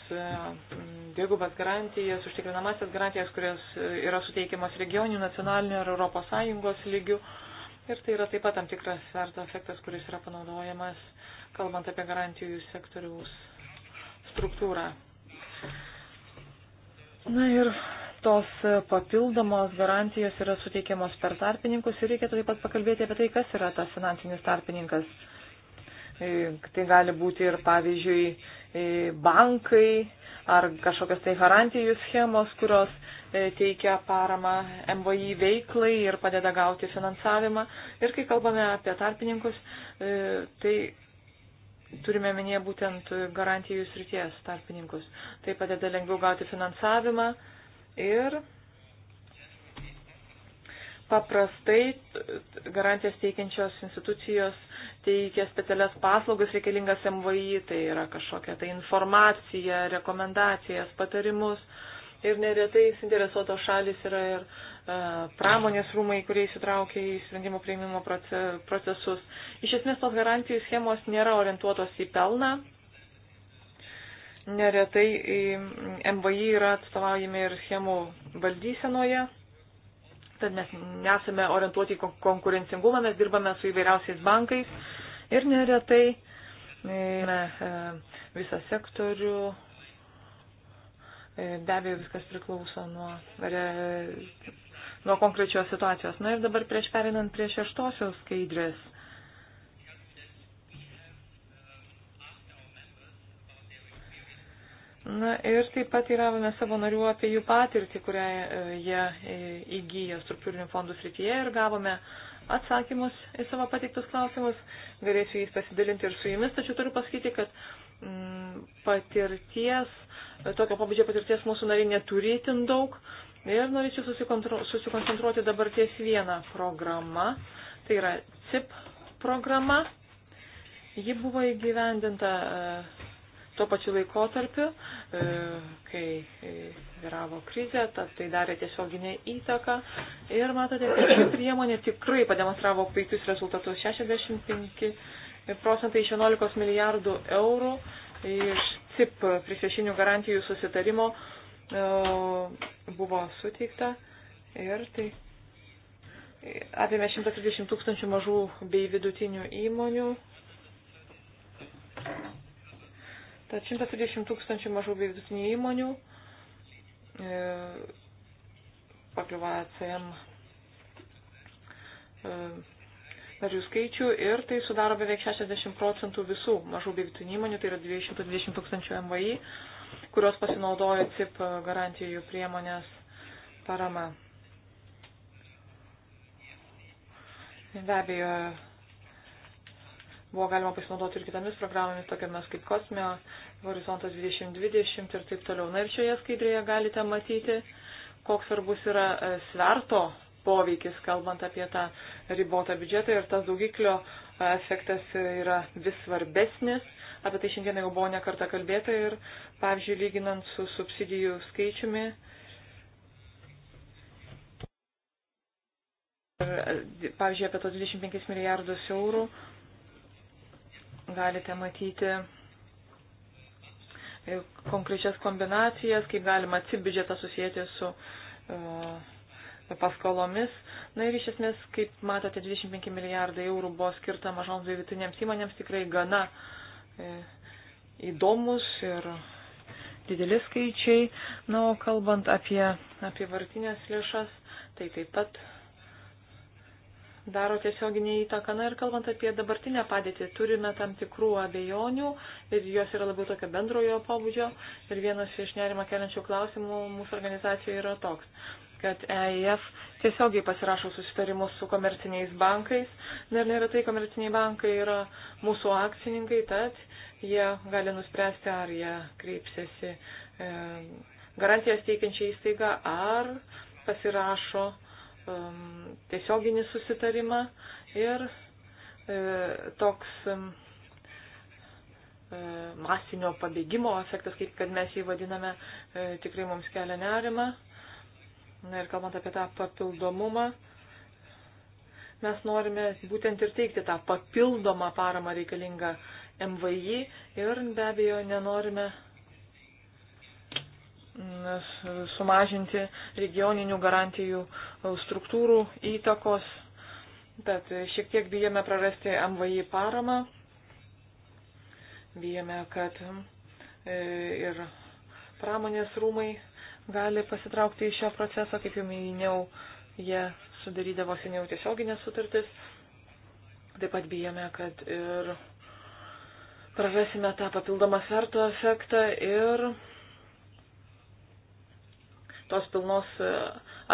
dvigubas garantijas, užtikrinamasias garantijas, kurios yra suteikiamas regioninių, nacionalinių ir Europos Sąjungos lygių. Ir tai yra taip pat tam tikras sverto efektas, kuris yra panaudojamas uh, kalbant apie garantijų sektoriaus struktūrą. Na ir tos papildomos garantijos yra suteikiamos per tarpininkus ir reikėtų taip pat pakalbėti apie tai, kas yra tas finansinis tarpininkas. E, tai gali būti ir, pavyzdžiui, e, bankai ar kažkokios tai garantijų schemos, kurios e, teikia paramą MVI veiklai ir padeda gauti finansavimą. Ir kai kalbame apie tarpininkus, tai turime minėję būtent garantijų srities tarpininkus. Tai padeda lengviau gauti finansavimą ir paprastai garantijas teikiančios institucijos teikia specialias paslaugas reikalingas MVI, tai yra kažkokia tai informacija, rekomendacijas, patarimus. Ir neretai suinteresuotos šalis yra ir E, pramonės rūmai, kurie įsitraukia į sprendimų prieimimo procesus. Iš esmės tos garantijų schemos nėra orientuotos į pelną. Neretai MVI yra atstovaujami ir schemų valdysenoje. Tad mes nesame orientuoti į konkurencingumą, mes dirbame su įvairiausiais bankais ir neretai e, e, visą sektorių be abejo viskas priklauso nuo re, nuo konkrečios situacijos. Na ir dabar prieš perinant prie šeštosios skaidrės. Na ir taip pat įravome savo narių apie jų patirtį, kurią e, jie e, įgyja struktūrinių fondų srityje ir gavome atsakymus į savo pateiktus klausimus. Galėsiu jais pasidalinti ir su jumis, tačiau turiu pasakyti, kad mm, patirties, tokio pabudžio patirties mūsų nariai neturi itin daug, Ir norėčiau susikoncentruoti dabar ties vieną programą. Tai yra CIP programa. Ji buvo įgyvendinta e, tuo pačiu laikotarpiu, e, kai e, vyravo krizė, tai darė tiesioginę įtaką. Ir matote, kad ši priemonė tikrai pademonstravo puikius rezultatus. 65 procentai iš 11 milijardų eurų iš CIP prisešinių garantijų susitarimo E, buvo suteikta ir tai apėmė 130 tūkstančių mažų bei vidutinių įmonių. Tad 130 tūkstančių mažų bei vidutinių įmonių e, pakliuvo ACM e, narių skaičių ir tai sudaro beveik 60 procentų visų mažų bei vidutinių įmonių, tai yra 220 tūkstančių MVI kurios pasinaudoja CIP garantijų priemonės parama. Be abejo, buvo galima pasinaudoti ir kitomis programomis, tokiamis kaip Kosmio, Horizontas 2020 ir taip toliau. Na ir šioje skaidrėje galite matyti, koks svarbus yra e, sverto poveikis, kalbant apie tą ribotą biudžetą ir tas daugiklio e, efektas yra vis svarbesnis. Apie tai šiandien jau buvo nekarta kalbėta ir, pavyzdžiui, lyginant su subsidijų skaičiumi, pavyzdžiui, apie tos 25 milijardus eurų galite matyti konkrečias kombinacijas, kaip galima CIP biudžetą susijęti su uh, paskolomis. Na ir iš esmės, kaip matote, 25 milijardai eurų buvo skirta mažoms bei vidutinėms įmonėms, tikrai gana uh, E, įdomus ir dideli skaičiai. Na, o kalbant apie, apie vartinės lėšas, tai taip pat daro tiesioginį įtaką. Na ir kalbant apie dabartinę padėtį, turime tam tikrų abejonių ir jos yra labiau tokio bendrojo pobūdžio. Ir vienas iš nerima keliančių klausimų mūsų organizacijoje yra toks kad EIF tiesiogiai pasirašo susitarimus su komerciniais bankais. Dar neretai komerciniai bankai yra mūsų akcininkai, tad jie gali nuspręsti, ar jie kreipsiasi e, garantijas teikiančią įstaigą, ar pasirašo e, tiesioginį susitarimą ir e, toks. Um, e, masinio pabėgimo efektas, kaip kad mes jį vadiname, e, tikrai mums kelia nerima. Na ir kalbant apie tą papildomumą, mes norime būtent ir teikti tą papildomą paramą reikalingą MVI ir be abejo nenorime sumažinti regioninių garantijų struktūrų įtakos, bet šiek tiek bijome prarasti MVI paramą, bijome, kad e, ir pramonės rūmai gali pasitraukti iš šio proceso, kaip jau minėjau, jie sudarydavo seniau tiesioginės sutartis. Taip pat bijome, kad ir prarasime tą papildomą svertų efektą ir tos pilnos e,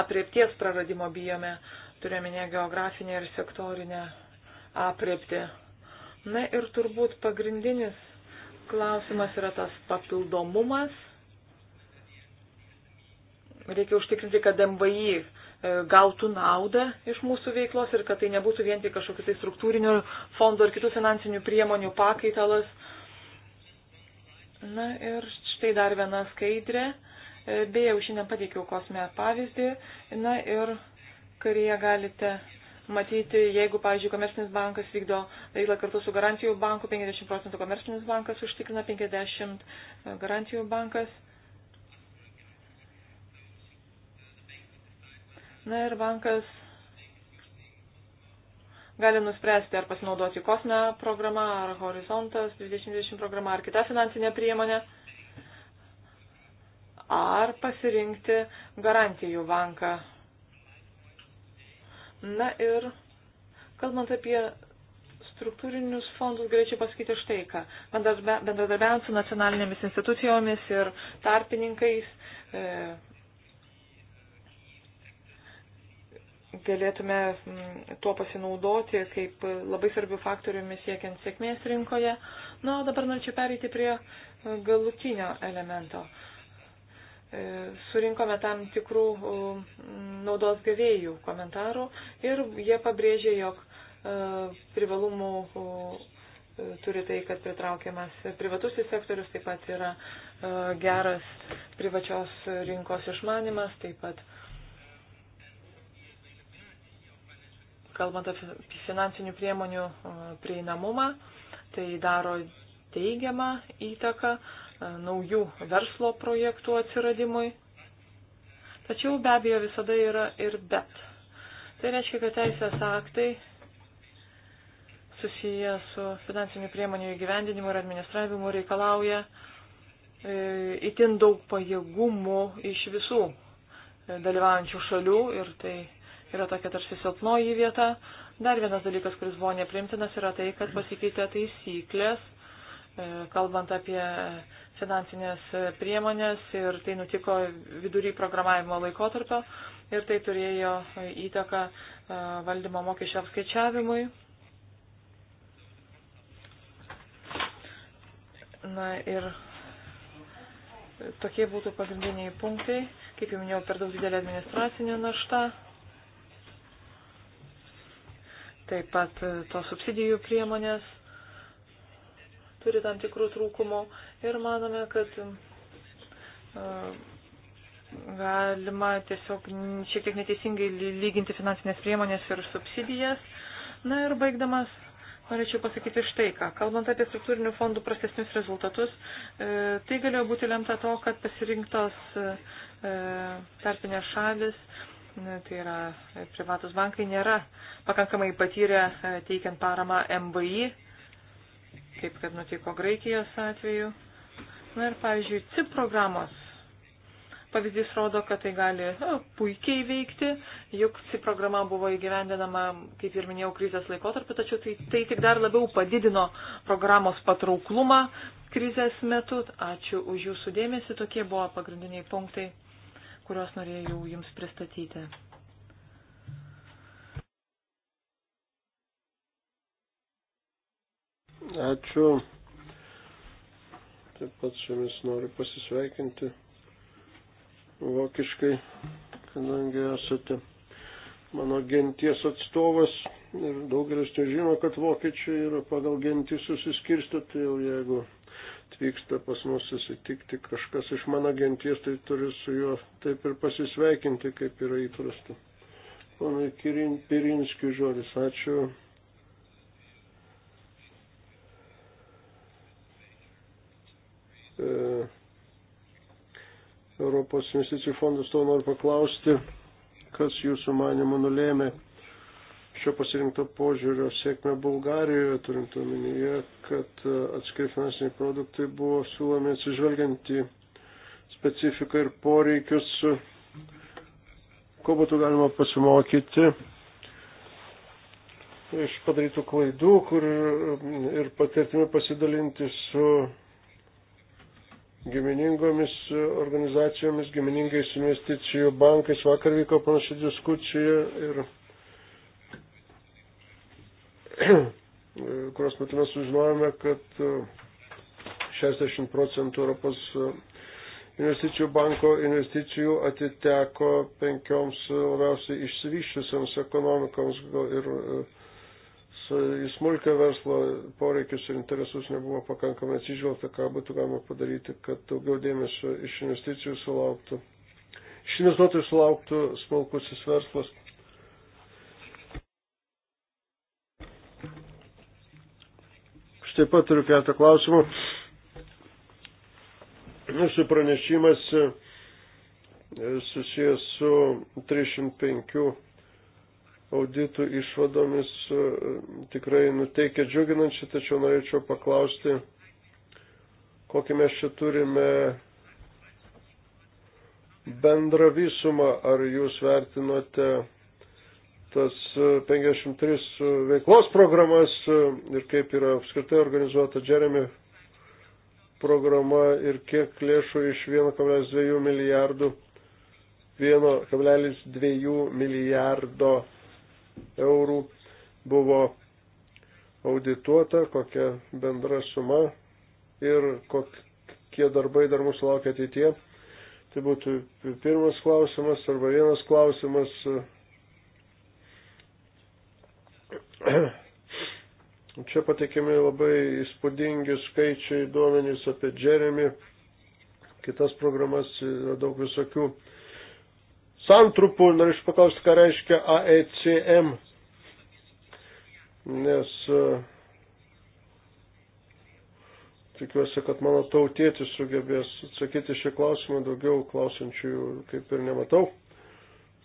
apriepties praradimo bijome, turiuomenė geografinė ir sektorinė apriepti. Na ir turbūt pagrindinis klausimas yra tas papildomumas reikia užtikrinti, kad MVI e, gautų naudą iš mūsų veiklos ir kad tai nebūtų vien tik kažkokiu tai struktūriniu fondu ar kitų finansinių priemonių pakaitalas. Na ir štai dar viena skaidrė. E, beje, jau šiandien pateikiau kosmę pavyzdį. Na ir kurioje galite matyti, jeigu, pavyzdžiui, komercinis bankas vykdo veiklą kartu su garantijų banku, 50 procentų komercinis bankas užtikrina, 50 e, garantijų bankas. Na ir bankas gali nuspręsti ar pasinaudoti kosme programą, ar horizontas 2020 programą, ar kitą finansinę priemonę, ar pasirinkti garantijų banką. Na ir kalbant apie struktūrinius fondus galėčiau pasakyti štai ką. Bendradarbiaujant su nacionalinėmis institucijomis ir tarpininkais, e, galėtume mm, tuo pasinaudoti kaip labai svarbių faktoriumi siekiant sėkmės rinkoje. Na, o dabar norėčiau pereiti prie e, galutinio elemento. E, surinkome tam tikrų e, naudos gavėjų komentarų ir jie pabrėžė, jog privalumų turi tai, kad pritraukiamas privatus sektorius, taip pat yra geras privačios rinkos išmanimas, taip pat uh, kalbant apie finansinių priemonių e, prieinamumą, tai daro teigiamą įtaką e, naujų verslo projektų atsiradimui. Tačiau be abejo visada yra ir bet. Tai reiškia, kad teisės aktai susiję su finansinių priemonių įgyvendinimu ir administravimu reikalauja e, itin daug pajėgumų iš visų dalyvaujančių šalių ir tai yra tokia tarsi silpnoji vieta. Dar vienas dalykas, kuris buvo neprimtinas, yra tai, kad pasikeitė taisyklės, e, kalbant apie finansinės priemonės ir tai nutiko vidury programavimo laikotarpio ir tai turėjo įtaką e, valdymo mokesčio apskaičiavimui. Na ir tokie būtų pagrindiniai punktai. Kaip jau minėjau, per daug didelė administracinė našta. taip pat e, tos subsidijų priemonės turi tam tikrų trūkumų ir manome, kad e, galima tiesiog šiek tiek neteisingai lyginti finansinės priemonės ir subsidijas. Na ir baigdamas, norėčiau pasakyti štai ką. Kalbant apie struktūrinių fondų prastesnius rezultatus, e, tai galėjo būti lemta to, kad pasirinktos tarpinės šalis tai yra e, privatus bankai nėra pakankamai patyrę e, teikiant paramą MVI, kaip kad nutiko Graikijos atveju. Na ir pavyzdžiui, CIP programos pavyzdys rodo, kad tai gali na, puikiai veikti, juk ši programa buvo įgyvendinama, kaip ir minėjau, krizės laikotarpiu, tačiau tai, tai tik dar labiau padidino programos patrauklumą krizės metu. Ačiū už jūsų dėmesį, tokie buvo pagrindiniai punktai kuriuos norėjau Jums pristatyti. Ačiū. Taip pat su jumis noriu pasisveikinti vokiškai, kadangi esate mano genties atstovas ir daugelis nežino, kad vokiečiai yra pagal gentį susiskirstyti, tai jau jeigu atvyksta pas mus susitikti kažkas iš mano genties, tai turiu su juo taip ir pasisveikinti, kaip yra įprasta. Ponai Kirin, Pirinskių žodis, ačiū. E, Europos investicijų fondus to noriu paklausti, kas jūsų manimo nulėmė šio pasirinkto požiūrio sėkmę Bulgarijoje, turint omenyje, kad e, atskiri finansiniai produktai buvo siūlomi atsižvelgiant į specifiką ir poreikius, ko būtų galima pasimokyti iš padarytų klaidų kur, e, ir patirtimi pasidalinti su giminingomis organizacijomis, giminingais investicijų bankais. Vakar vyko panaši diskusija ir kurios metu mes sužinojome, kad 60 e, procentų Europos e, investicijų banko investicijų atiteko penkioms labiausiai išsivyščiusiams ekonomikoms ir e, į smulkę verslo poreikius ir interesus nebuvo pakankamai atsižvelgta, ką būtų galima padaryti, kad daugiau dėmesio iš investicijų sulauktų. Iš investuotojų sulauktų smulkusis verslas. Aš taip pat turiu keletą klausimų. Jūsų pranešimas e, susijęs su 305 auditų išvadomis e, tikrai nuteikia džiuginančiai, tačiau norėčiau paklausti, kokį mes čia turime bendrą visumą, ar jūs vertinote tas 53 e, e, veiklos programas e, ir kaip yra apskritai organizuota Jeremy programa ir kiek lėšų iš 1,2 milijardų 1,2 milijardo eurų buvo audituota, kokia bendra suma ir kokie darbai dar mūsų laukia ateitie. Tai būtų pirmas klausimas arba vienas klausimas Čia patikimi labai įspūdingi skaičiai, duomenys apie Jeremy, kitas programas, yra daug visokių santrupų. Norėčiau paklausti, ką reiškia AECM, nes e, tikiuosi, kad mano tautietis sugebės atsakyti šį klausimą, daugiau klausančių kaip ir nematau.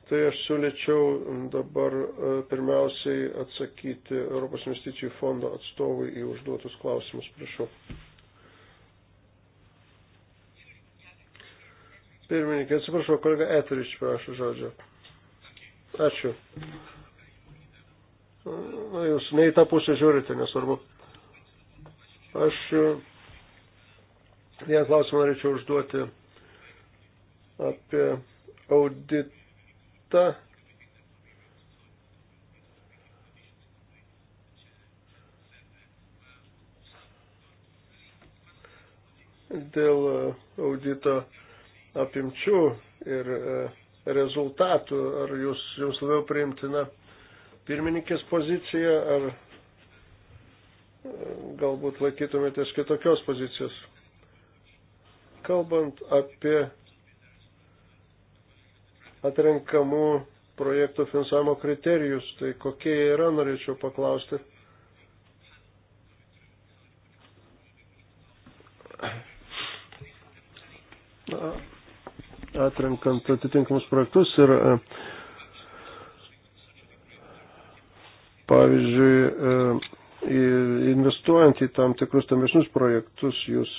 Tai aš siūlyčiau dabar e, pirmiausiai atsakyti Europos investicijų fondo atstovui į užduotus klausimus, prašau. Pirmininkė, atsiprašau, kolega Eterič prašo žodžio. Ačiū. Na, jūs ne į tą pusę žiūrite, nesvarbu. Aš e, vieną klausimą norėčiau užduoti apie audit ta dėl e, audito apimčių ir e, rezultatų, ar jūs, jums labiau priimtina pirmininkės pozicija, ar e, galbūt laikytumėtės kitokios pozicijos. Kalbant apie atrenkamų projektų finansavimo kriterijus. Tai kokie jie yra, norėčiau paklausti. Na, atrenkant atitinkamus projektus ir pavyzdžiui, investuojant į tam tikrus tamesnius projektus, jūs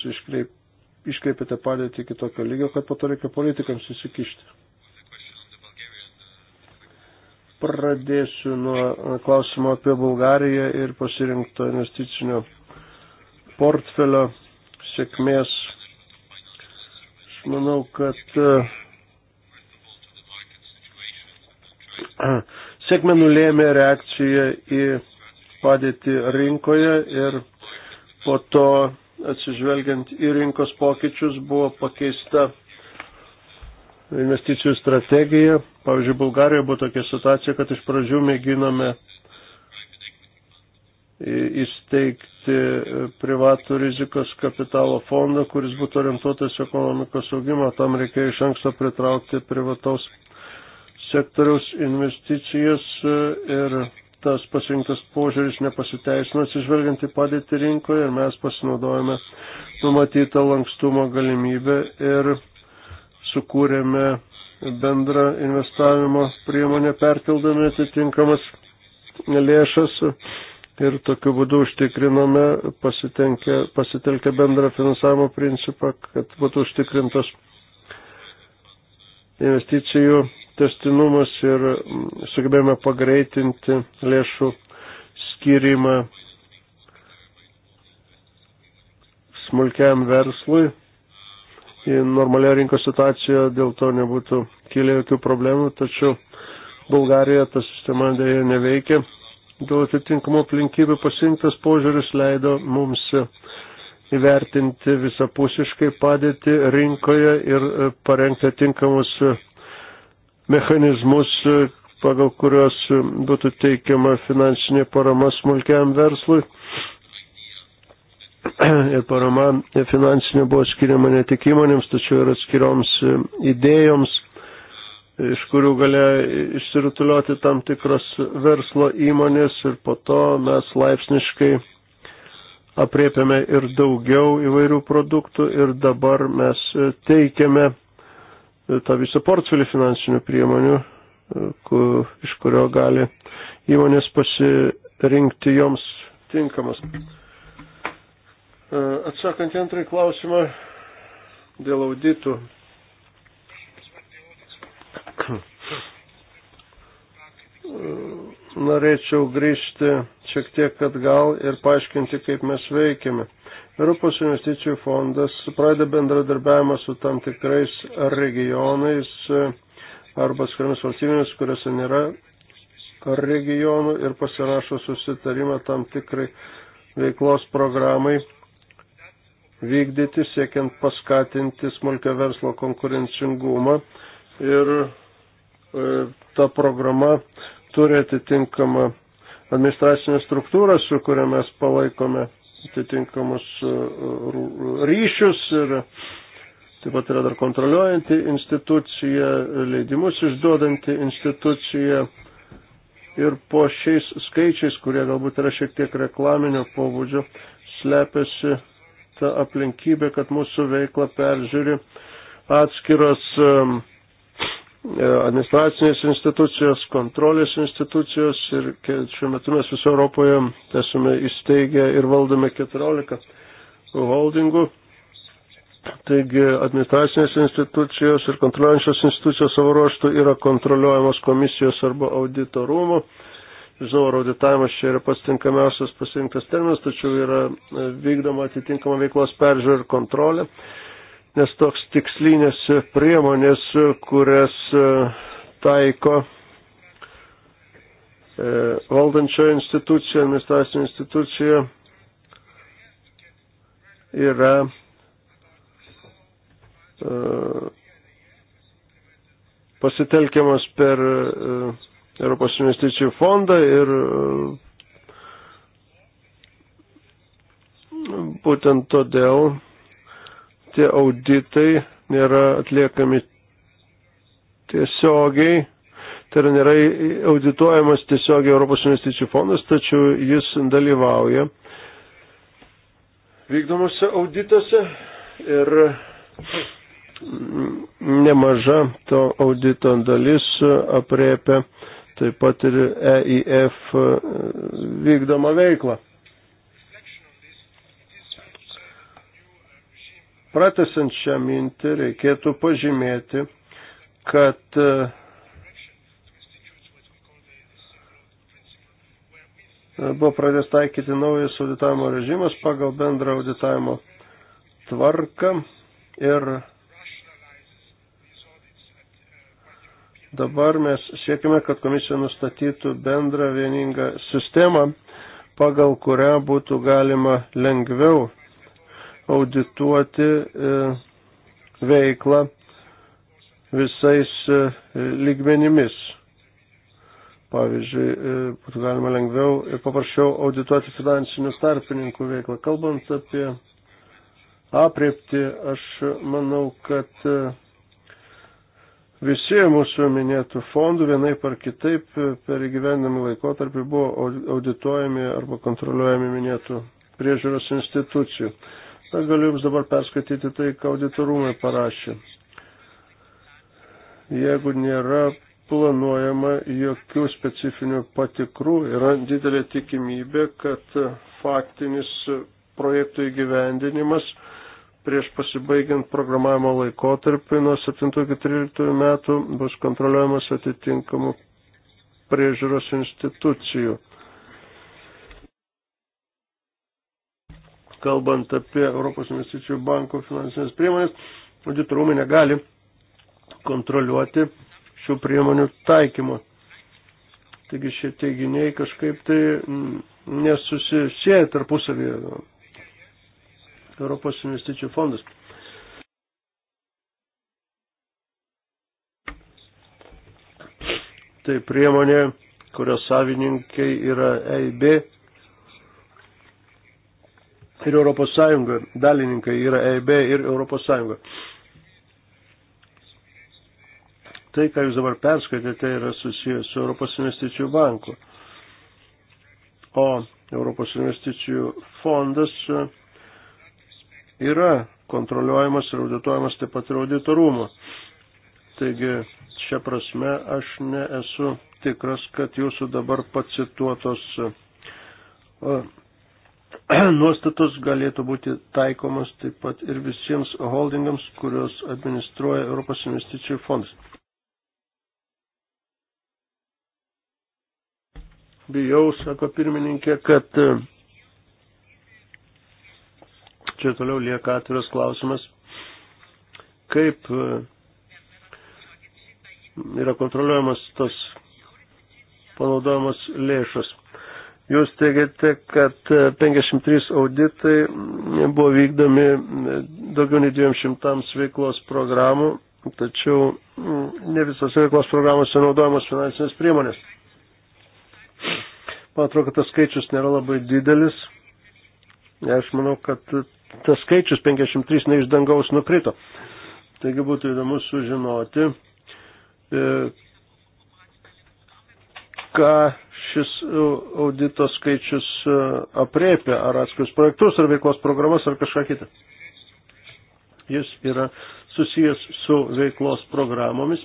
iškreipiate padėti iki tokio lygio, kad po to reikia politikams įsikišti. Pradėsiu nuo klausimo apie Bulgariją ir pasirinkto investicinio portfelio sėkmės. Aš manau, kad eh, sėkmę nulėmė reakcija į padėtį rinkoje ir po to atsižvelgiant į rinkos pokyčius buvo pakeista investicijų strategiją. Pavyzdžiui, Bulgarijoje buvo tokia situacija, kad iš pradžių mėginome įsteigti privatų rizikos kapitalo fondą, kuris būtų orientuotas ekonomikos augimą. Tam reikėjo iš anksto pritraukti privataus sektoriaus investicijas ir tas pasirinktas požiūris nepasiteisino atsižvelgiant į padėtį rinkoje ir mes pasinaudojame numatytą lankstumo galimybę ir sukūrėme bendrą investavimo priemonę, pertildami atitinkamas lėšas ir tokiu būdu užtikrinome pasitelkę bendrą finansavimo principą, kad būtų užtikrintas investicijų testinumas ir sugebėjome pagreitinti lėšų skirimą smulkiam verslui normalia rinkos situacija, dėl to nebūtų kilę jokių problemų, tačiau Bulgarijoje ta sistema dėja neveikia. Dėl atitinkamų aplinkybių pasirinktas požiūris leido mums įvertinti visapusiškai padėti rinkoje ir parengti tinkamus mechanizmus, pagal kurios būtų teikiama finansinė parama smulkiam verslui. ir parama finansinė buvo skiriama ne tik įmonėms, tačiau ir atskiroms e, idėjoms, iš kurių galėjo išsirutulioti tam tikros verslo įmonės ir po to mes laipsniškai apriepėme ir daugiau įvairių produktų ir dabar mes e, teikiame e, tą visą portfelį finansinių priemonių, kur, iš kurio gali įmonės pasirinkti joms tinkamas. E, atsakant į antrąjį klausimą dėl auditų. E, norėčiau grįžti šiek tiek atgal ir paaiškinti, kaip mes veikiame. Europos investicijų fondas pradeda bendradarbiavimą su tam tikrais regionais e, arba skiriamis valstybėmis, kuriuose nėra regionų ir pasirašo susitarimą tam tikrai veiklos programai vykdyti, siekiant paskatinti smulkio verslo konkurencingumą. Ir e, ta programa turi atitinkamą administracinę struktūrą, su kuria mes palaikome atitinkamus e, ryšius ir taip pat yra dar kontroliuojanti institucija, leidimus išduodanti institucija. Ir po šiais skaičiais, kurie galbūt yra šiek tiek reklaminio pobūdžio, slepiasi ta aplinkybė, kad mūsų veiklą peržiūri atskiros e, administracinės institucijos, kontrolės institucijos ir šiuo metu mes viso Europoje esame įsteigę ir valdome 14 holdingų. Taigi administracinės institucijos ir kontroliuojančios institucijos savo ruoštų yra kontroliuojamos komisijos arba auditorumų. rūmų Žinau, auditavimas čia yra pats tinkamiausias pasirinktas terminas, tačiau yra e, vykdoma atitinkama veiklos peržiūra ir kontrolė, nes toks tikslinės priemonės, kurias e, taiko e, valdančioje institucijoje, administracinėje institucijoje yra pasitelkiamas per Europos investicijų fondą ir e, būtent todėl tie auditai nėra atliekami tiesiogiai, tai yra nėra audituojamas tiesiogiai Europos investicijų fondas, tačiau jis dalyvauja vykdomuose audituose ir mm, nemaža to audito dalis apriepia taip pat ir EIF e, vykdomą veiklą. Pratesant šią mintį, reikėtų pažymėti, kad e, buvo pradės taikyti naujas auditavimo režimas pagal bendrą auditavimo tvarką ir Dabar mes siekime, kad komisija nustatytų bendrą vieningą sistemą, pagal kurią būtų galima lengviau audituoti e, veiklą visais e, lygmenimis. Pavyzdžiui, e, būtų galima lengviau ir paprasčiau audituoti finansinių tarpininkų veiklą. Kalbant apie apriepti, aš manau, kad Visi mūsų minėtų fondų vienai par kitaip per įgyvendamą laikotarpį buvo audituojami arba kontroliuojami minėtų priežiūros institucijų. Na, galiu Jums dabar perskaityti tai, ką auditorumai parašė. Jeigu nėra planuojama jokių specifinių patikrų, yra didelė tikimybė, kad faktinis projektų įgyvendinimas prieš pasibaigiant programavimo laikotarpį nuo 7 iki 13 metų bus kontroliuojamas atitinkamų priežiūros institucijų. Kalbant apie Europos investicijų bankų finansinės priemonės, auditorumai negali kontroliuoti šių priemonių taikymo. Taigi šie teiginiai kažkaip tai mm, nesusisėja tarpusavyje. Europos investicijų fondas. Tai priemonė, kurios savininkai yra EIB ir Europos Sąjunga, dalininkai yra EIB ir Europos Sąjunga. Tai, ką jūs dabar perskaitėte, yra susijęs su Europos investicijų banku. O Europos investicijų fondas yra kontroliuojamas ir audituojamas taip pat ir auditorumo. Taigi, šią prasme aš nesu tikras, kad jūsų dabar pacituotos nuostatos galėtų būti taikomas taip pat ir visiems holdingams, kurios administruoja Europos investicijų fondas. Bijau, sako pirmininkė, kad čia toliau lieka atviras klausimas, kaip e, yra kontroliuojamas tos panaudojamos lėšos. Jūs teigiate, kad 53 e, auditai buvo vykdomi e, daugiau nei 200 veiklos programų, tačiau ne visos veiklos programose naudojamos finansinės priemonės. Man atrodo, kad tas skaičius nėra labai didelis. Aš manau, kad tas skaičius 53 ne iš dangaus nukrito. Taigi būtų įdomu sužinoti, e, ką šis audito skaičius e, apriepia, ar atskirius projektus, ar veiklos programas, ar kažką kitą. Jis yra susijęs su veiklos programomis.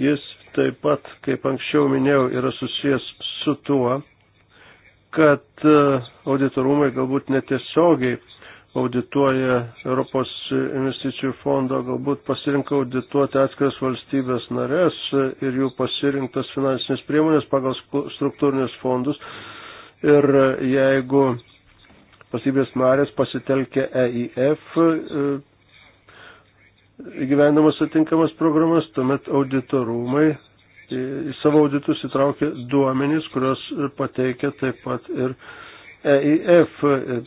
Jis taip pat, kaip anksčiau minėjau, yra susijęs su tuo, kad e, auditorumai galbūt netiesiogiai audituoja Europos investicijų fondo, galbūt pasirinka audituoti atskiras valstybės narės ir jų pasirinktas finansinės priemonės pagal struktūrinės fondus. Ir jeigu valstybės narės pasitelkia EIF e, įgyvendamas atinkamas programas, tuomet auditorumai į savo auditus įtraukė duomenys, kurios pateikė taip pat ir EIF,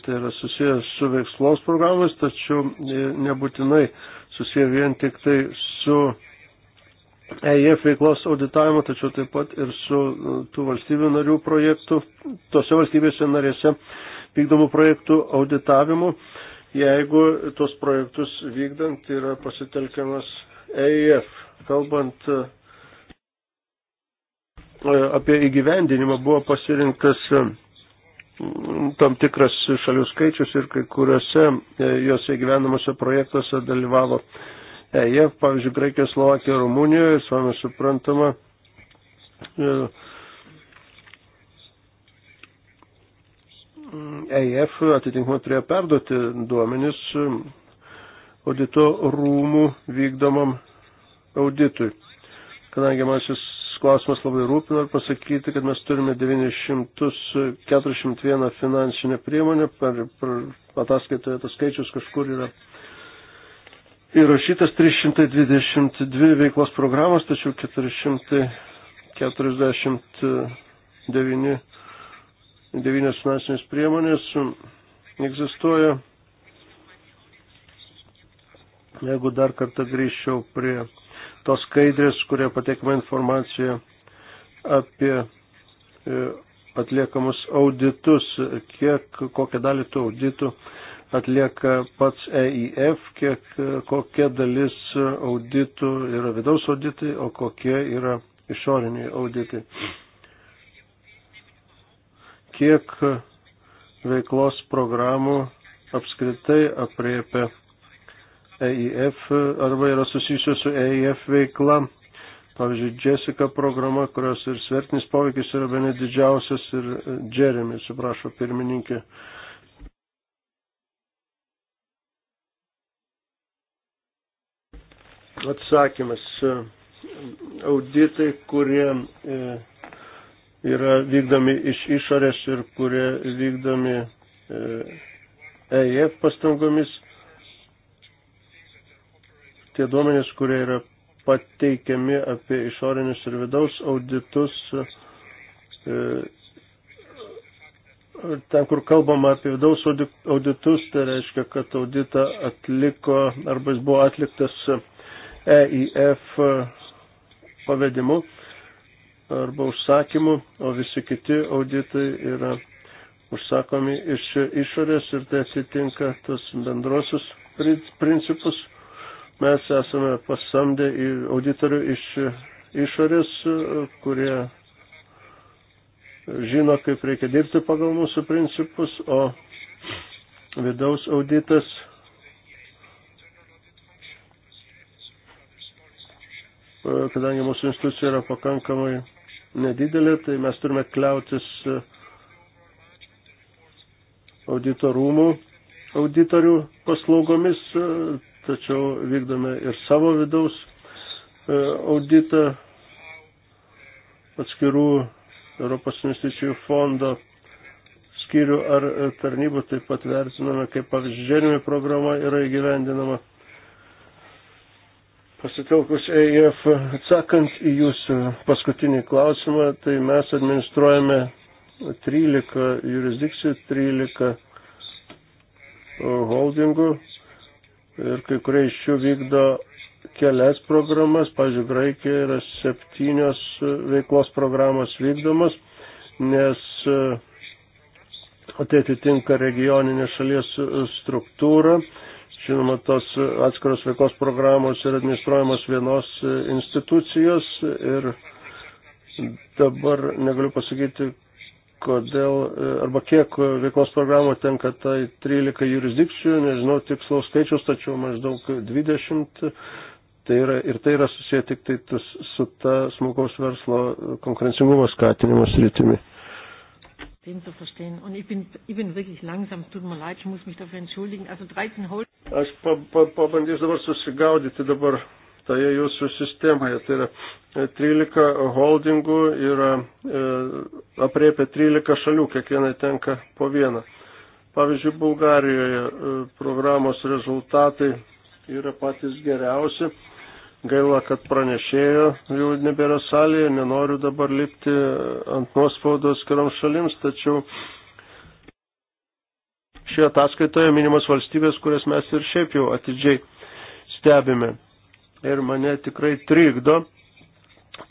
tai yra susijęs su veikslaus programomis, tačiau e, nebūtinai susiję vien tik tai su EIF veiklos auditavimo, tačiau taip pat ir su e, tų valstybių narių projektų, tose valstybėse narėse vykdomų projektų auditavimu, jeigu tos projektus vykdant yra pasitelkiamas EIF. Kalbant e, E, apie įgyvendinimą buvo pasirinktas e, tam tikras šalių skaičius ir kai kuriuose e, jos įgyvenamuose projektuose dalyvavo EIF, pavyzdžiui, Graikija, Slovakija, Rumunijoje, suomi suprantama. EIF atitinkamai turėjo perduoti duomenis audito rūmų vykdomam auditui. Kadangi masis klausimas labai rūpi, noriu pasakyti, kad mes turime 941 finansinę priemonę, per, per ataskaitoje tas skaičius kažkur yra įrašytas 322 veiklos programos, tačiau 449 devynios finansinės priemonės egzistuoja. Jeigu dar kartą grįžčiau prie tos skaidrės, kurie pateikama informacija apie e, atliekamus auditus, kiek, kokią dalį tų auditų atlieka pats EIF, kiek, e, kokia dalis auditų yra vidaus auditai, o kokie yra išoriniai auditai. Kiek veiklos programų apskritai apriepia EIF e, arba yra susijusios su EIF veikla. Pavyzdžiui, Jessica programa, kurios ir svertinis poveikis yra bene didžiausias ir e, Jeremy, suprašo pirmininkė. Atsakymas. E, auditai, kurie yra vykdomi iš išorės ir kurie vykdomi EIF pastangomis, tie duomenys, kurie yra pateikiami apie išorinius ir vidaus auditus, e, ten, kur kalbama apie vidaus auditus, tai reiškia, kad auditą atliko arba jis buvo atliktas EIF pavedimu arba užsakymu, o visi kiti auditai yra užsakomi iš išorės ir tai atitinka tos bendrosius principus. Mes esame pasamdę auditorių iš išorės, kurie žino, kaip reikia dirbti pagal mūsų principus, o vidaus auditas kadangi mūsų institucija yra pakankamai nedidelė, tai mes turime kliautis audito rūmų auditorių paslaugomis, tačiau vykdome ir savo vidaus e, auditą atskirų Europos investicijų fondo skyrių ar e, tarnybų, taip pat vertiname, kaip pavyzdžiui, programa yra įgyvendinama. Pasitelkus EIF, atsakant į jūsų paskutinį klausimą, tai mes administruojame 13 jurisdikcijų, 13 e, holdingų ir kai kurie iš jų vykdo kelias programas, pažiūrėjau, Graikijoje yra septynios e, veiklos programos vykdomos, nes e, tai atitinka regioninė šalies e, struktūra. Žinoma, tos atskiros veiklos programos yra administruojamos vienos institucijos ir dabar negaliu pasakyti, kodėl e, arba kiek veiklos programų tenka tai 13 jurisdikcijų, nežinau tikslaus skaičius, tačiau maždaug 20. Tai yra, ir tai yra susiję tik tai tas, su ta smulkaus verslo konkurencingumo skatinimo sritimi. Aš pa, pa, pabandysiu dabar susigaudyti dabar toje jūsų sistemoje. Tai yra 13 e, holdingų yra e, apriepia 13 šalių, kiekvienai tenka po vieną. Pavyzdžiui, Bulgarijoje e, programos rezultatai yra patys geriausi. Gaila, kad pranešėjo jau nebėra salėje, nenoriu dabar lipti ant nuospaudos skirom šalims, tačiau šioje ataskaitoje minimas valstybės, kurias mes ir šiaip jau atidžiai stebime ir mane tikrai trikdo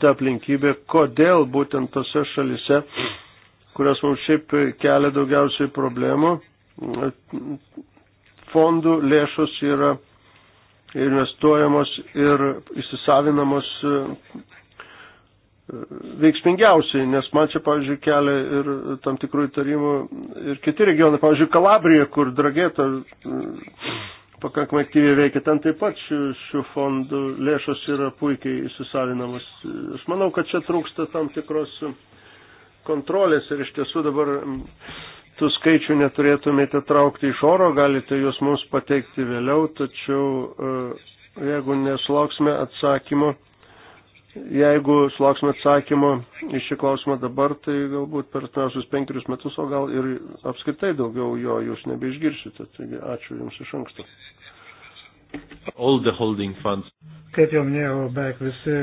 ta aplinkybė, kodėl būtent tose šalise, kurios mums šiaip kelia daugiausiai problemų, fondų lėšos yra investuojamos ir įsisavinamos e, veiksmingiausiai, nes man čia, pavyzdžiui, kelia ir tam tikrų įtarimų ir kiti regionai, pavyzdžiui, Kalabrija, kur Drageta e, pakankamai aktyviai veikia. Ten taip pat šių, šių fondų lėšos yra puikiai įsisavinamas. Aš manau, kad čia trūksta tam tikros kontrolės ir iš tiesų dabar mm, tų skaičių neturėtumėte traukti iš oro, galite juos mums pateikti vėliau, tačiau e, jeigu nesulauksime atsakymo Jeigu sulauksime atsakymo iš šį klausimą dabar, tai galbūt per atnausius penkerius metus, o gal ir apskritai daugiau jo jūs nebeišgirsite. Taigi ačiū Jums iš anksto. Kaip jau minėjau, beveik visi,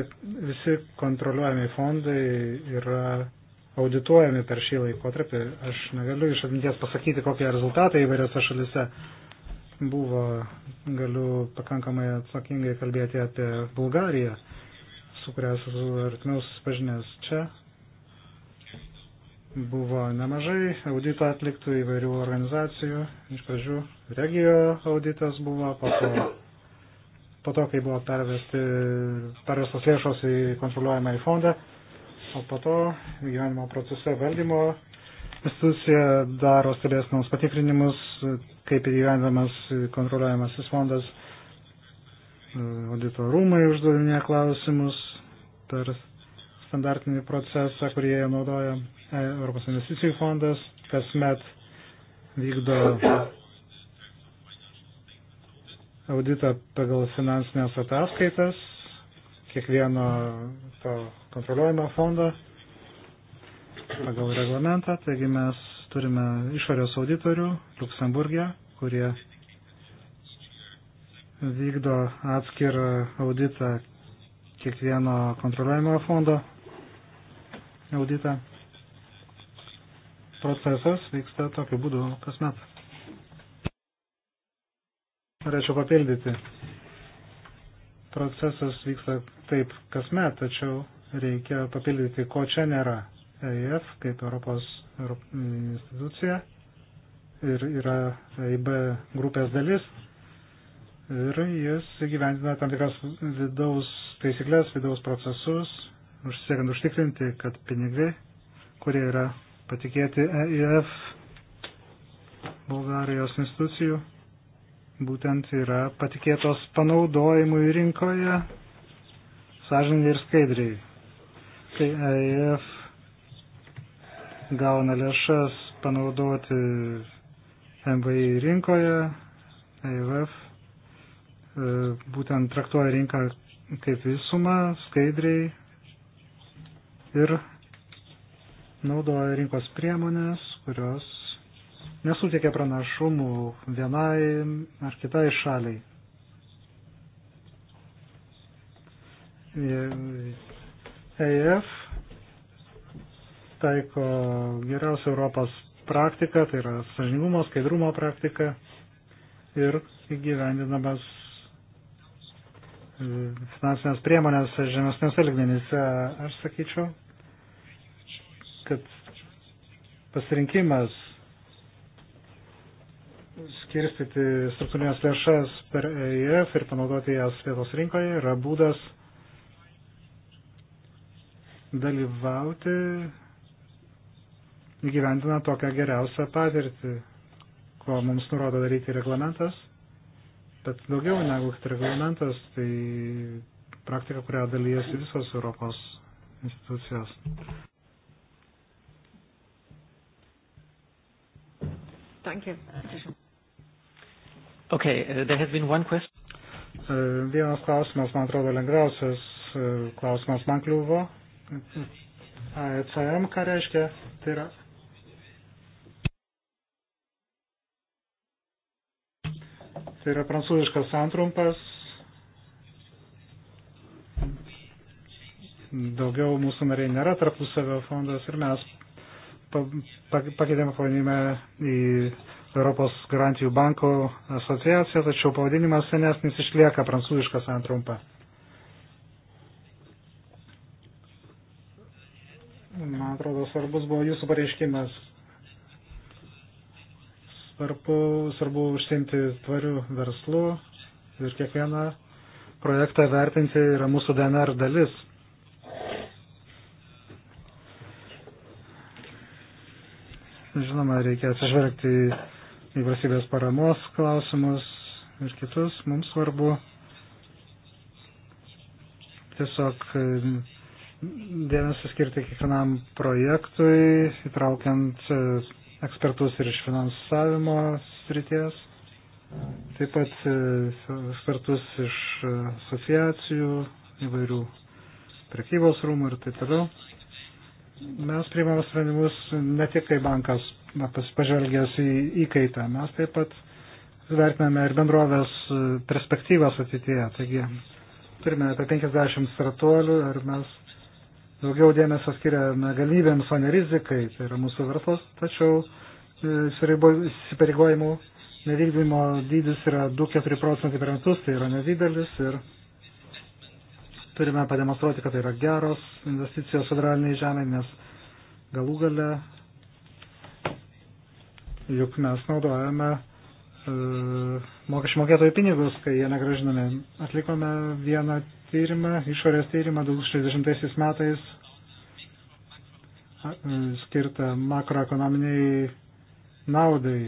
visi kontroliuojami fondai yra audituojami per šį laikotarpį. Aš negaliu iš atminties pasakyti, kokie rezultatai įvairiose šalise buvo. Galiu pakankamai atsakingai kalbėti apie Bulgariją su kuria esu artimiau susipažinęs čia, buvo nemažai audito atliktų įvairių organizacijų. Iš pradžių regio auditas buvo, po to, po to kai buvo pervesti, pervestos lėšos į kontroliuojamą į fondą, o po to gyvenimo procese valdymo institucija daro stebėsinaus patikrinimus, kaip įgyvendamas kontroliuojamasis fondas audito rūmai uždavinė klausimus, per standartinį procesą, kurį jie naudoja e, Europos investicijų fondas, kasmet vykdo auditą pagal finansinės ataskaitas kiekvieno to kontroliuojamo fondo pagal reglamentą. Taigi mes turime išorės auditorių Luksemburgė, kurie vykdo atskirą auditą kiekvieno kontroliavimo fondo auditą. Procesas vyksta tokiu būdu kasmet. Norėčiau papildyti. Procesas vyksta taip kasmet, tačiau reikia papildyti, ko čia nėra. EIF kaip Europos institucija ir yra EIB grupės dalis, ir jis gyvendina tam tikras vidaus taisyklės, vidaus procesus, užsiekiant užtikrinti, kad pinigai, kurie yra patikėti EIF Bulgarijos institucijų, būtent yra patikėtos panaudojimui rinkoje sąžininkai ir skaidriai. Kai EIF gauna lėšas panaudoti MVI rinkoje, EIF E, būtent traktuoja rinką kaip visumą, skaidriai ir naudoja rinkos priemonės, kurios nesutiekia pranašumų vienai ar kitai šaliai. EIF e taiko geriausią Europos praktiką, tai yra sažiningumo, skaidrumo praktika ir įgyvendinamas finansinės priemonės žemesnėse ligmenyse, aš sakyčiau, kad pasirinkimas skirstyti struktūrinės lėšas per EIF ir panaudoti jas vietos rinkoje yra būdas dalyvauti įgyvendina tokią geriausią patirtį, ko mums nurodo daryti reglamentas Bet daugiau negu reglamentas, tai praktika, kurią dalyjasi visos Europos institucijos. Danke. Okay, uh, there has been one question. Uh, vienas klausimas, man atrodo, lengviausias uh, klausimas man kliuvo. AECM, ką reiškia? Tai yra Tai yra prancūziškas santrumpas. Daugiau mūsų nariai nėra tarpusavio fondas ir mes pakeitėme pavadinimą į Europos garantijų banko asociaciją, tačiau pavadinimas senesnis išlieka prancūziškas santrumpa. Man atrodo, svarbus buvo jūsų pareiškimas Svarbu, svarbu užsimti tvarių verslų ir kiekvieną projektą vertinti yra mūsų DNR dalis. Žinoma, reikia atsižvelgti į valstybės paramos klausimus ir kitus. Mums svarbu tiesiog mm, dėmesį skirti kiekvienam projektui, įtraukiant ekspertus ir iš finansavimo srities, taip pat e, ekspertus iš e, asociacijų, įvairių prekybos rūmų ir taip toliau. Mes priimame sprendimus ne tik kai bankas pažvelgęs į įkaitą, mes taip pat vertiname ir bendrovės e, perspektyvas ateityje. Taigi turime apie 50 startuolių ir mes daugiau dėmesio skiriame galimybėms, o ne rizikai, tai yra mūsų verslas, tačiau e, įsipareigojimų nevykdymo dydis yra 2-4 procentai per metus, tai yra nedidelis ir turime pademonstruoti, kad tai yra geros investicijos federaliniai žemė, nes galų gale juk mes naudojame e, mokesčių mokėtojų pinigus, kai jie negražinami. Atlikome vieną tyrimą, išorės tyrimą 2060 metais e, skirtą makroekonominiai naudai.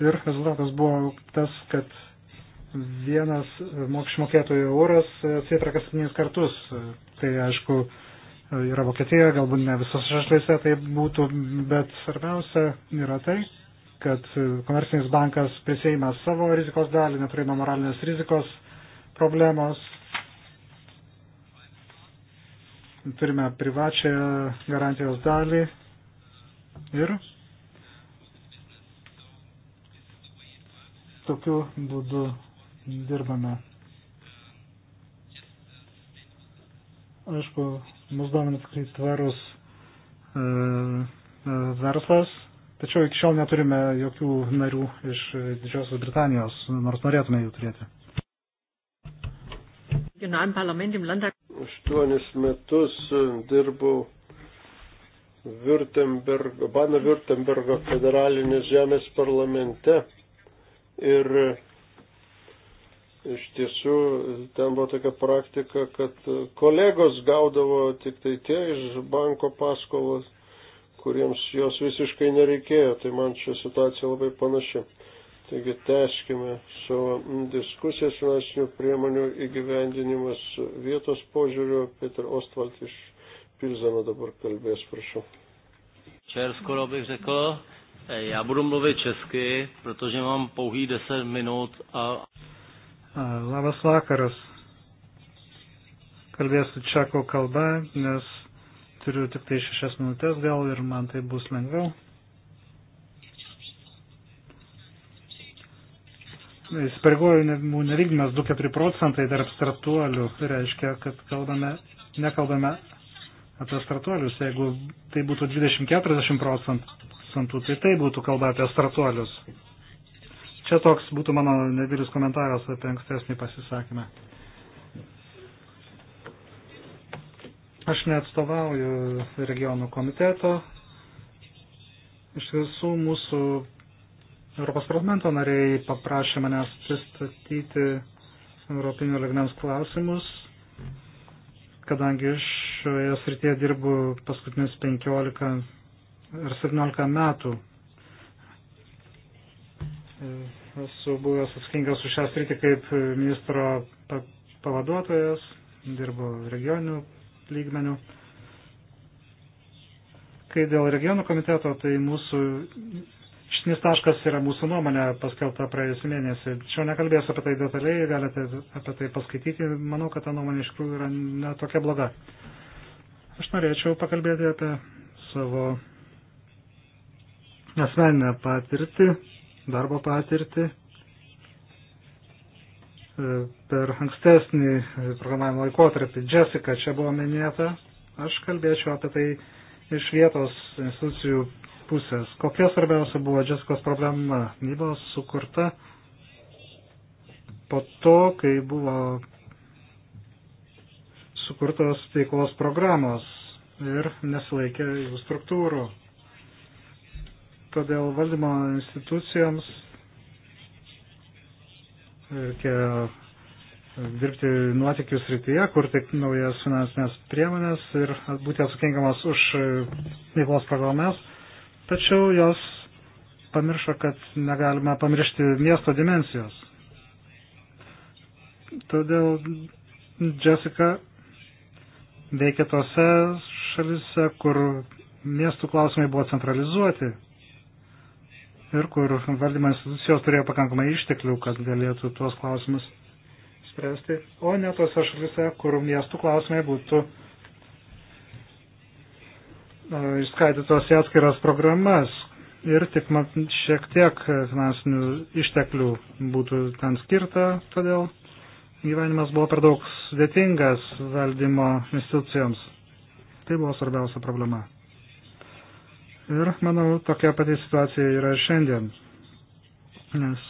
Ir rezultatas buvo tas, kad vienas mokesčių mokėtojų euras atsitraka septynis kartus. Tai aišku, yra Vokietija, galbūt ne visose šalyse tai būtų, bet svarbiausia yra tai, kad komercinis bankas prisėima savo rizikos dalį, neturėjo moralinės rizikos problemos. Turime privačią garantijos dalį ir tokiu būdu dirbame. Aišku, mus domina tikrai tvarus e, e, verslas, Tačiau iki šiol neturime jokių narių iš Didžiosios Britanijos, nors norėtume jų turėti. Aštuonis metus e, dirbau Württembergo, Bano Württembergo federalinės žemės parlamente ir e, iš tiesų ten buvo tokia praktika, kad kolegos gaudavo tik tai tie iš banko paskolos kuriems jos visiškai nereikėjo. Tai man čia situacija labai panaši. Taigi teskime savo diskusijas finansinių priemonių įgyvendinimas vietos požiūriu. Peter Ostvalt iš Pilzano dabar kalbės, prašau. Čia skoro bych řekl, eh, já budu mluvit česky, protože mám pouhý 10 minut a... Eh, labas vakaras. Kalbėsiu čekų kalba, nes turiu tik tai šešias minutės gal ir man tai bus lengviau. Įsipareigojimų nevykdymas 2-4 procentai tarp startuolių tai reiškia, kad kalbame, nekalbame apie startuolius. Jeigu tai būtų 20-40 procentų, tai tai būtų kalba apie startuolius. Čia toks būtų mano nedidelis komentaras apie ankstesnį pasisakymą. Aš neatstovauju regionų komiteto. Iš visų mūsų Europos parlamento nariai paprašė manęs pristatyti Europinio ligmens klausimus, kadangi šioje srityje dirbu paskutinius 15 ar 17 metų. Esu buvęs atsakingas už šią sritį kaip ministro pavaduotojas, dirbu regioninių lygmenių. Kai dėl regionų komiteto, tai mūsų šitinis taškas yra mūsų nuomonė paskelta praėjusį mėnesį. Čia nekalbėsiu apie tai detaliai, galite apie tai paskaityti. Manau, kad ta nuomonė iš tikrųjų yra netokia bloga. Aš norėčiau pakalbėti apie savo asmeninę patirtį, darbo patirtį E, per ankstesnį programavimo laikotarpį. Jessica čia buvo minėta, aš kalbėčiau apie tai iš vietos institucijų pusės. Kokia svarbiausia buvo Jessicos problema? Ji buvo sukurta po to, kai buvo sukurtos veiklos programos ir nesilaikė jų struktūrų. Todėl valdymo institucijoms reikia dirbti nuotikių srityje, kurti naujas finansinės priemonės ir būti atsakingamas už veiklos programas. Tačiau jos pamiršo, kad negalime pamiršti miesto dimensijos. Todėl Jessica veikia tose šalise, kur miestų klausimai buvo centralizuoti ir kur valdymo institucijos turėjo pakankamai išteklių, kad galėtų tuos klausimus spręsti, o ne tose šalise, kur miestų klausimai būtų e, išskaidytos į atskiras programas ir tik šiek tiek finansinių išteklių būtų ten skirta, todėl gyvenimas buvo per daug sudėtingas valdymo institucijoms. Tai buvo svarbiausia problema. Ir manau, tokia pati situacija yra šiandien. Nes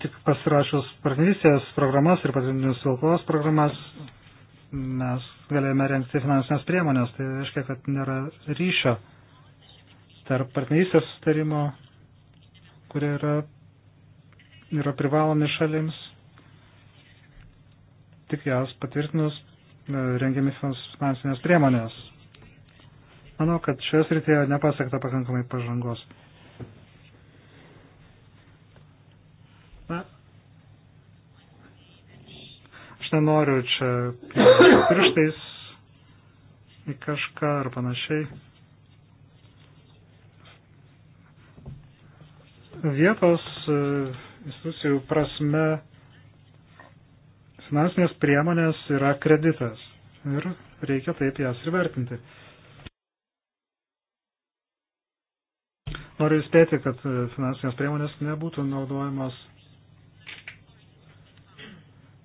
tik pasirašus partnerystės programas ir pagrindinius vilkos programas mes galėjome rengti finansinės priemonės. Tai reiškia, kad nėra ryšio tarp partnerystės sustarimo, kurie yra, yra privalomi šalims. Tik jas patvirtinus e, rengiami finansinės priemonės. Manau, kad šioje srityje nepasiekta pakankamai pažangos. Na, aš nenoriu čia pirštais į kažką ar panašiai. Vietos e, institucijų prasme finansinės priemonės yra kreditas ir reikia taip jas ir vertinti. Noriu įspėti, kad e, finansinės priemonės nebūtų naudojamos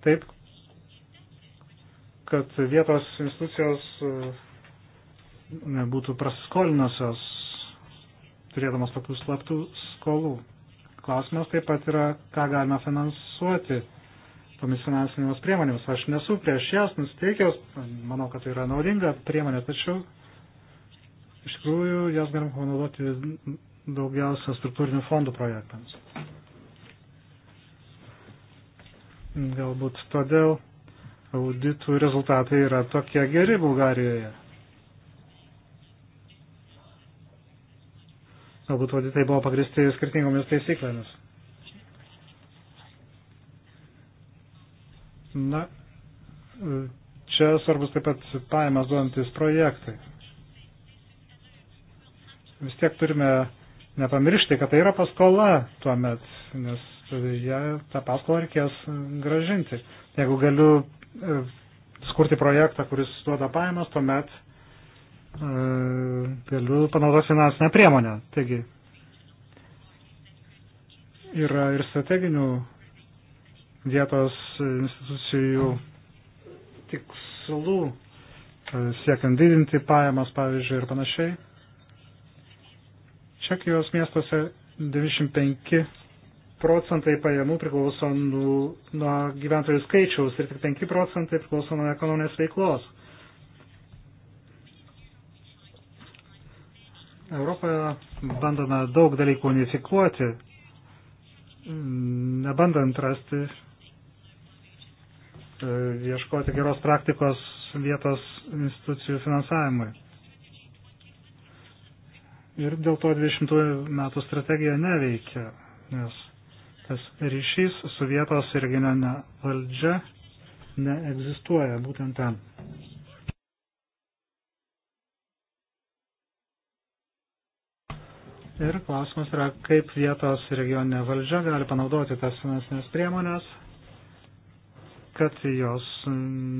taip, kad vietos institucijos e, nebūtų prasiskolinusios, turėdamas tokių slaptų skolų. Klausimas taip pat yra, ką galima finansuoti tomis finansinėmis priemonėmis. Aš nesu prieš jas nusteikęs, manau, kad tai yra naudinga priemonė, tačiau iš tikrųjų jas galima panaudoti daugiausia struktūrinių fondų projektams. Galbūt todėl auditų rezultatai yra tokie geri Bulgarijoje. Galbūt auditai buvo pagristi skirtingomis taisyklėmis. Na, čia svarbus taip pat pajamas duodantis projektai. Vis tiek turime nepamiršti, kad tai yra paskola tuo met, nes ją, tą paskolą reikės gražinti. Jeigu galiu e, skurti projektą, kuris duoda pajamas, tuomet e, galiu panaudoti finansinę priemonę. Taigi yra ir strateginių vietos institucijų tikslų, e, siekiant didinti pajamas, pavyzdžiui, ir panašiai. Čekijos miestuose 95 procentai pajamų priklauso nuo gyventojų skaičiaus ir tik 5 procentai priklauso nuo ekonominės veiklos. Europoje bandome daug dalykų unifikuoti, nebandant rasti, e, ieškoti geros praktikos vietos institucijų finansavimui. Ir dėl to 20 metų strategija neveikia, nes tas ryšys su vietos ir genene valdžia neegzistuoja būtent ten. Ir klausimas yra, kaip vietos regioninė valdžia gali panaudoti tas finansinės priemonės, kad jos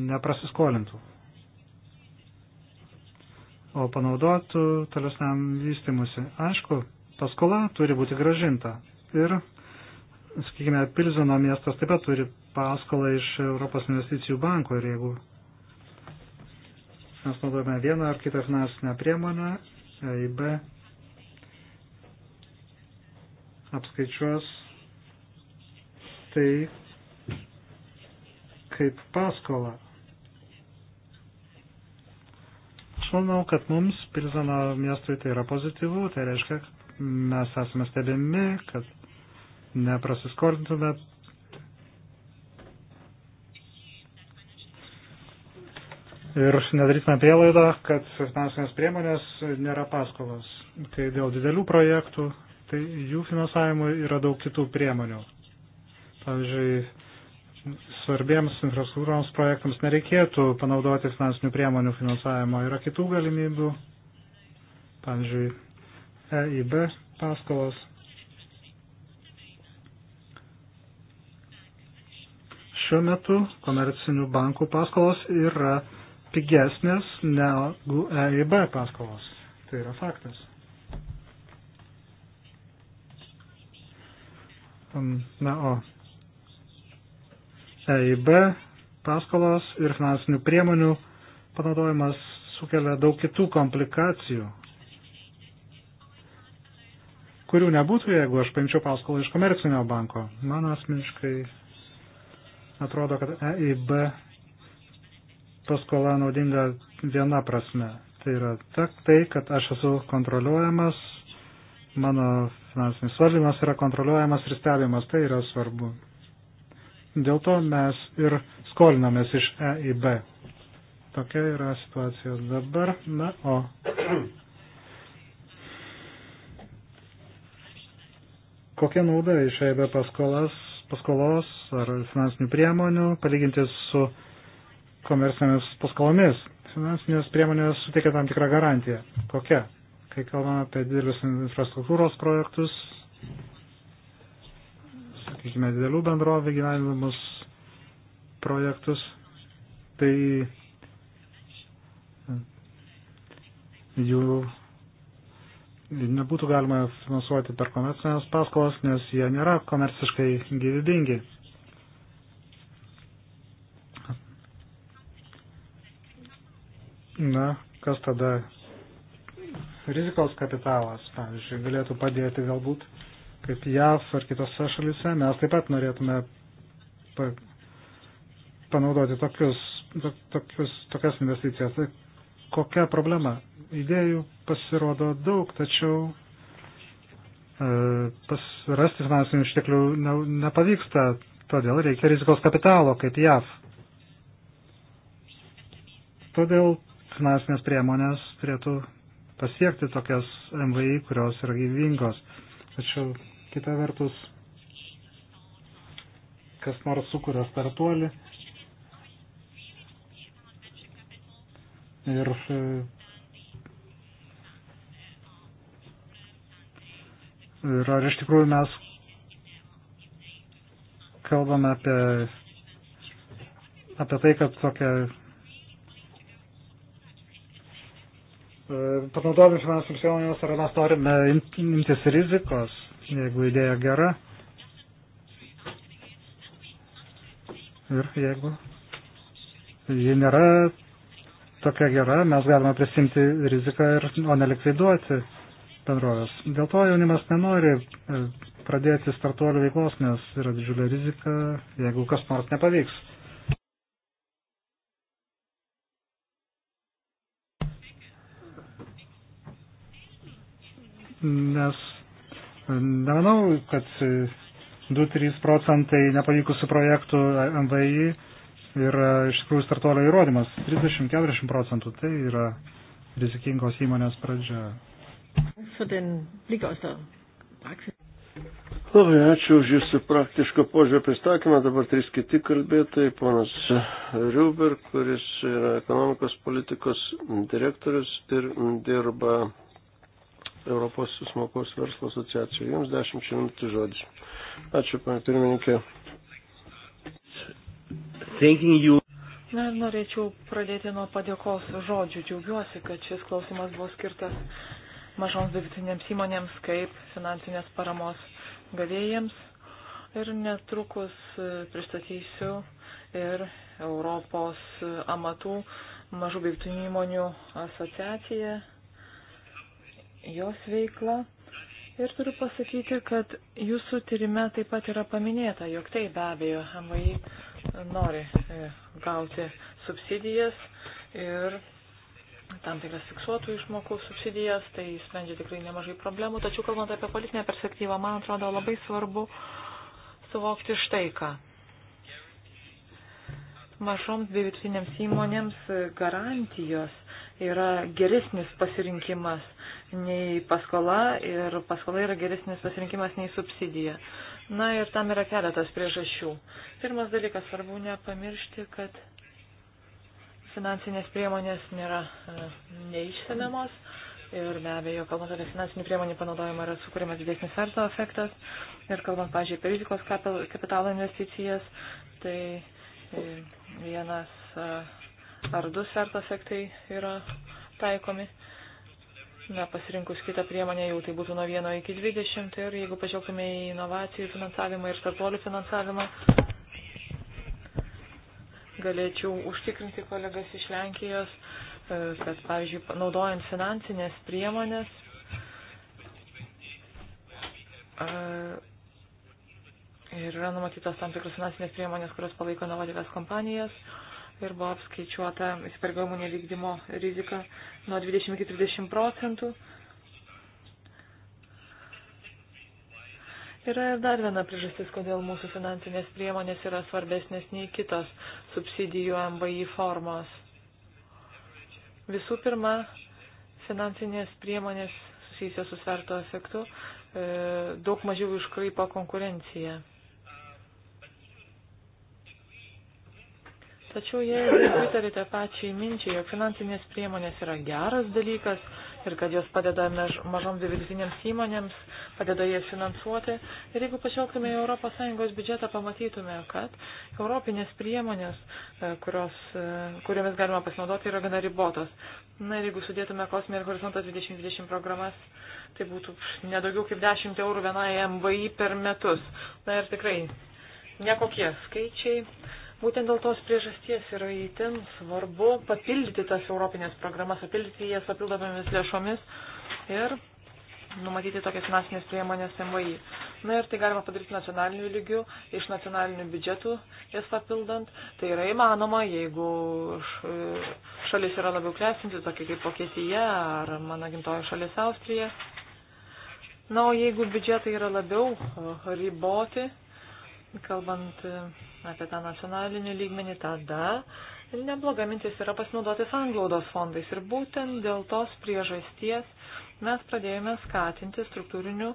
neprasiskolintų o panaudotų tolesniam vystimusi. Aišku, paskola turi būti gražinta. Ir, sakykime, Pilzino miestas taip pat turi paskolą iš Europos investicijų banko ir jeigu mes naudojame vieną ar kitą finansinę priemonę, EIB apskaičiuos tai kaip paskolą. manau, kad mums Pilzano miestui tai yra pozityvu, tai reiškia, kad mes esame stebimi, kad neprasiskortintume. Ir nedarytume prielaidą, kad finansinės priemonės nėra paskolos. Kai dėl didelių projektų, tai jų finansavimui yra daug kitų priemonių. Pavyzdžiui, svarbiems infrastruktūros projektams nereikėtų panaudoti finansinių priemonių finansavimo. Yra kitų galimybių, pavyzdžiui, EIB paskolos. Šiuo metu komercinių bankų paskolos yra pigesnės negu EIB paskolos. Tai yra faktas. Na, o EIB paskolos ir finansinių priemonių panaudojimas sukelia daug kitų komplikacijų, kurių nebūtų, jeigu aš paimčiau paskolą iš komercinio banko. Man asmeniškai atrodo, kad EIB paskola naudinga viena prasme. Tai yra ta, tai, kad aš esu kontroliuojamas, mano finansinis valdymas yra kontroliuojamas ir stebimas, tai yra svarbu. Dėl to mes ir skolinamės iš EIB. Tokia yra situacija dabar. Na, o. Kokia nauda iš EIB paskolas, paskolos ar finansinių priemonių palyginti su komersinėmis paskolomis? Finansinės priemonės suteikia tam tikrą garantiją. Kokia? Kai kalbame apie didelius infrastruktūros projektus, sakykime, didelių bendrovų gyvenimus projektus, tai jų nebūtų galima finansuoti per komercinės paskolas, nes jie nėra komerciškai gyvybingi. Na, kas tada rizikos kapitalas, pavyzdžiui, galėtų padėti galbūt kaip JAV ar kitose šalise, mes taip pat norėtume pa, panaudoti tokius, to, tokius, tokias investicijas. Tai kokia problema? Idėjų pasirodo daug, tačiau e, pas rasti finansinių išteklių ne, nepavyksta, todėl reikia rizikos kapitalo, kaip JAV. Todėl finansinės priemonės turėtų pasiekti tokias MVI, kurios yra gyvingos. Tačiau kita vertus, kas nors sukuria startuolį ir ir ar iš tikrųjų mes kalbame apie apie tai, kad tokia e, panaudojami finansinius priemonės, ar mes norime imtis rizikos jeigu idėja gera ir jeigu ji nėra tokia gera, mes galime prisimti riziką ir, o nelikviduoti bendrovės. Dėl to jaunimas nenori e, pradėti startuolių veiklos, nes yra didžiulė rizika, jeigu kas nors nepavyks. Nes Nemanau, kad 2-3 e, procentai nepavykusių projektų MVI yra iš tikrųjų startuolio įrodymas. 30-40 procentų tai yra rizikingos įmonės pradžia. Labai ačiū už Jūsų praktiško požiūrio pristatymą. Dabar trys kiti kalbėtojai. Ponas Riuber, kuris yra ekonomikos politikos direktorius ir dirba Europos smokos verslo asociacijų. Jums dešimt minučių žodžių. Ačiū, pana pirmininkė. Na ir norėčiau pradėti nuo padėkos žodžių. Džiaugiuosi, kad šis klausimas buvo skirtas mažoms vidutinėms įmonėms kaip finansinės paramos gavėjams. Ir netrukus e, pristatysiu ir Europos amatų mažų vidutinių įmonių asociaciją jos veiklą. Ir turiu pasakyti, kad jūsų tyrime taip pat yra paminėta, jog tai be abejo MVI nori e, gauti subsidijas ir tam tikras fiksuotų išmokų subsidijas, tai sprendžia tikrai nemažai problemų. Tačiau kalbant apie politinę perspektyvą, man atrodo labai svarbu suvokti štai ką. Mažoms bei vidutinėms įmonėms garantijos yra geresnis pasirinkimas nei paskola ir paskola yra geresnis pasirinkimas nei subsidija. Na ir tam yra keletas priežasčių. Pirmas dalykas, svarbu nepamiršti, kad finansinės priemonės nėra e, neišsamiamos. Ir be abejo, kalbant apie finansinių priemonių panaudojimą, yra sukūrimas didesnis sverto efektas. Ir kalbant, pažiūrėjau, apie rizikos kapitalo investicijas, tai e, vienas e, ar du sert efektai yra taikomi. Na, pasirinkus kitą priemonę jau tai būtų nuo 1 iki 20 ir jeigu pažiūrėtume į inovacijų finansavimą ir startuolių finansavimą, galėčiau užtikrinti kolegas iš Lenkijos, e, kad, pavyzdžiui, naudojant finansinės priemonės, e, ir yra numatytos tam tikros finansinės priemonės, kurios palaiko inovatyvias kompanijas, ir buvo apskaičiuota įsipareigojimų nevykdymo rizika nuo 20 iki 30 procentų. Yra ir dar viena priežastis, kodėl mūsų finansinės priemonės yra svarbesnės nei kitos subsidijų MVI formos. Visų pirma, finansinės priemonės susijusios su sverto efektu e, daug mažiau iškraipo konkurenciją. Tačiau jeigu pritarite pačiai minčiai, jog finansinės priemonės yra geras dalykas ir kad jos padeda mažoms ir vidutinėms įmonėms, padeda jas finansuoti, ir jeigu pažvelgtume į ES biudžetą, pamatytume, kad europinės priemonės, e, kurios, e, kuriomis galima pasinaudoti, yra gana ribotos. Na ir jeigu sudėtume Kosmė ir Horizontas 2020 programas, tai būtų nedaugiau kaip 10 eurų vienai MVI per metus. Na ir tikrai nekokie skaičiai Būtent dėl tos priežasties yra įtin svarbu papildyti tas europinės programas, papildyti jas papildomomis lėšomis ir numatyti tokias finansinės priemonės MVI. Na ir tai galima padaryti nacionaliniu lygiu, iš nacionalinių biudžetų jas papildant. Tai yra įmanoma, jeigu šalis yra labiau klestinti, tokia kaip Vokietija ar mano gimtoji šalis Austrija. Na, o jeigu biudžetai yra labiau riboti, kalbant apie tą nacionalinį lygmenį, tada nebloga mintis yra pasinaudoti sanglaudos fondais. Ir būtent dėl tos priežasties mes pradėjome skatinti struktūrinių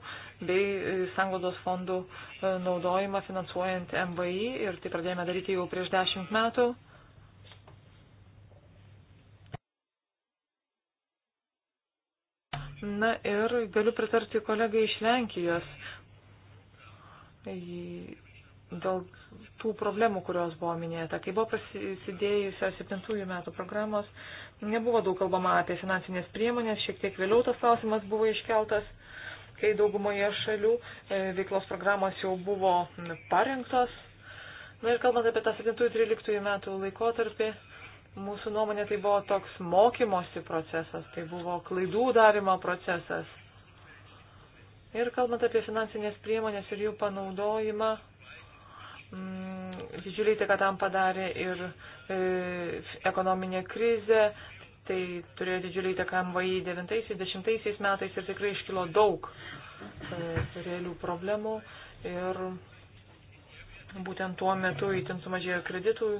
bei e, sanglaudos fondų e, naudojimą finansuojant MVI ir tai pradėjome daryti jau prieš dešimt metų. Na ir galiu pritarti kolegai iš Lenkijos dėl tų problemų, kurios buvo minėta. Kai buvo prasidėjusios 7 metų programos, nebuvo daug kalbama apie finansinės priemonės, šiek tiek vėliau tas klausimas buvo iškeltas, kai daugumoje šalių e, veiklos programos jau buvo parengtos. Na ir kalbant apie tą 7-13 metų laikotarpį, mūsų nuomonė tai buvo toks mokymosi procesas, tai buvo klaidų darimo procesas. Ir kalbant apie finansinės priemonės ir jų panaudojimą, Mm, didžiulį įtaką tam padarė ir e, ekonominė krizė, tai turėjo didžiulį įtaką MVI 90-10 metais ir tikrai iškilo daug e, realių problemų ir būtent tuo metu įtin sumažėjo kreditų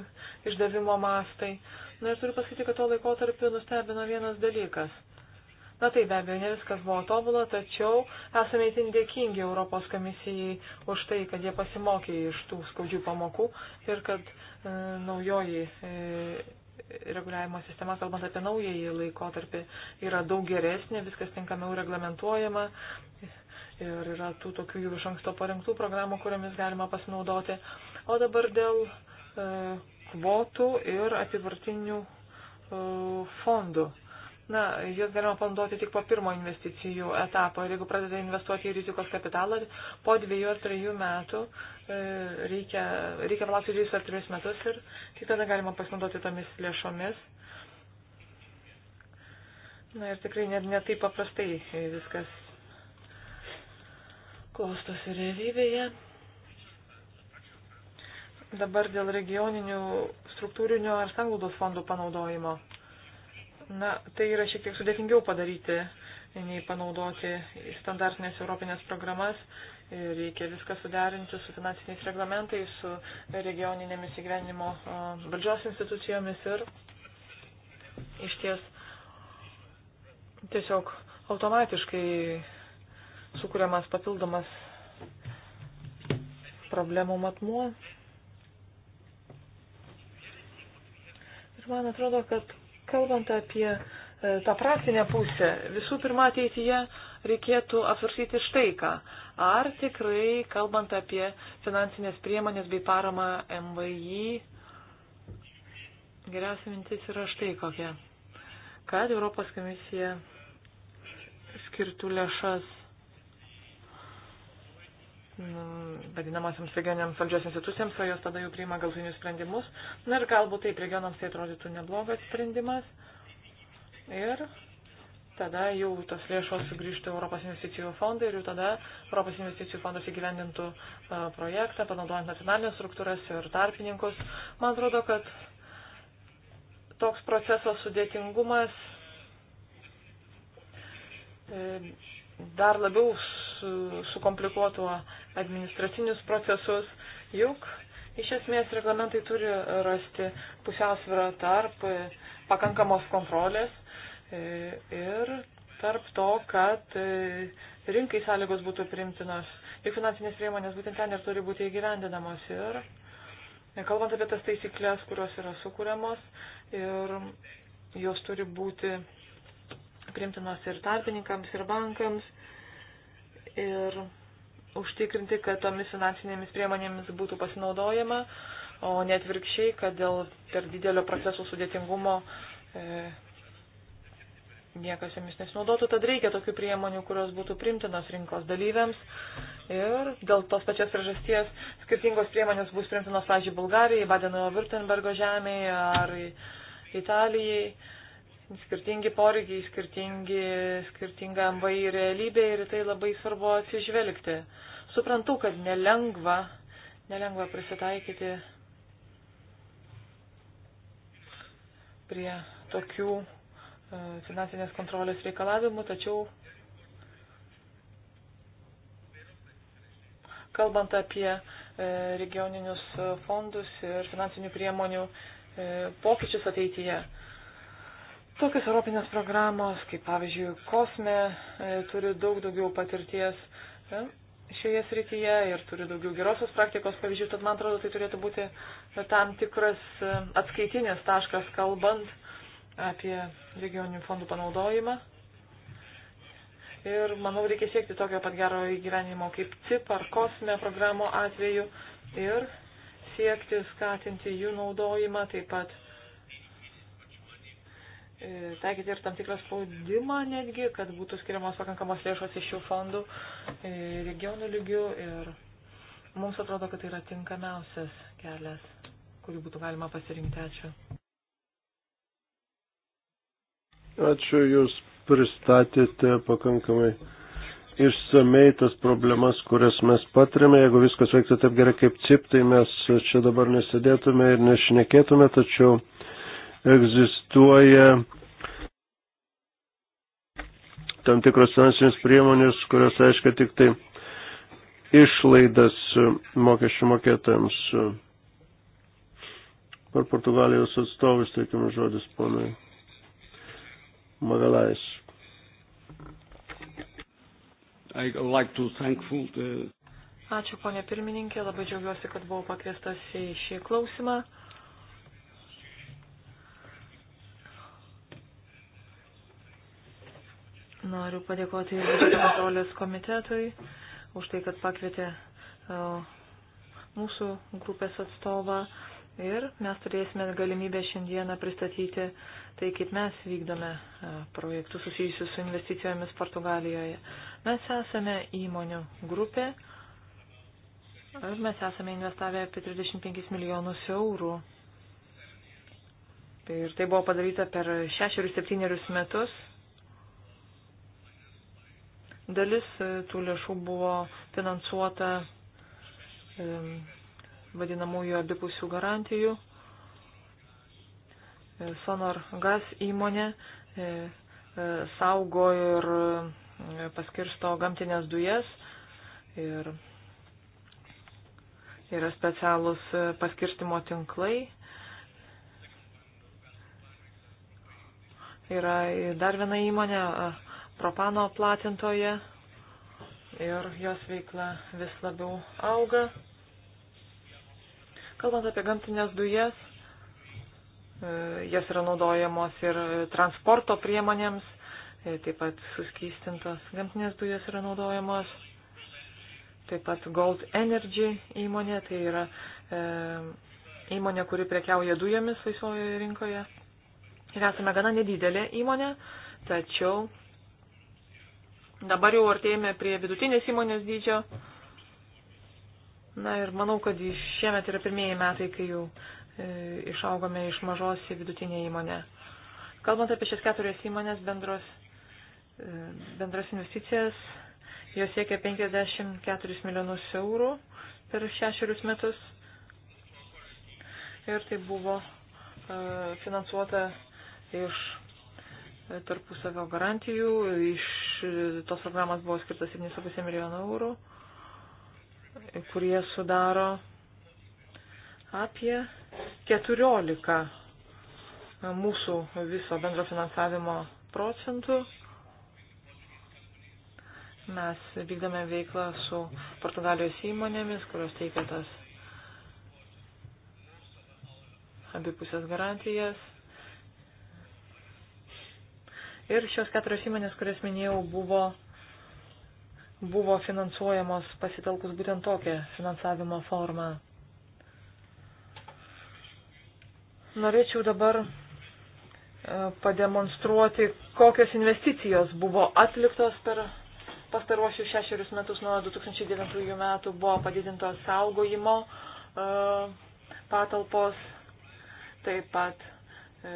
išdavimo mastai. Na ir turiu pasakyti, kad tuo laikotarpiu nustebino vienas dalykas. Na tai be abejo, ne viskas buvo tobula, tačiau esame itin dėkingi Europos komisijai už tai, kad jie pasimokė iš tų skaudžių pamokų ir kad e, naujoji e, reguliavimo sistema, kalbant apie naująjį laikotarpį, yra daug geresnė, viskas tinkamiau reglamentuojama ir yra tų tokių jau iš anksto parengtų programų, kuriomis galima pasinaudoti. O dabar dėl e, kvotų ir apivartinių e, fondų. E, na, jas galima panaudoti tik po pirmo investicijų etapo. Ir jeigu pradeda investuoti į rizikos kapitalą, po dviejų ar trijų metų e, reikia, reikia palaukti dviejus ar tris metus ir tik tada galima pasinaudoti tomis lėšomis. Na ir tikrai net, net taip paprastai viskas klostosi realybėje. Dabar dėl regioninių struktūrinio ar sanglaudos fondų panaudojimo. Na, tai yra šiek tiek sudėtingiau padaryti, nei panaudoti standartinės europinės programas. Ir reikia viską suderinti su finansiniais reglamentais, su regioninėmis įgyvenimo valdžios institucijomis ir iš ties tiesiog automatiškai sukūriamas papildomas problemų matmuo. Ir man atrodo, kad Kalbant apie e, tą praktinę pusę, visų pirma ateityje reikėtų apsvarstyti štai ką. Ar tikrai, kalbant apie finansinės priemonės bei paramą MVI, geriausia mintis yra štai kokia. Kad Europos komisija skirtų lėšas Nu, vadinamosiams regioniams valdžios institucijams, o jos tada jau priima galtinius sprendimus. Na ir galbūt taip regionams tai atrodytų neblogas sprendimas. Ir tada jau tos lėšos sugrįžtų Europos investicijų fondai ir jau tada Europos investicijų fondas įgyvendintų e, projektą, panaudojant nacionalinės struktūras ir tarpininkus. Man atrodo, kad toks proceso sudėtingumas e, dar labiau sukomplikuotų su administracinius procesus, juk iš esmės reglamentai turi rasti pusiausvyrą tarp pakankamos kontrolės e, ir tarp to, kad e, rinkai sąlygos būtų primtinos. Ir finansinės priemonės būtent ten ir turi būti įgyvendinamos. Ir e, kalbant apie tas taisyklės, kurios yra sukūriamos ir jos turi būti primtinos ir tarpininkams, ir bankams. Ir užtikrinti, kad tomis finansinėmis priemonėmis būtų pasinaudojama, o net virkščiai, kad dėl per didelio procesų sudėtingumo e, niekas jomis nesinaudotų, tad reikia tokių priemonių, kurios būtų primtinos rinkos dalyviams. Ir dėl tos pačios priežasties skirtingos priemonės bus primtinos, pavyzdžiui, Bulgarijai, Badeno-Württembergo žemėje ar Italijai skirtingi poreikiai, skirtingi, skirtinga MVI realybė ir tai labai svarbu atsižvelgti. Suprantu, kad nelengva, nelengva prisitaikyti prie tokių e, finansinės kontrolės reikalavimų, tačiau kalbant apie e, regioninius fondus ir finansinių priemonių e, pokyčius ateityje, Tokios europinės programos, kaip pavyzdžiui, Kosme, e, turi daug daugiau patirties e, šioje srityje ir turi daugiau gerosios praktikos pavyzdžių, tad man atrodo, tai turėtų būti tam tikras e, atskaitinės taškas, kalbant apie regioninių fondų panaudojimą. Ir manau, reikia siekti tokio pat gero įgyvenimo kaip CIP ar kosme programo atveju ir siekti skatinti jų naudojimą, taip pat E, taikyti ir tam tikrą spaudimą netgi, kad būtų skiriamos pakankamos lėšos iš šių fondų e, regionų lygių ir mums atrodo, kad tai yra tinkamiausias kelias, kurį būtų galima pasirinkti. Ačiū. Ačiū, jūs pristatėte pakankamai išsamei tas problemas, kurias mes patiriame. Jeigu viskas veiktų taip gerai kaip cip, tai mes čia dabar nesėdėtume ir nešnekėtume, tačiau egzistuoja tam tikros finansinės priemonės, kurios aiškia tik tai išlaidas mokesčių mokėtams. Per Portugalijos atstovus teikiamas žodis ponai Magalais. Like Ačiū, ponė pirmininkė, labai džiaugiuosi, kad buvau pakviestas į šį klausimą. Noriu padėkoti ir kontrolės komitetui už tai, kad pakvietė e, mūsų grupės atstovą. Ir mes turėsime galimybę šiandieną pristatyti tai, kaip mes vykdome e, projektus susijusius su investicijomis Portugalijoje. Mes esame įmonių grupė ir mes esame investavę apie 35 milijonus eurų. Ir tai buvo padaryta per 6-7 metus. Dalis e, tų lėšų buvo finansuota e, vadinamųjų abipusių garantijų. E, Sonar gas įmonė saugo ir paskirsto gamtinės dujas ir yra specialūs paskirstimo tinklai. Yra dar viena įmonė, propano platintoje ir jos veikla vis labiau auga. Kalbant apie gamtinės dujas, e, jas yra naudojamos ir transporto priemonėms, e, taip pat suskystintos gamtinės dujas yra naudojamos, taip pat Gold Energy įmonė, tai yra e, įmonė, kuri prekiauja dujomis laisvojoje rinkoje. Ir esame gana nedidelė įmonė, tačiau Dabar jau artėjame prie vidutinės įmonės dydžio. Na ir manau, kad šiemet yra pirmieji metai, kai jau e, išaugome iš mažos į vidutinę įmonę. Kalbant apie šias keturias įmonės bendros, e, bendros investicijas, jos siekia 54 milijonus eurų per šešerius metus. Ir tai buvo e, finansuota iš e, tarpusavio garantijų, iš tos programos buvo skirtas 7,5 milijonų eurų, kurie sudaro apie 14 mūsų viso bendro finansavimo procentų. Mes vykdome veiklą su Portugalijos įmonėmis, kurios teikia tas abipusės garantijas. Ir šios keturios įmonės, kurias minėjau, buvo, buvo finansuojamos pasitelkus būtent tokią finansavimo formą. Norėčiau dabar e, pademonstruoti, kokios investicijos buvo atliktos per pastaruosius šešerius metus nuo 2009 metų buvo padidintos saugojimo e, patalpos, taip pat e,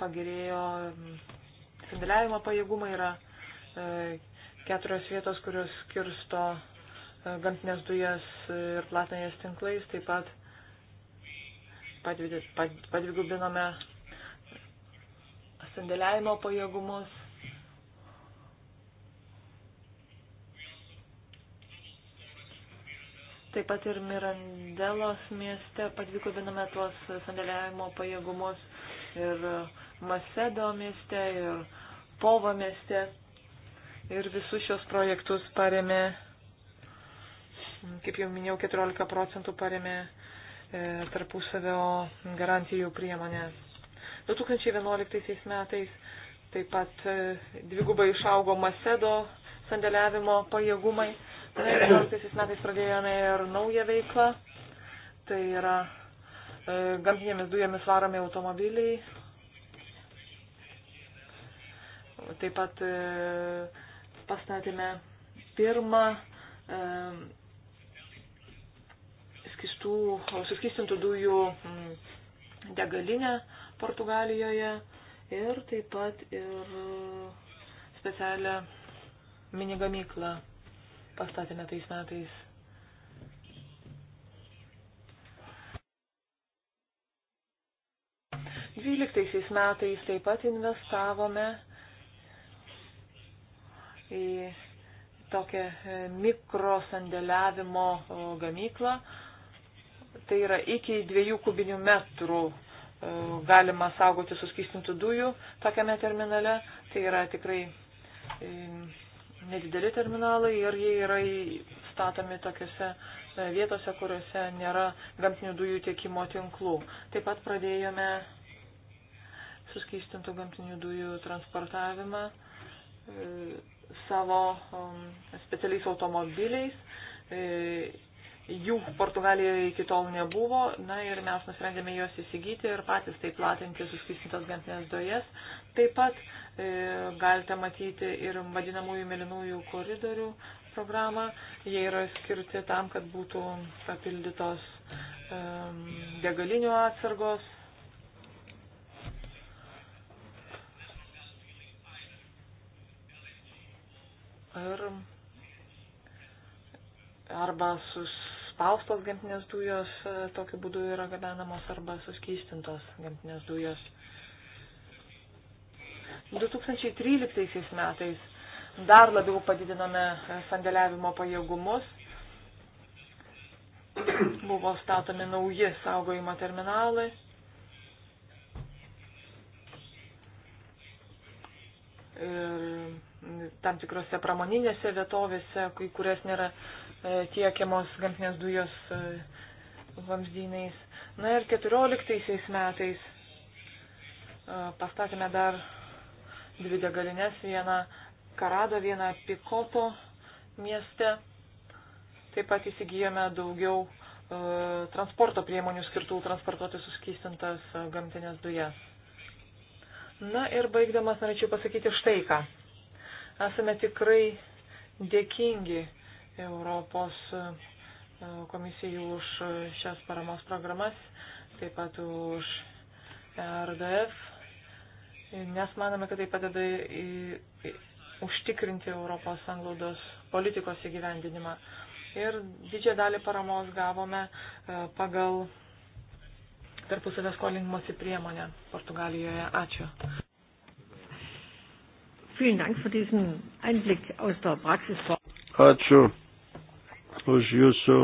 pagerėjo mm, sandėliavimo pajėgumai, yra e, keturios vietos, kurios skirsto e, gamtinės dujas ir platinės tinklais, taip pat padvigubinome sandėliavimo pajėgumus. Taip pat ir Mirandelos mieste padvigubinome tuos sandėliavimo pajėgumus ir uh, Masedo mieste ir Povo mieste. Ir visus šios projektus paremė, kaip jau minėjau, 14 procentų paremė e, tarpusavio garantijų priemonę. 2011 metais taip pat e, dvigubai išaugo Masedo sandėliavimo pajėgumai. 2011 metais pradėjome ir naują veiklą. Tai yra e, gamtinėmis dujomis varomi automobiliai Taip pat e, pastatėme pirmą e, skistų, suskistintų dujų degalinę Portugalijoje ir taip pat ir specialią minigamyklą pastatėme tais metais. Dvyliktaisiais metais taip pat investavome į tokią e, mikrosandėliavimo gamyklą. Tai yra iki dviejų kubinių metrų e, galima saugoti suskistintų dujų tokiame terminale. Tai yra tikrai e, nedideli terminalai ir jie yra statomi tokiuose vietose, kuriuose nėra gamtinių dujų tiekimo tinklų. Taip pat pradėjome suskistintų gamtinių dujų transportavimą savo um, specialiais automobiliais. E, jų Portugalijoje iki tol nebuvo, na ir mes nusprendėme juos įsigyti ir patys taip platinti suskistintas gamtinės dujas. Taip pat e, galite matyti ir vadinamųjų mėlynųjų koridorių programą. Jie yra skirti tam, kad būtų papildytos e, degalinių atsargos, ir arba suspaustos gamtinės dujos e, tokiu būdu yra gabenamos arba suskystintos gamtinės dujos. 2013 metais dar labiau padidinome e, sandėliavimo pajėgumus. Buvo statomi nauji saugojimo terminalai. Ir tam tikrose pramoninėse vietovėse, kai kurias nėra e, tiekiamos gamtinės dujos e, vamzdynais. Na ir 14 metais e, pastatėme dar dvi degalinės, vieną Karado, vieną Pikoto mieste. Taip pat įsigijome daugiau transporto priemonių skirtų transportuoti suskystintas gamtinės dujas. Na ir baigdamas norėčiau pasakyti štai ką. Esame tikrai dėkingi Europos e, komisijai už šias paramos programas, taip pat už RDF, nes manome, kad tai padeda į, į, užtikrinti Europos sanglaudos politikos įgyvendinimą. Ir didžiąją dalį paramos gavome e, pagal tarpusavės skolinimosi priemonę Portugalijoje. Ačiū. Vielen Dank für diesen Einblick aus der Praxis. Ačiū už jūsų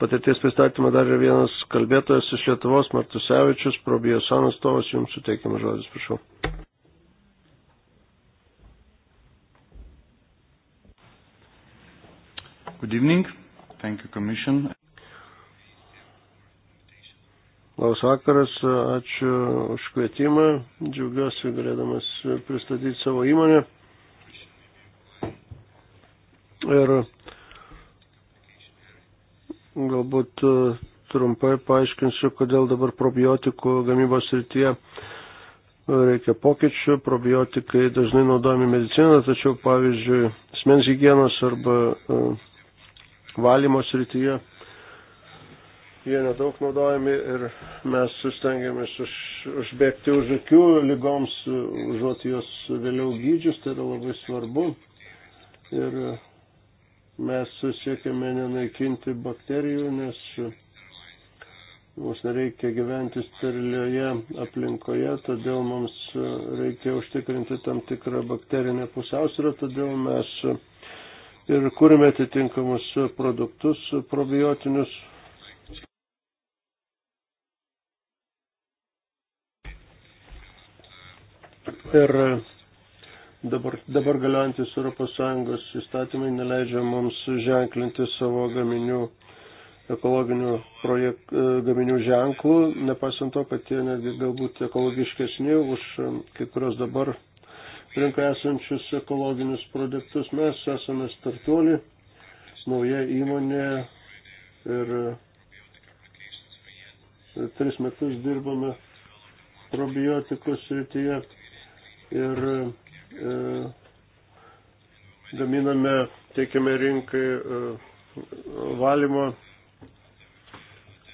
patirties pristatymą. Dar yra vienas kalbėtojas iš Lietuvos, Martusevičius, Probiosan atstovas, jums suteikiamas žodis, prašau. Good evening. Thank you, Commission. Labas vakaras, ačiū už kvietimą, džiaugiuosi galėdamas pristatyti savo įmonę. Ir galbūt e, trumpai paaiškinsiu, kodėl dabar probiotikų gamybos rytyje e, reikia pokyčių. Probiotikai dažnai naudojami medicinoje, tačiau pavyzdžiui, smens hygienos arba e, valymo srityje jie nedaug naudojami ir mes sustengiamės už, užbėgti už akių lygoms, užuot jos vėliau gydžius, tai yra labai svarbu. Ir mes siekiame nenaikinti bakterijų, nes mums nereikia gyventi sterilioje aplinkoje, todėl mums reikia užtikrinti tam tikrą bakterinę pusiausvyrą, todėl mes ir kūrime atitinkamus produktus probiotinius Ir dabar, dabar galiojantis ES įstatymai neleidžia mums ženklinti savo gaminių ekologinių projekt, e, gaminių ženklų, nepasant to, kad jie netgi galbūt ekologiškesni už e, kai kurios dabar rinkoje esančius ekologinius produktus. Mes esame startuoli, nauja įmonė ir e, tris metus dirbame probiotikų srityje ir e, gaminame, teikiame rinkai e, valymo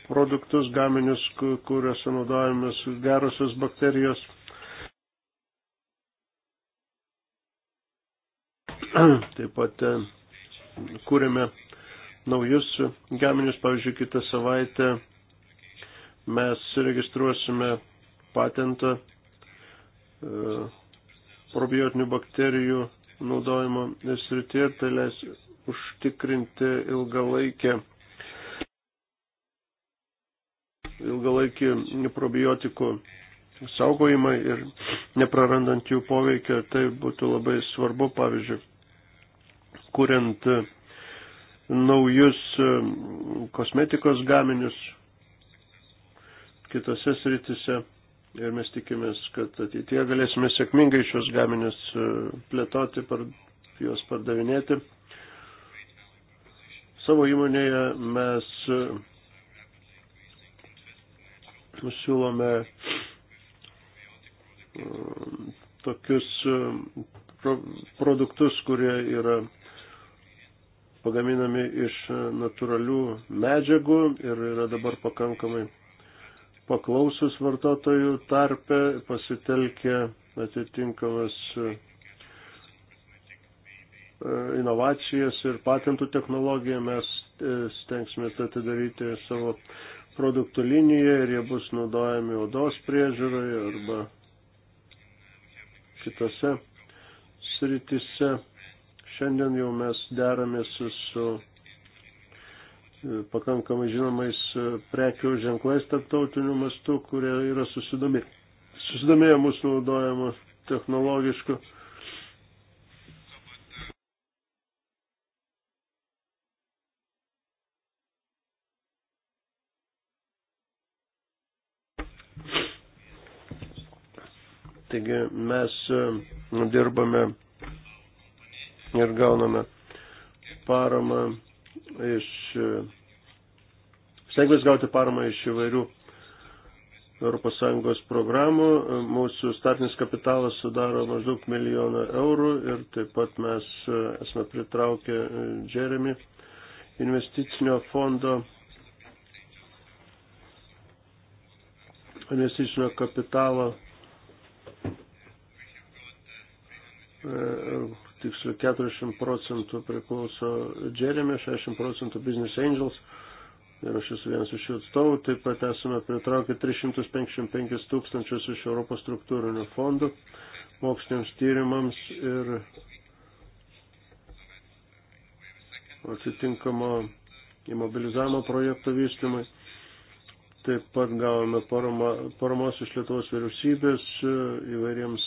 produktus, gaminius, kuriuose naudojamės gerosios bakterijos. Taip pat e, kūrėme naujus gaminius, pavyzdžiui, kitą savaitę mes registruosime patentą e, probiotinių bakterijų naudojimo srityje, tai leis užtikrinti ilgalaikę ilgalaikį probiotikų saugojimą ir neprarandant jų poveikio, tai būtų labai svarbu, pavyzdžiui, kuriant naujus e, kosmetikos gaminius kitose sritise ir mes tikimės, kad ateitie galėsime sėkmingai šios gaminius e, plėtoti, par, juos pardavinėti. Savo įmonėje mes e, siūlome e, tokius produktus, kurie yra pagaminami iš natūralių medžiagų ir yra dabar pakankamai paklausus vartotojų tarpe, pasitelkė atitinkamas e, inovacijas ir patentų technologiją. Mes e, stengsime tai atidaryti savo produktų liniją ir jie bus naudojami odos priežiūroje arba kitose sritise. Šiandien jau mes deramės su pakankamai žinomais e, prekių ženklais tarptautiniu mastu, kurie yra susidomė, susidomėję mūsų naudojamo technologišku. Taigi mes e, dirbame ir gauname paramą iš e, stengiamės gauti paramą iš įvairių ES programų. E, mūsų startinis kapitalas sudaro maždaug milijoną eurų ir taip pat mes e, esame pritraukę Jeremy investicinio fondo investicinio kapitalo tiksliau 40 procentų priklauso Jeremy, 60 procentų Business Angels ir aš esu vienas iš jų atstovų, taip pat esame pritraukę 355 tūkstančius iš Europos struktūrinių fondų moksliniams tyrimams ir atitinkamo imobilizavimo projekto vystymai. Taip pat gavome parama, paramos iš Lietuvos vyriausybės įvairiems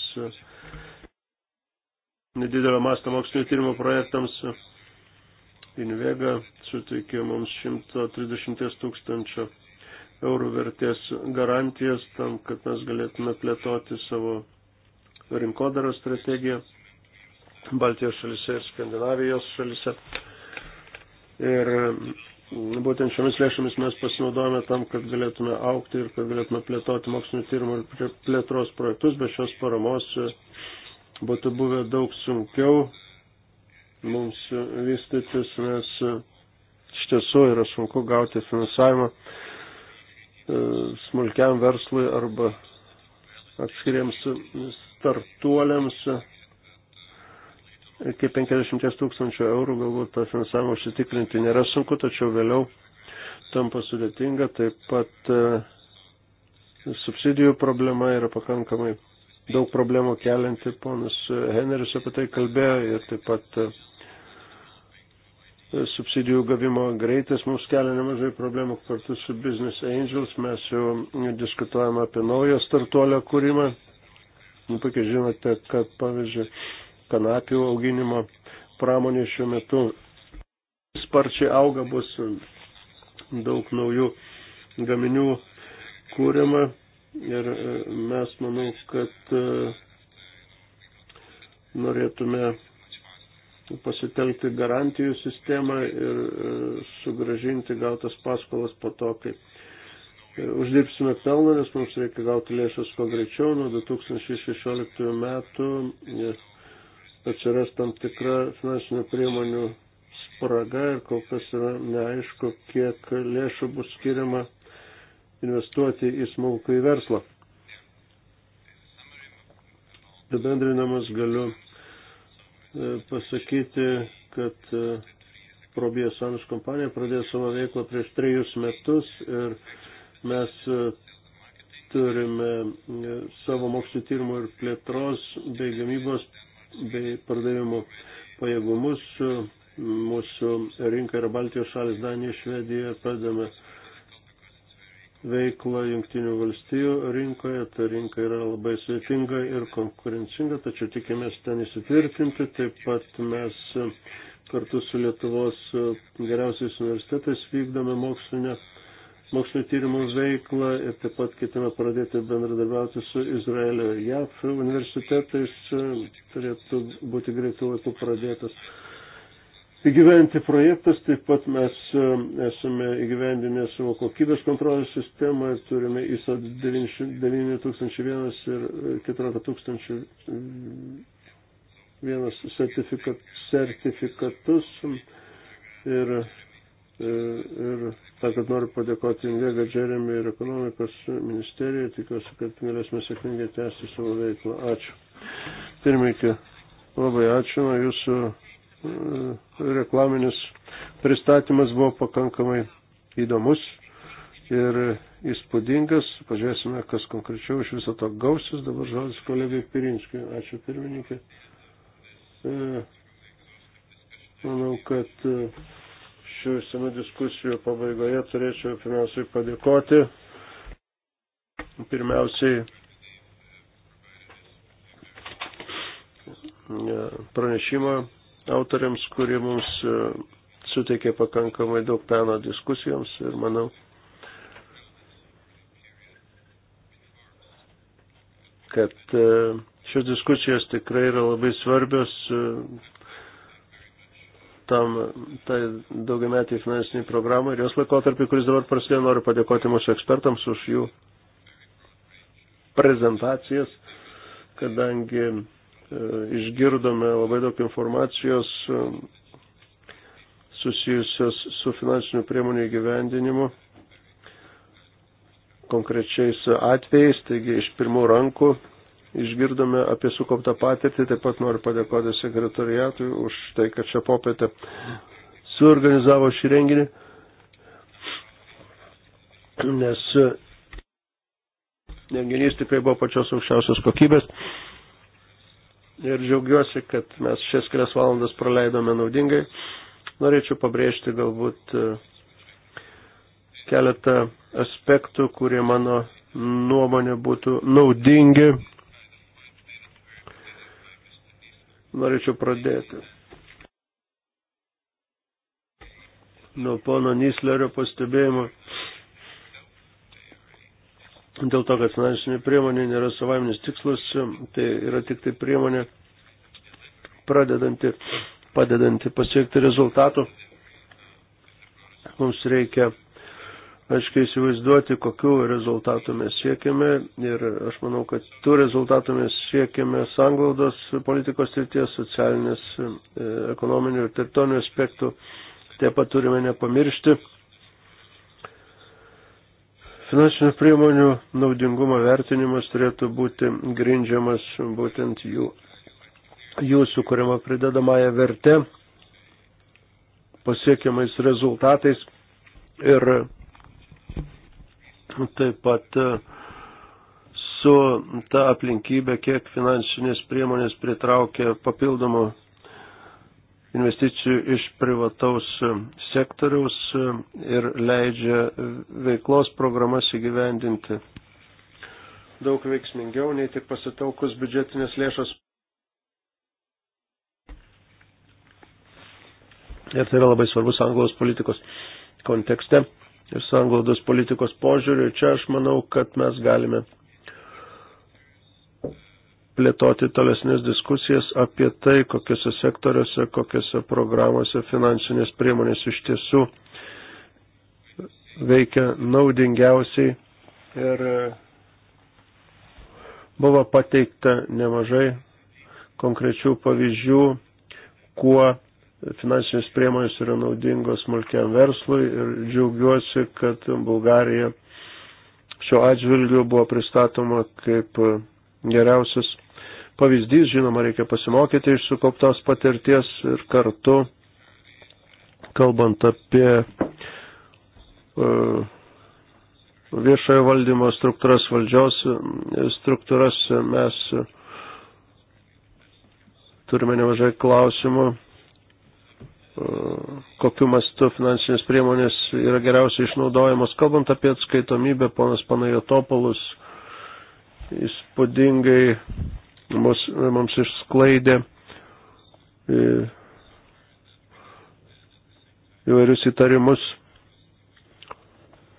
nedidelio masto mokslinio tyrimo projektams. Invega suteikė mums 130 tūkstančio eurų vertės garantijas tam, kad mes galėtume plėtoti savo rinkodaros strategiją Baltijos šalise ir Skandinavijos šalise. Ir būtent šiomis lėšomis mes pasinaudojame tam, kad galėtume aukti ir kad galėtume plėtoti mokslinio tyrimų ir plėtros projektus, be šios paramos būtų buvę daug sunkiau mums vystytis, nes iš tiesų yra sunku gauti finansavimą e, smulkiam verslui arba atskiriems startuoliams iki 50 tūkstančių eurų galbūt tą finansavimą užsitikrinti nėra sunku, tačiau vėliau tampa sudėtinga. Taip pat e, subsidijų problema yra pakankamai daug problemų kelianti. Ponas Henris apie tai kalbėjo ir taip pat e, subsidijų gavimo greitis mums kelia nemažai problemų kartu su Business Angels. Mes jau diskutuojame apie naują startuolio kūrimą. Nu, puikiai žinote, kad pavyzdžiui, kanapių auginimo pramonė šiuo metu sparčiai auga, bus daug naujų gaminių kūrima Ir e, mes manau, kad e, norėtume pasitelkti garantijų sistemą ir e, sugražinti gautas paskolas po to, kai uždirbsime pelną, nes mums reikia gauti lėšas kuo greičiau. Nuo 2016 metų atsiras tam tikra finansinių priemonių spraga ir kol kas yra neaišku, kiek lėšų bus skiriama investuoti į smulkų į verslą. Bendrinamas galiu e, pasakyti, kad e, Probijos Sanus kompanija pradėjo savo veiklą prieš trejus metus ir mes e, turime savo mokslo tyrimų ir plėtros bei gamybos bei pardavimų pajėgumus. Mūsų rinka yra Baltijos šalis, Danija, Švedija, padame veiklą jungtinių valstijų rinkoje. Ta rinka yra labai sveikinga ir konkurencinga, tačiau tikimės ten įsitvirtinti. Taip pat mes kartu su Lietuvos geriausiais universitetais vykdome mokslinę mokslinio tyrimų veiklą ir taip pat ketime pradėti bendradarbiauti su Izraelio ir JAF universitetais. Turėtų būti greitų laikų pradėtas įgyventi projektus, taip pat mes e, esame įgyvendinę savo kokybės kontrolės sistemą ir turime ISO 9001 ir 14001 e, sertifikat, sertifikatus. Ir, e, ir tą, kad noriu padėkoti Invega Džeremi ir ekonomikos ministerijai, tikiuosi, kad galėsime sėkmingai tęsti savo veiklą. Ačiū. Pirmininkė, labai ačiū. Jūsų E, reklaminis pristatymas buvo pakankamai įdomus ir įspūdingas. Pažiūrėsime, kas konkrečiau iš viso to gausis. Dabar žodis kolegai Pirinskiui. Ačiū pirmininkė. E, manau, kad e, šių senų diskusijų pabaigoje turėčiau pirmiausiai padėkoti. Pirmiausiai pranešimą autoriams, kurie mums e, suteikė pakankamai daug peno diskusijoms ir manau, kad e, šios diskusijos tikrai yra labai svarbios e, tam, tai daugiametį finansinį programą ir jos laikotarpį, kuris dabar prasidėjo, noriu padėkoti mūsų ekspertams už jų prezentacijas, kadangi E, išgirdome labai daug informacijos e, susijusios su finansinių priemonių įgyvendinimu konkrečiais atvejais, taigi iš pirmų rankų išgirdome apie sukauptą patirtį, taip pat noriu padėkoti sekretariatui už tai, kad šią popietę suorganizavo šį renginį, nes renginys tikrai buvo pačios aukščiausios kokybės ir džiaugiuosi, kad mes šias kelias valandas praleidome naudingai. Norėčiau pabrėžti galbūt e, keletą aspektų, kurie mano nuomonė būtų naudingi. Norėčiau pradėti. Nuo pono Nislerio pastebėjimo dėl to, kad finansinė priemonė nėra savaiminis tikslas, tai yra tik tai priemonė pradedanti, padedanti pasiekti rezultatų. Mums reikia aiškiai įsivaizduoti, kokiu rezultatu mes siekiame ir aš manau, kad tų rezultatų mes siekiame sanglaudos politikos srities, socialinės, e, ekonominių ir teritorinių aspektų. Taip pat turime nepamiršti Finansinių priemonių naudingumo vertinimas turėtų būti grindžiamas būtent jų, jų sukūrimo pridedamąją vertę, pasiekiamais rezultatais ir taip pat e, su ta aplinkybė, kiek finansinės priemonės pritraukia papildomų investicijų iš privataus sektoriaus ir leidžia veiklos programas įgyvendinti daug veiksmingiau, nei tik pasitaukus biudžetinės lėšos. Ir tai yra labai svarbus anglos politikos kontekste ir sanglaudos politikos požiūriu. Čia aš manau, kad mes galime plėtoti tolesnės diskusijas apie tai, kokiuose sektoriuose, kokiuose programuose finansinės priemonės iš tiesų veikia naudingiausiai ir e, buvo pateikta nemažai konkrečių pavyzdžių, kuo finansinės priemonės yra naudingos smulkiam verslui ir džiaugiuosi, kad Bulgarija šiuo atžvilgiu buvo pristatoma kaip geriausias pavyzdys, žinoma, reikia pasimokyti iš sukauptos patirties ir kartu, kalbant apie e, viešojo valdymo struktūras, valdžios e, struktūras, mes turime nemažai klausimų, e, kokiu mastu finansinės priemonės yra geriausiai išnaudojamos. Kalbant apie atskaitomybę, ponas Panajotopolus įspūdingai mus, mums išsklaidė e, įvairius įtarimus,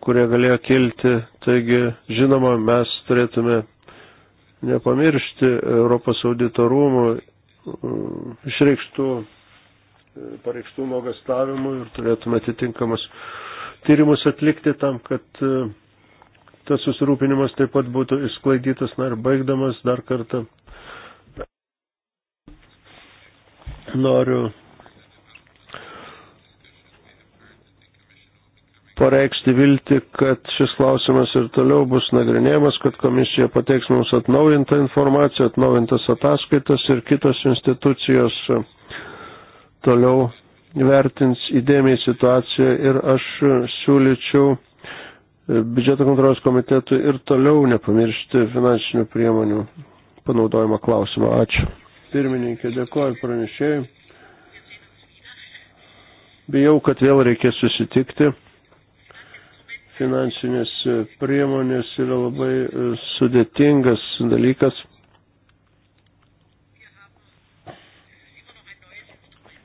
kurie galėjo kilti. Taigi, žinoma, mes turėtume nepamiršti Europos auditorumų e, išreikštų e, pareikštų nuogastavimų ir turėtume atitinkamus tyrimus atlikti tam, kad tas susirūpinimas taip pat būtų išsklaidytas. Na ir baigdamas dar kartą noriu pareikšti vilti, kad šis klausimas ir toliau bus nagrinėjamas, kad komisija pateiks mums atnaujintą informaciją, atnaujintas ataskaitas ir kitos institucijos toliau vertins įdėmiai situaciją ir aš siūlyčiau biudžeto kontrolės komitetui ir toliau nepamiršti finansinių priemonių panaudojimo klausimą. Ačiū pirmininkė, dėkoju pranešėjai. Bijau, kad vėl reikės susitikti. Finansinės priemonės yra labai e, sudėtingas dalykas.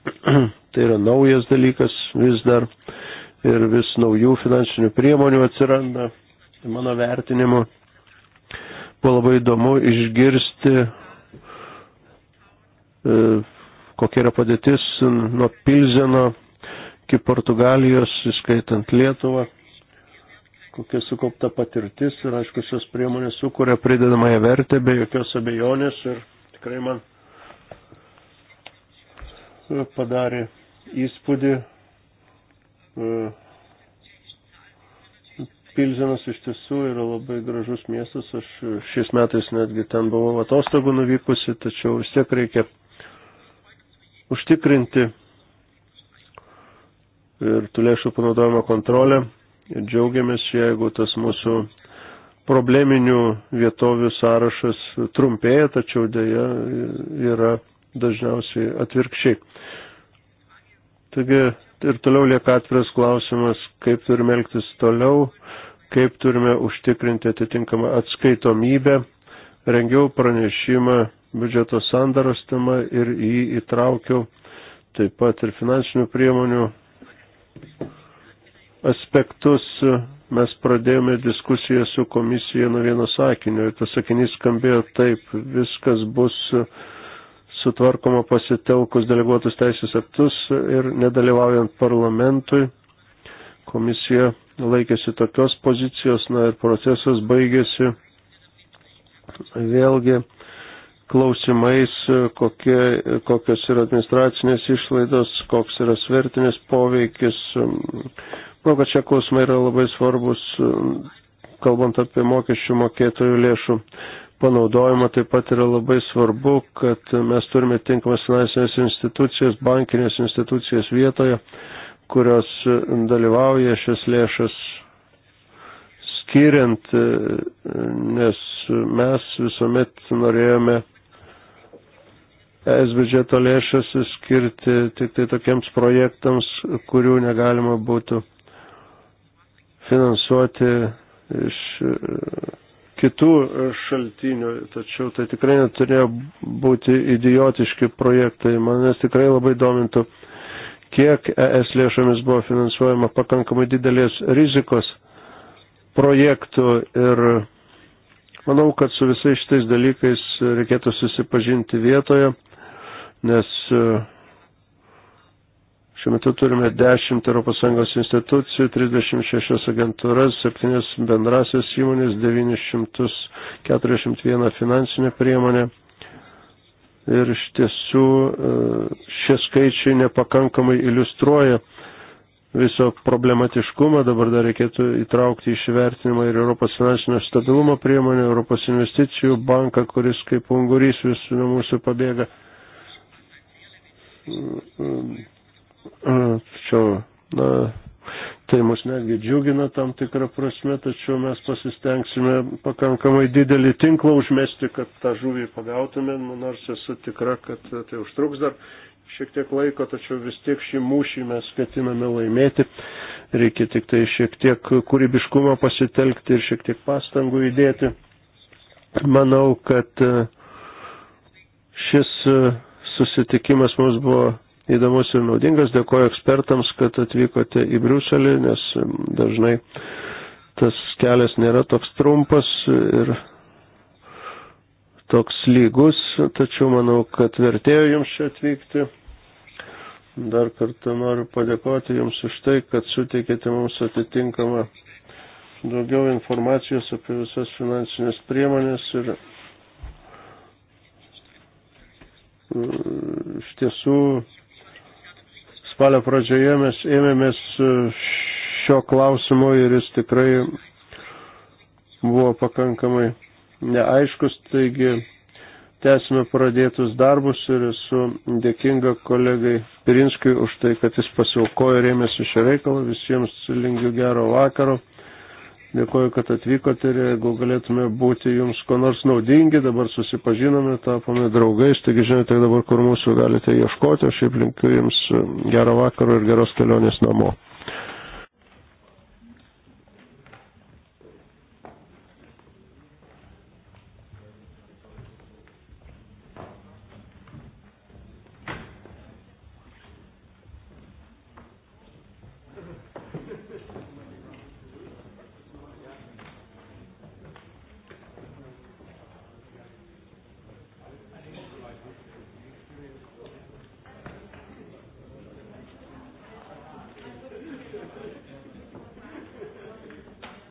Tai yra naujas dalykas vis dar ir vis naujų finansinių priemonių atsiranda. Mano vertinimu buvo labai įdomu išgirsti E, kokia yra padėtis nuo Pilzeno iki Portugalijos, įskaitant Lietuvą, kokia sukaupta patirtis ir aišku, šios priemonės sukuria pridedamąją vertę be jokios abejonės ir tikrai man padarė įspūdį. E, Pilzenas iš tiesų yra labai gražus miestas, aš šiais metais netgi ten buvau atostogų nuvykusi, tačiau vis tiek reikia užtikrinti ir tų lėšų panaudojimo kontrolę. Ir džiaugiamės, jeigu tas mūsų probleminių vietovių sąrašas trumpėja, tačiau dėja yra dažniausiai atvirkščiai. Taigi ir toliau lieka atviras klausimas, kaip turime elgtis toliau, kaip turime užtikrinti atitinkamą atskaitomybę. Rengiau pranešimą biudžeto sandaros tema ir į jį įtraukiau taip pat ir finansinių priemonių aspektus. Mes pradėjome diskusiją su komisija nuo vieno sakinio ir tas sakinys skambėjo taip, viskas bus sutvarkoma pasitelkus deleguotus teisės aktus ir nedalyvaujant parlamentui. Komisija laikėsi tokios pozicijos, na ir procesas baigėsi vėlgi klausimais, kokie, kokios yra administracinės išlaidos, koks yra svertinis poveikis. Manau, kad čia klausimai yra labai svarbus, kalbant apie mokesčių mokėtojų lėšų panaudojimą, taip pat yra labai svarbu, kad mes turime tinkamas finansinės institucijas, bankinės institucijas vietoje, kurios dalyvauja šias lėšas skiriant, nes mes visuomet norėjome es biudžeto lėšas skirti tik tai tokiems projektams, kurių negalima būtų finansuoti iš e, kitų šaltinių, tačiau tai tikrai neturėjo būti idiotiški projektai. Manęs tikrai labai domintų, kiek ES lėšomis buvo finansuojama pakankamai didelės rizikos projektų ir manau, kad su visais šitais dalykais reikėtų susipažinti vietoje nes e, šiuo metu turime 10 ES institucijų, 36 agentūras, 7 bendrasias įmonės, 941 finansinė priemonė. Ir iš tiesų e, šie skaičiai nepakankamai iliustruoja viso problematiškumą, dabar dar reikėtų įtraukti išvertinimą ir Europos finansinio stabilumo priemonę, Europos investicijų banką, kuris kaip ungurys visų mūsų pabėga Tačiau, na, tai mus netgi džiugina tam tikrą prasme, tačiau mes pasistengsime pakankamai didelį tinklą užmesti, kad tą žuvį pagautume, nu, nors esu tikra, kad tai užtruks dar šiek tiek laiko, tačiau vis tiek šį mūšį mes ketiname laimėti. Reikia tik tai šiek tiek kūrybiškumo pasitelkti ir šiek tiek pastangų įdėti. Manau, kad šis susitikimas mums buvo įdomus ir naudingas. Dėkoju ekspertams, kad atvykote į Briuselį, nes dažnai tas kelias nėra toks trumpas ir toks lygus, tačiau manau, kad vertėjo jums čia atvykti. Dar kartą noriu padėkoti Jums už tai, kad suteikėte mums atitinkamą daugiau informacijos apie visas finansinės priemonės ir Iš tiesų, spalio pradžioje mes ėmėmės e, šio klausimo ir jis tikrai buvo pakankamai neaiškus, taigi tęsime pradėtus darbus ir esu dėkinga kolegai Pirinskui už tai, kad jis pasiaukojo ir ėmėsi šio reikalo. Visiems linkiu gero vakaro. Dėkuoju, kad atvykote ir jeigu galėtume būti jums ko nors naudingi, dabar susipažinome, tapome draugais, taigi žinote dabar, kur mūsų galite ieškoti, aš šiaip linkiu jums gerą vakarą ir geros kelionės namo.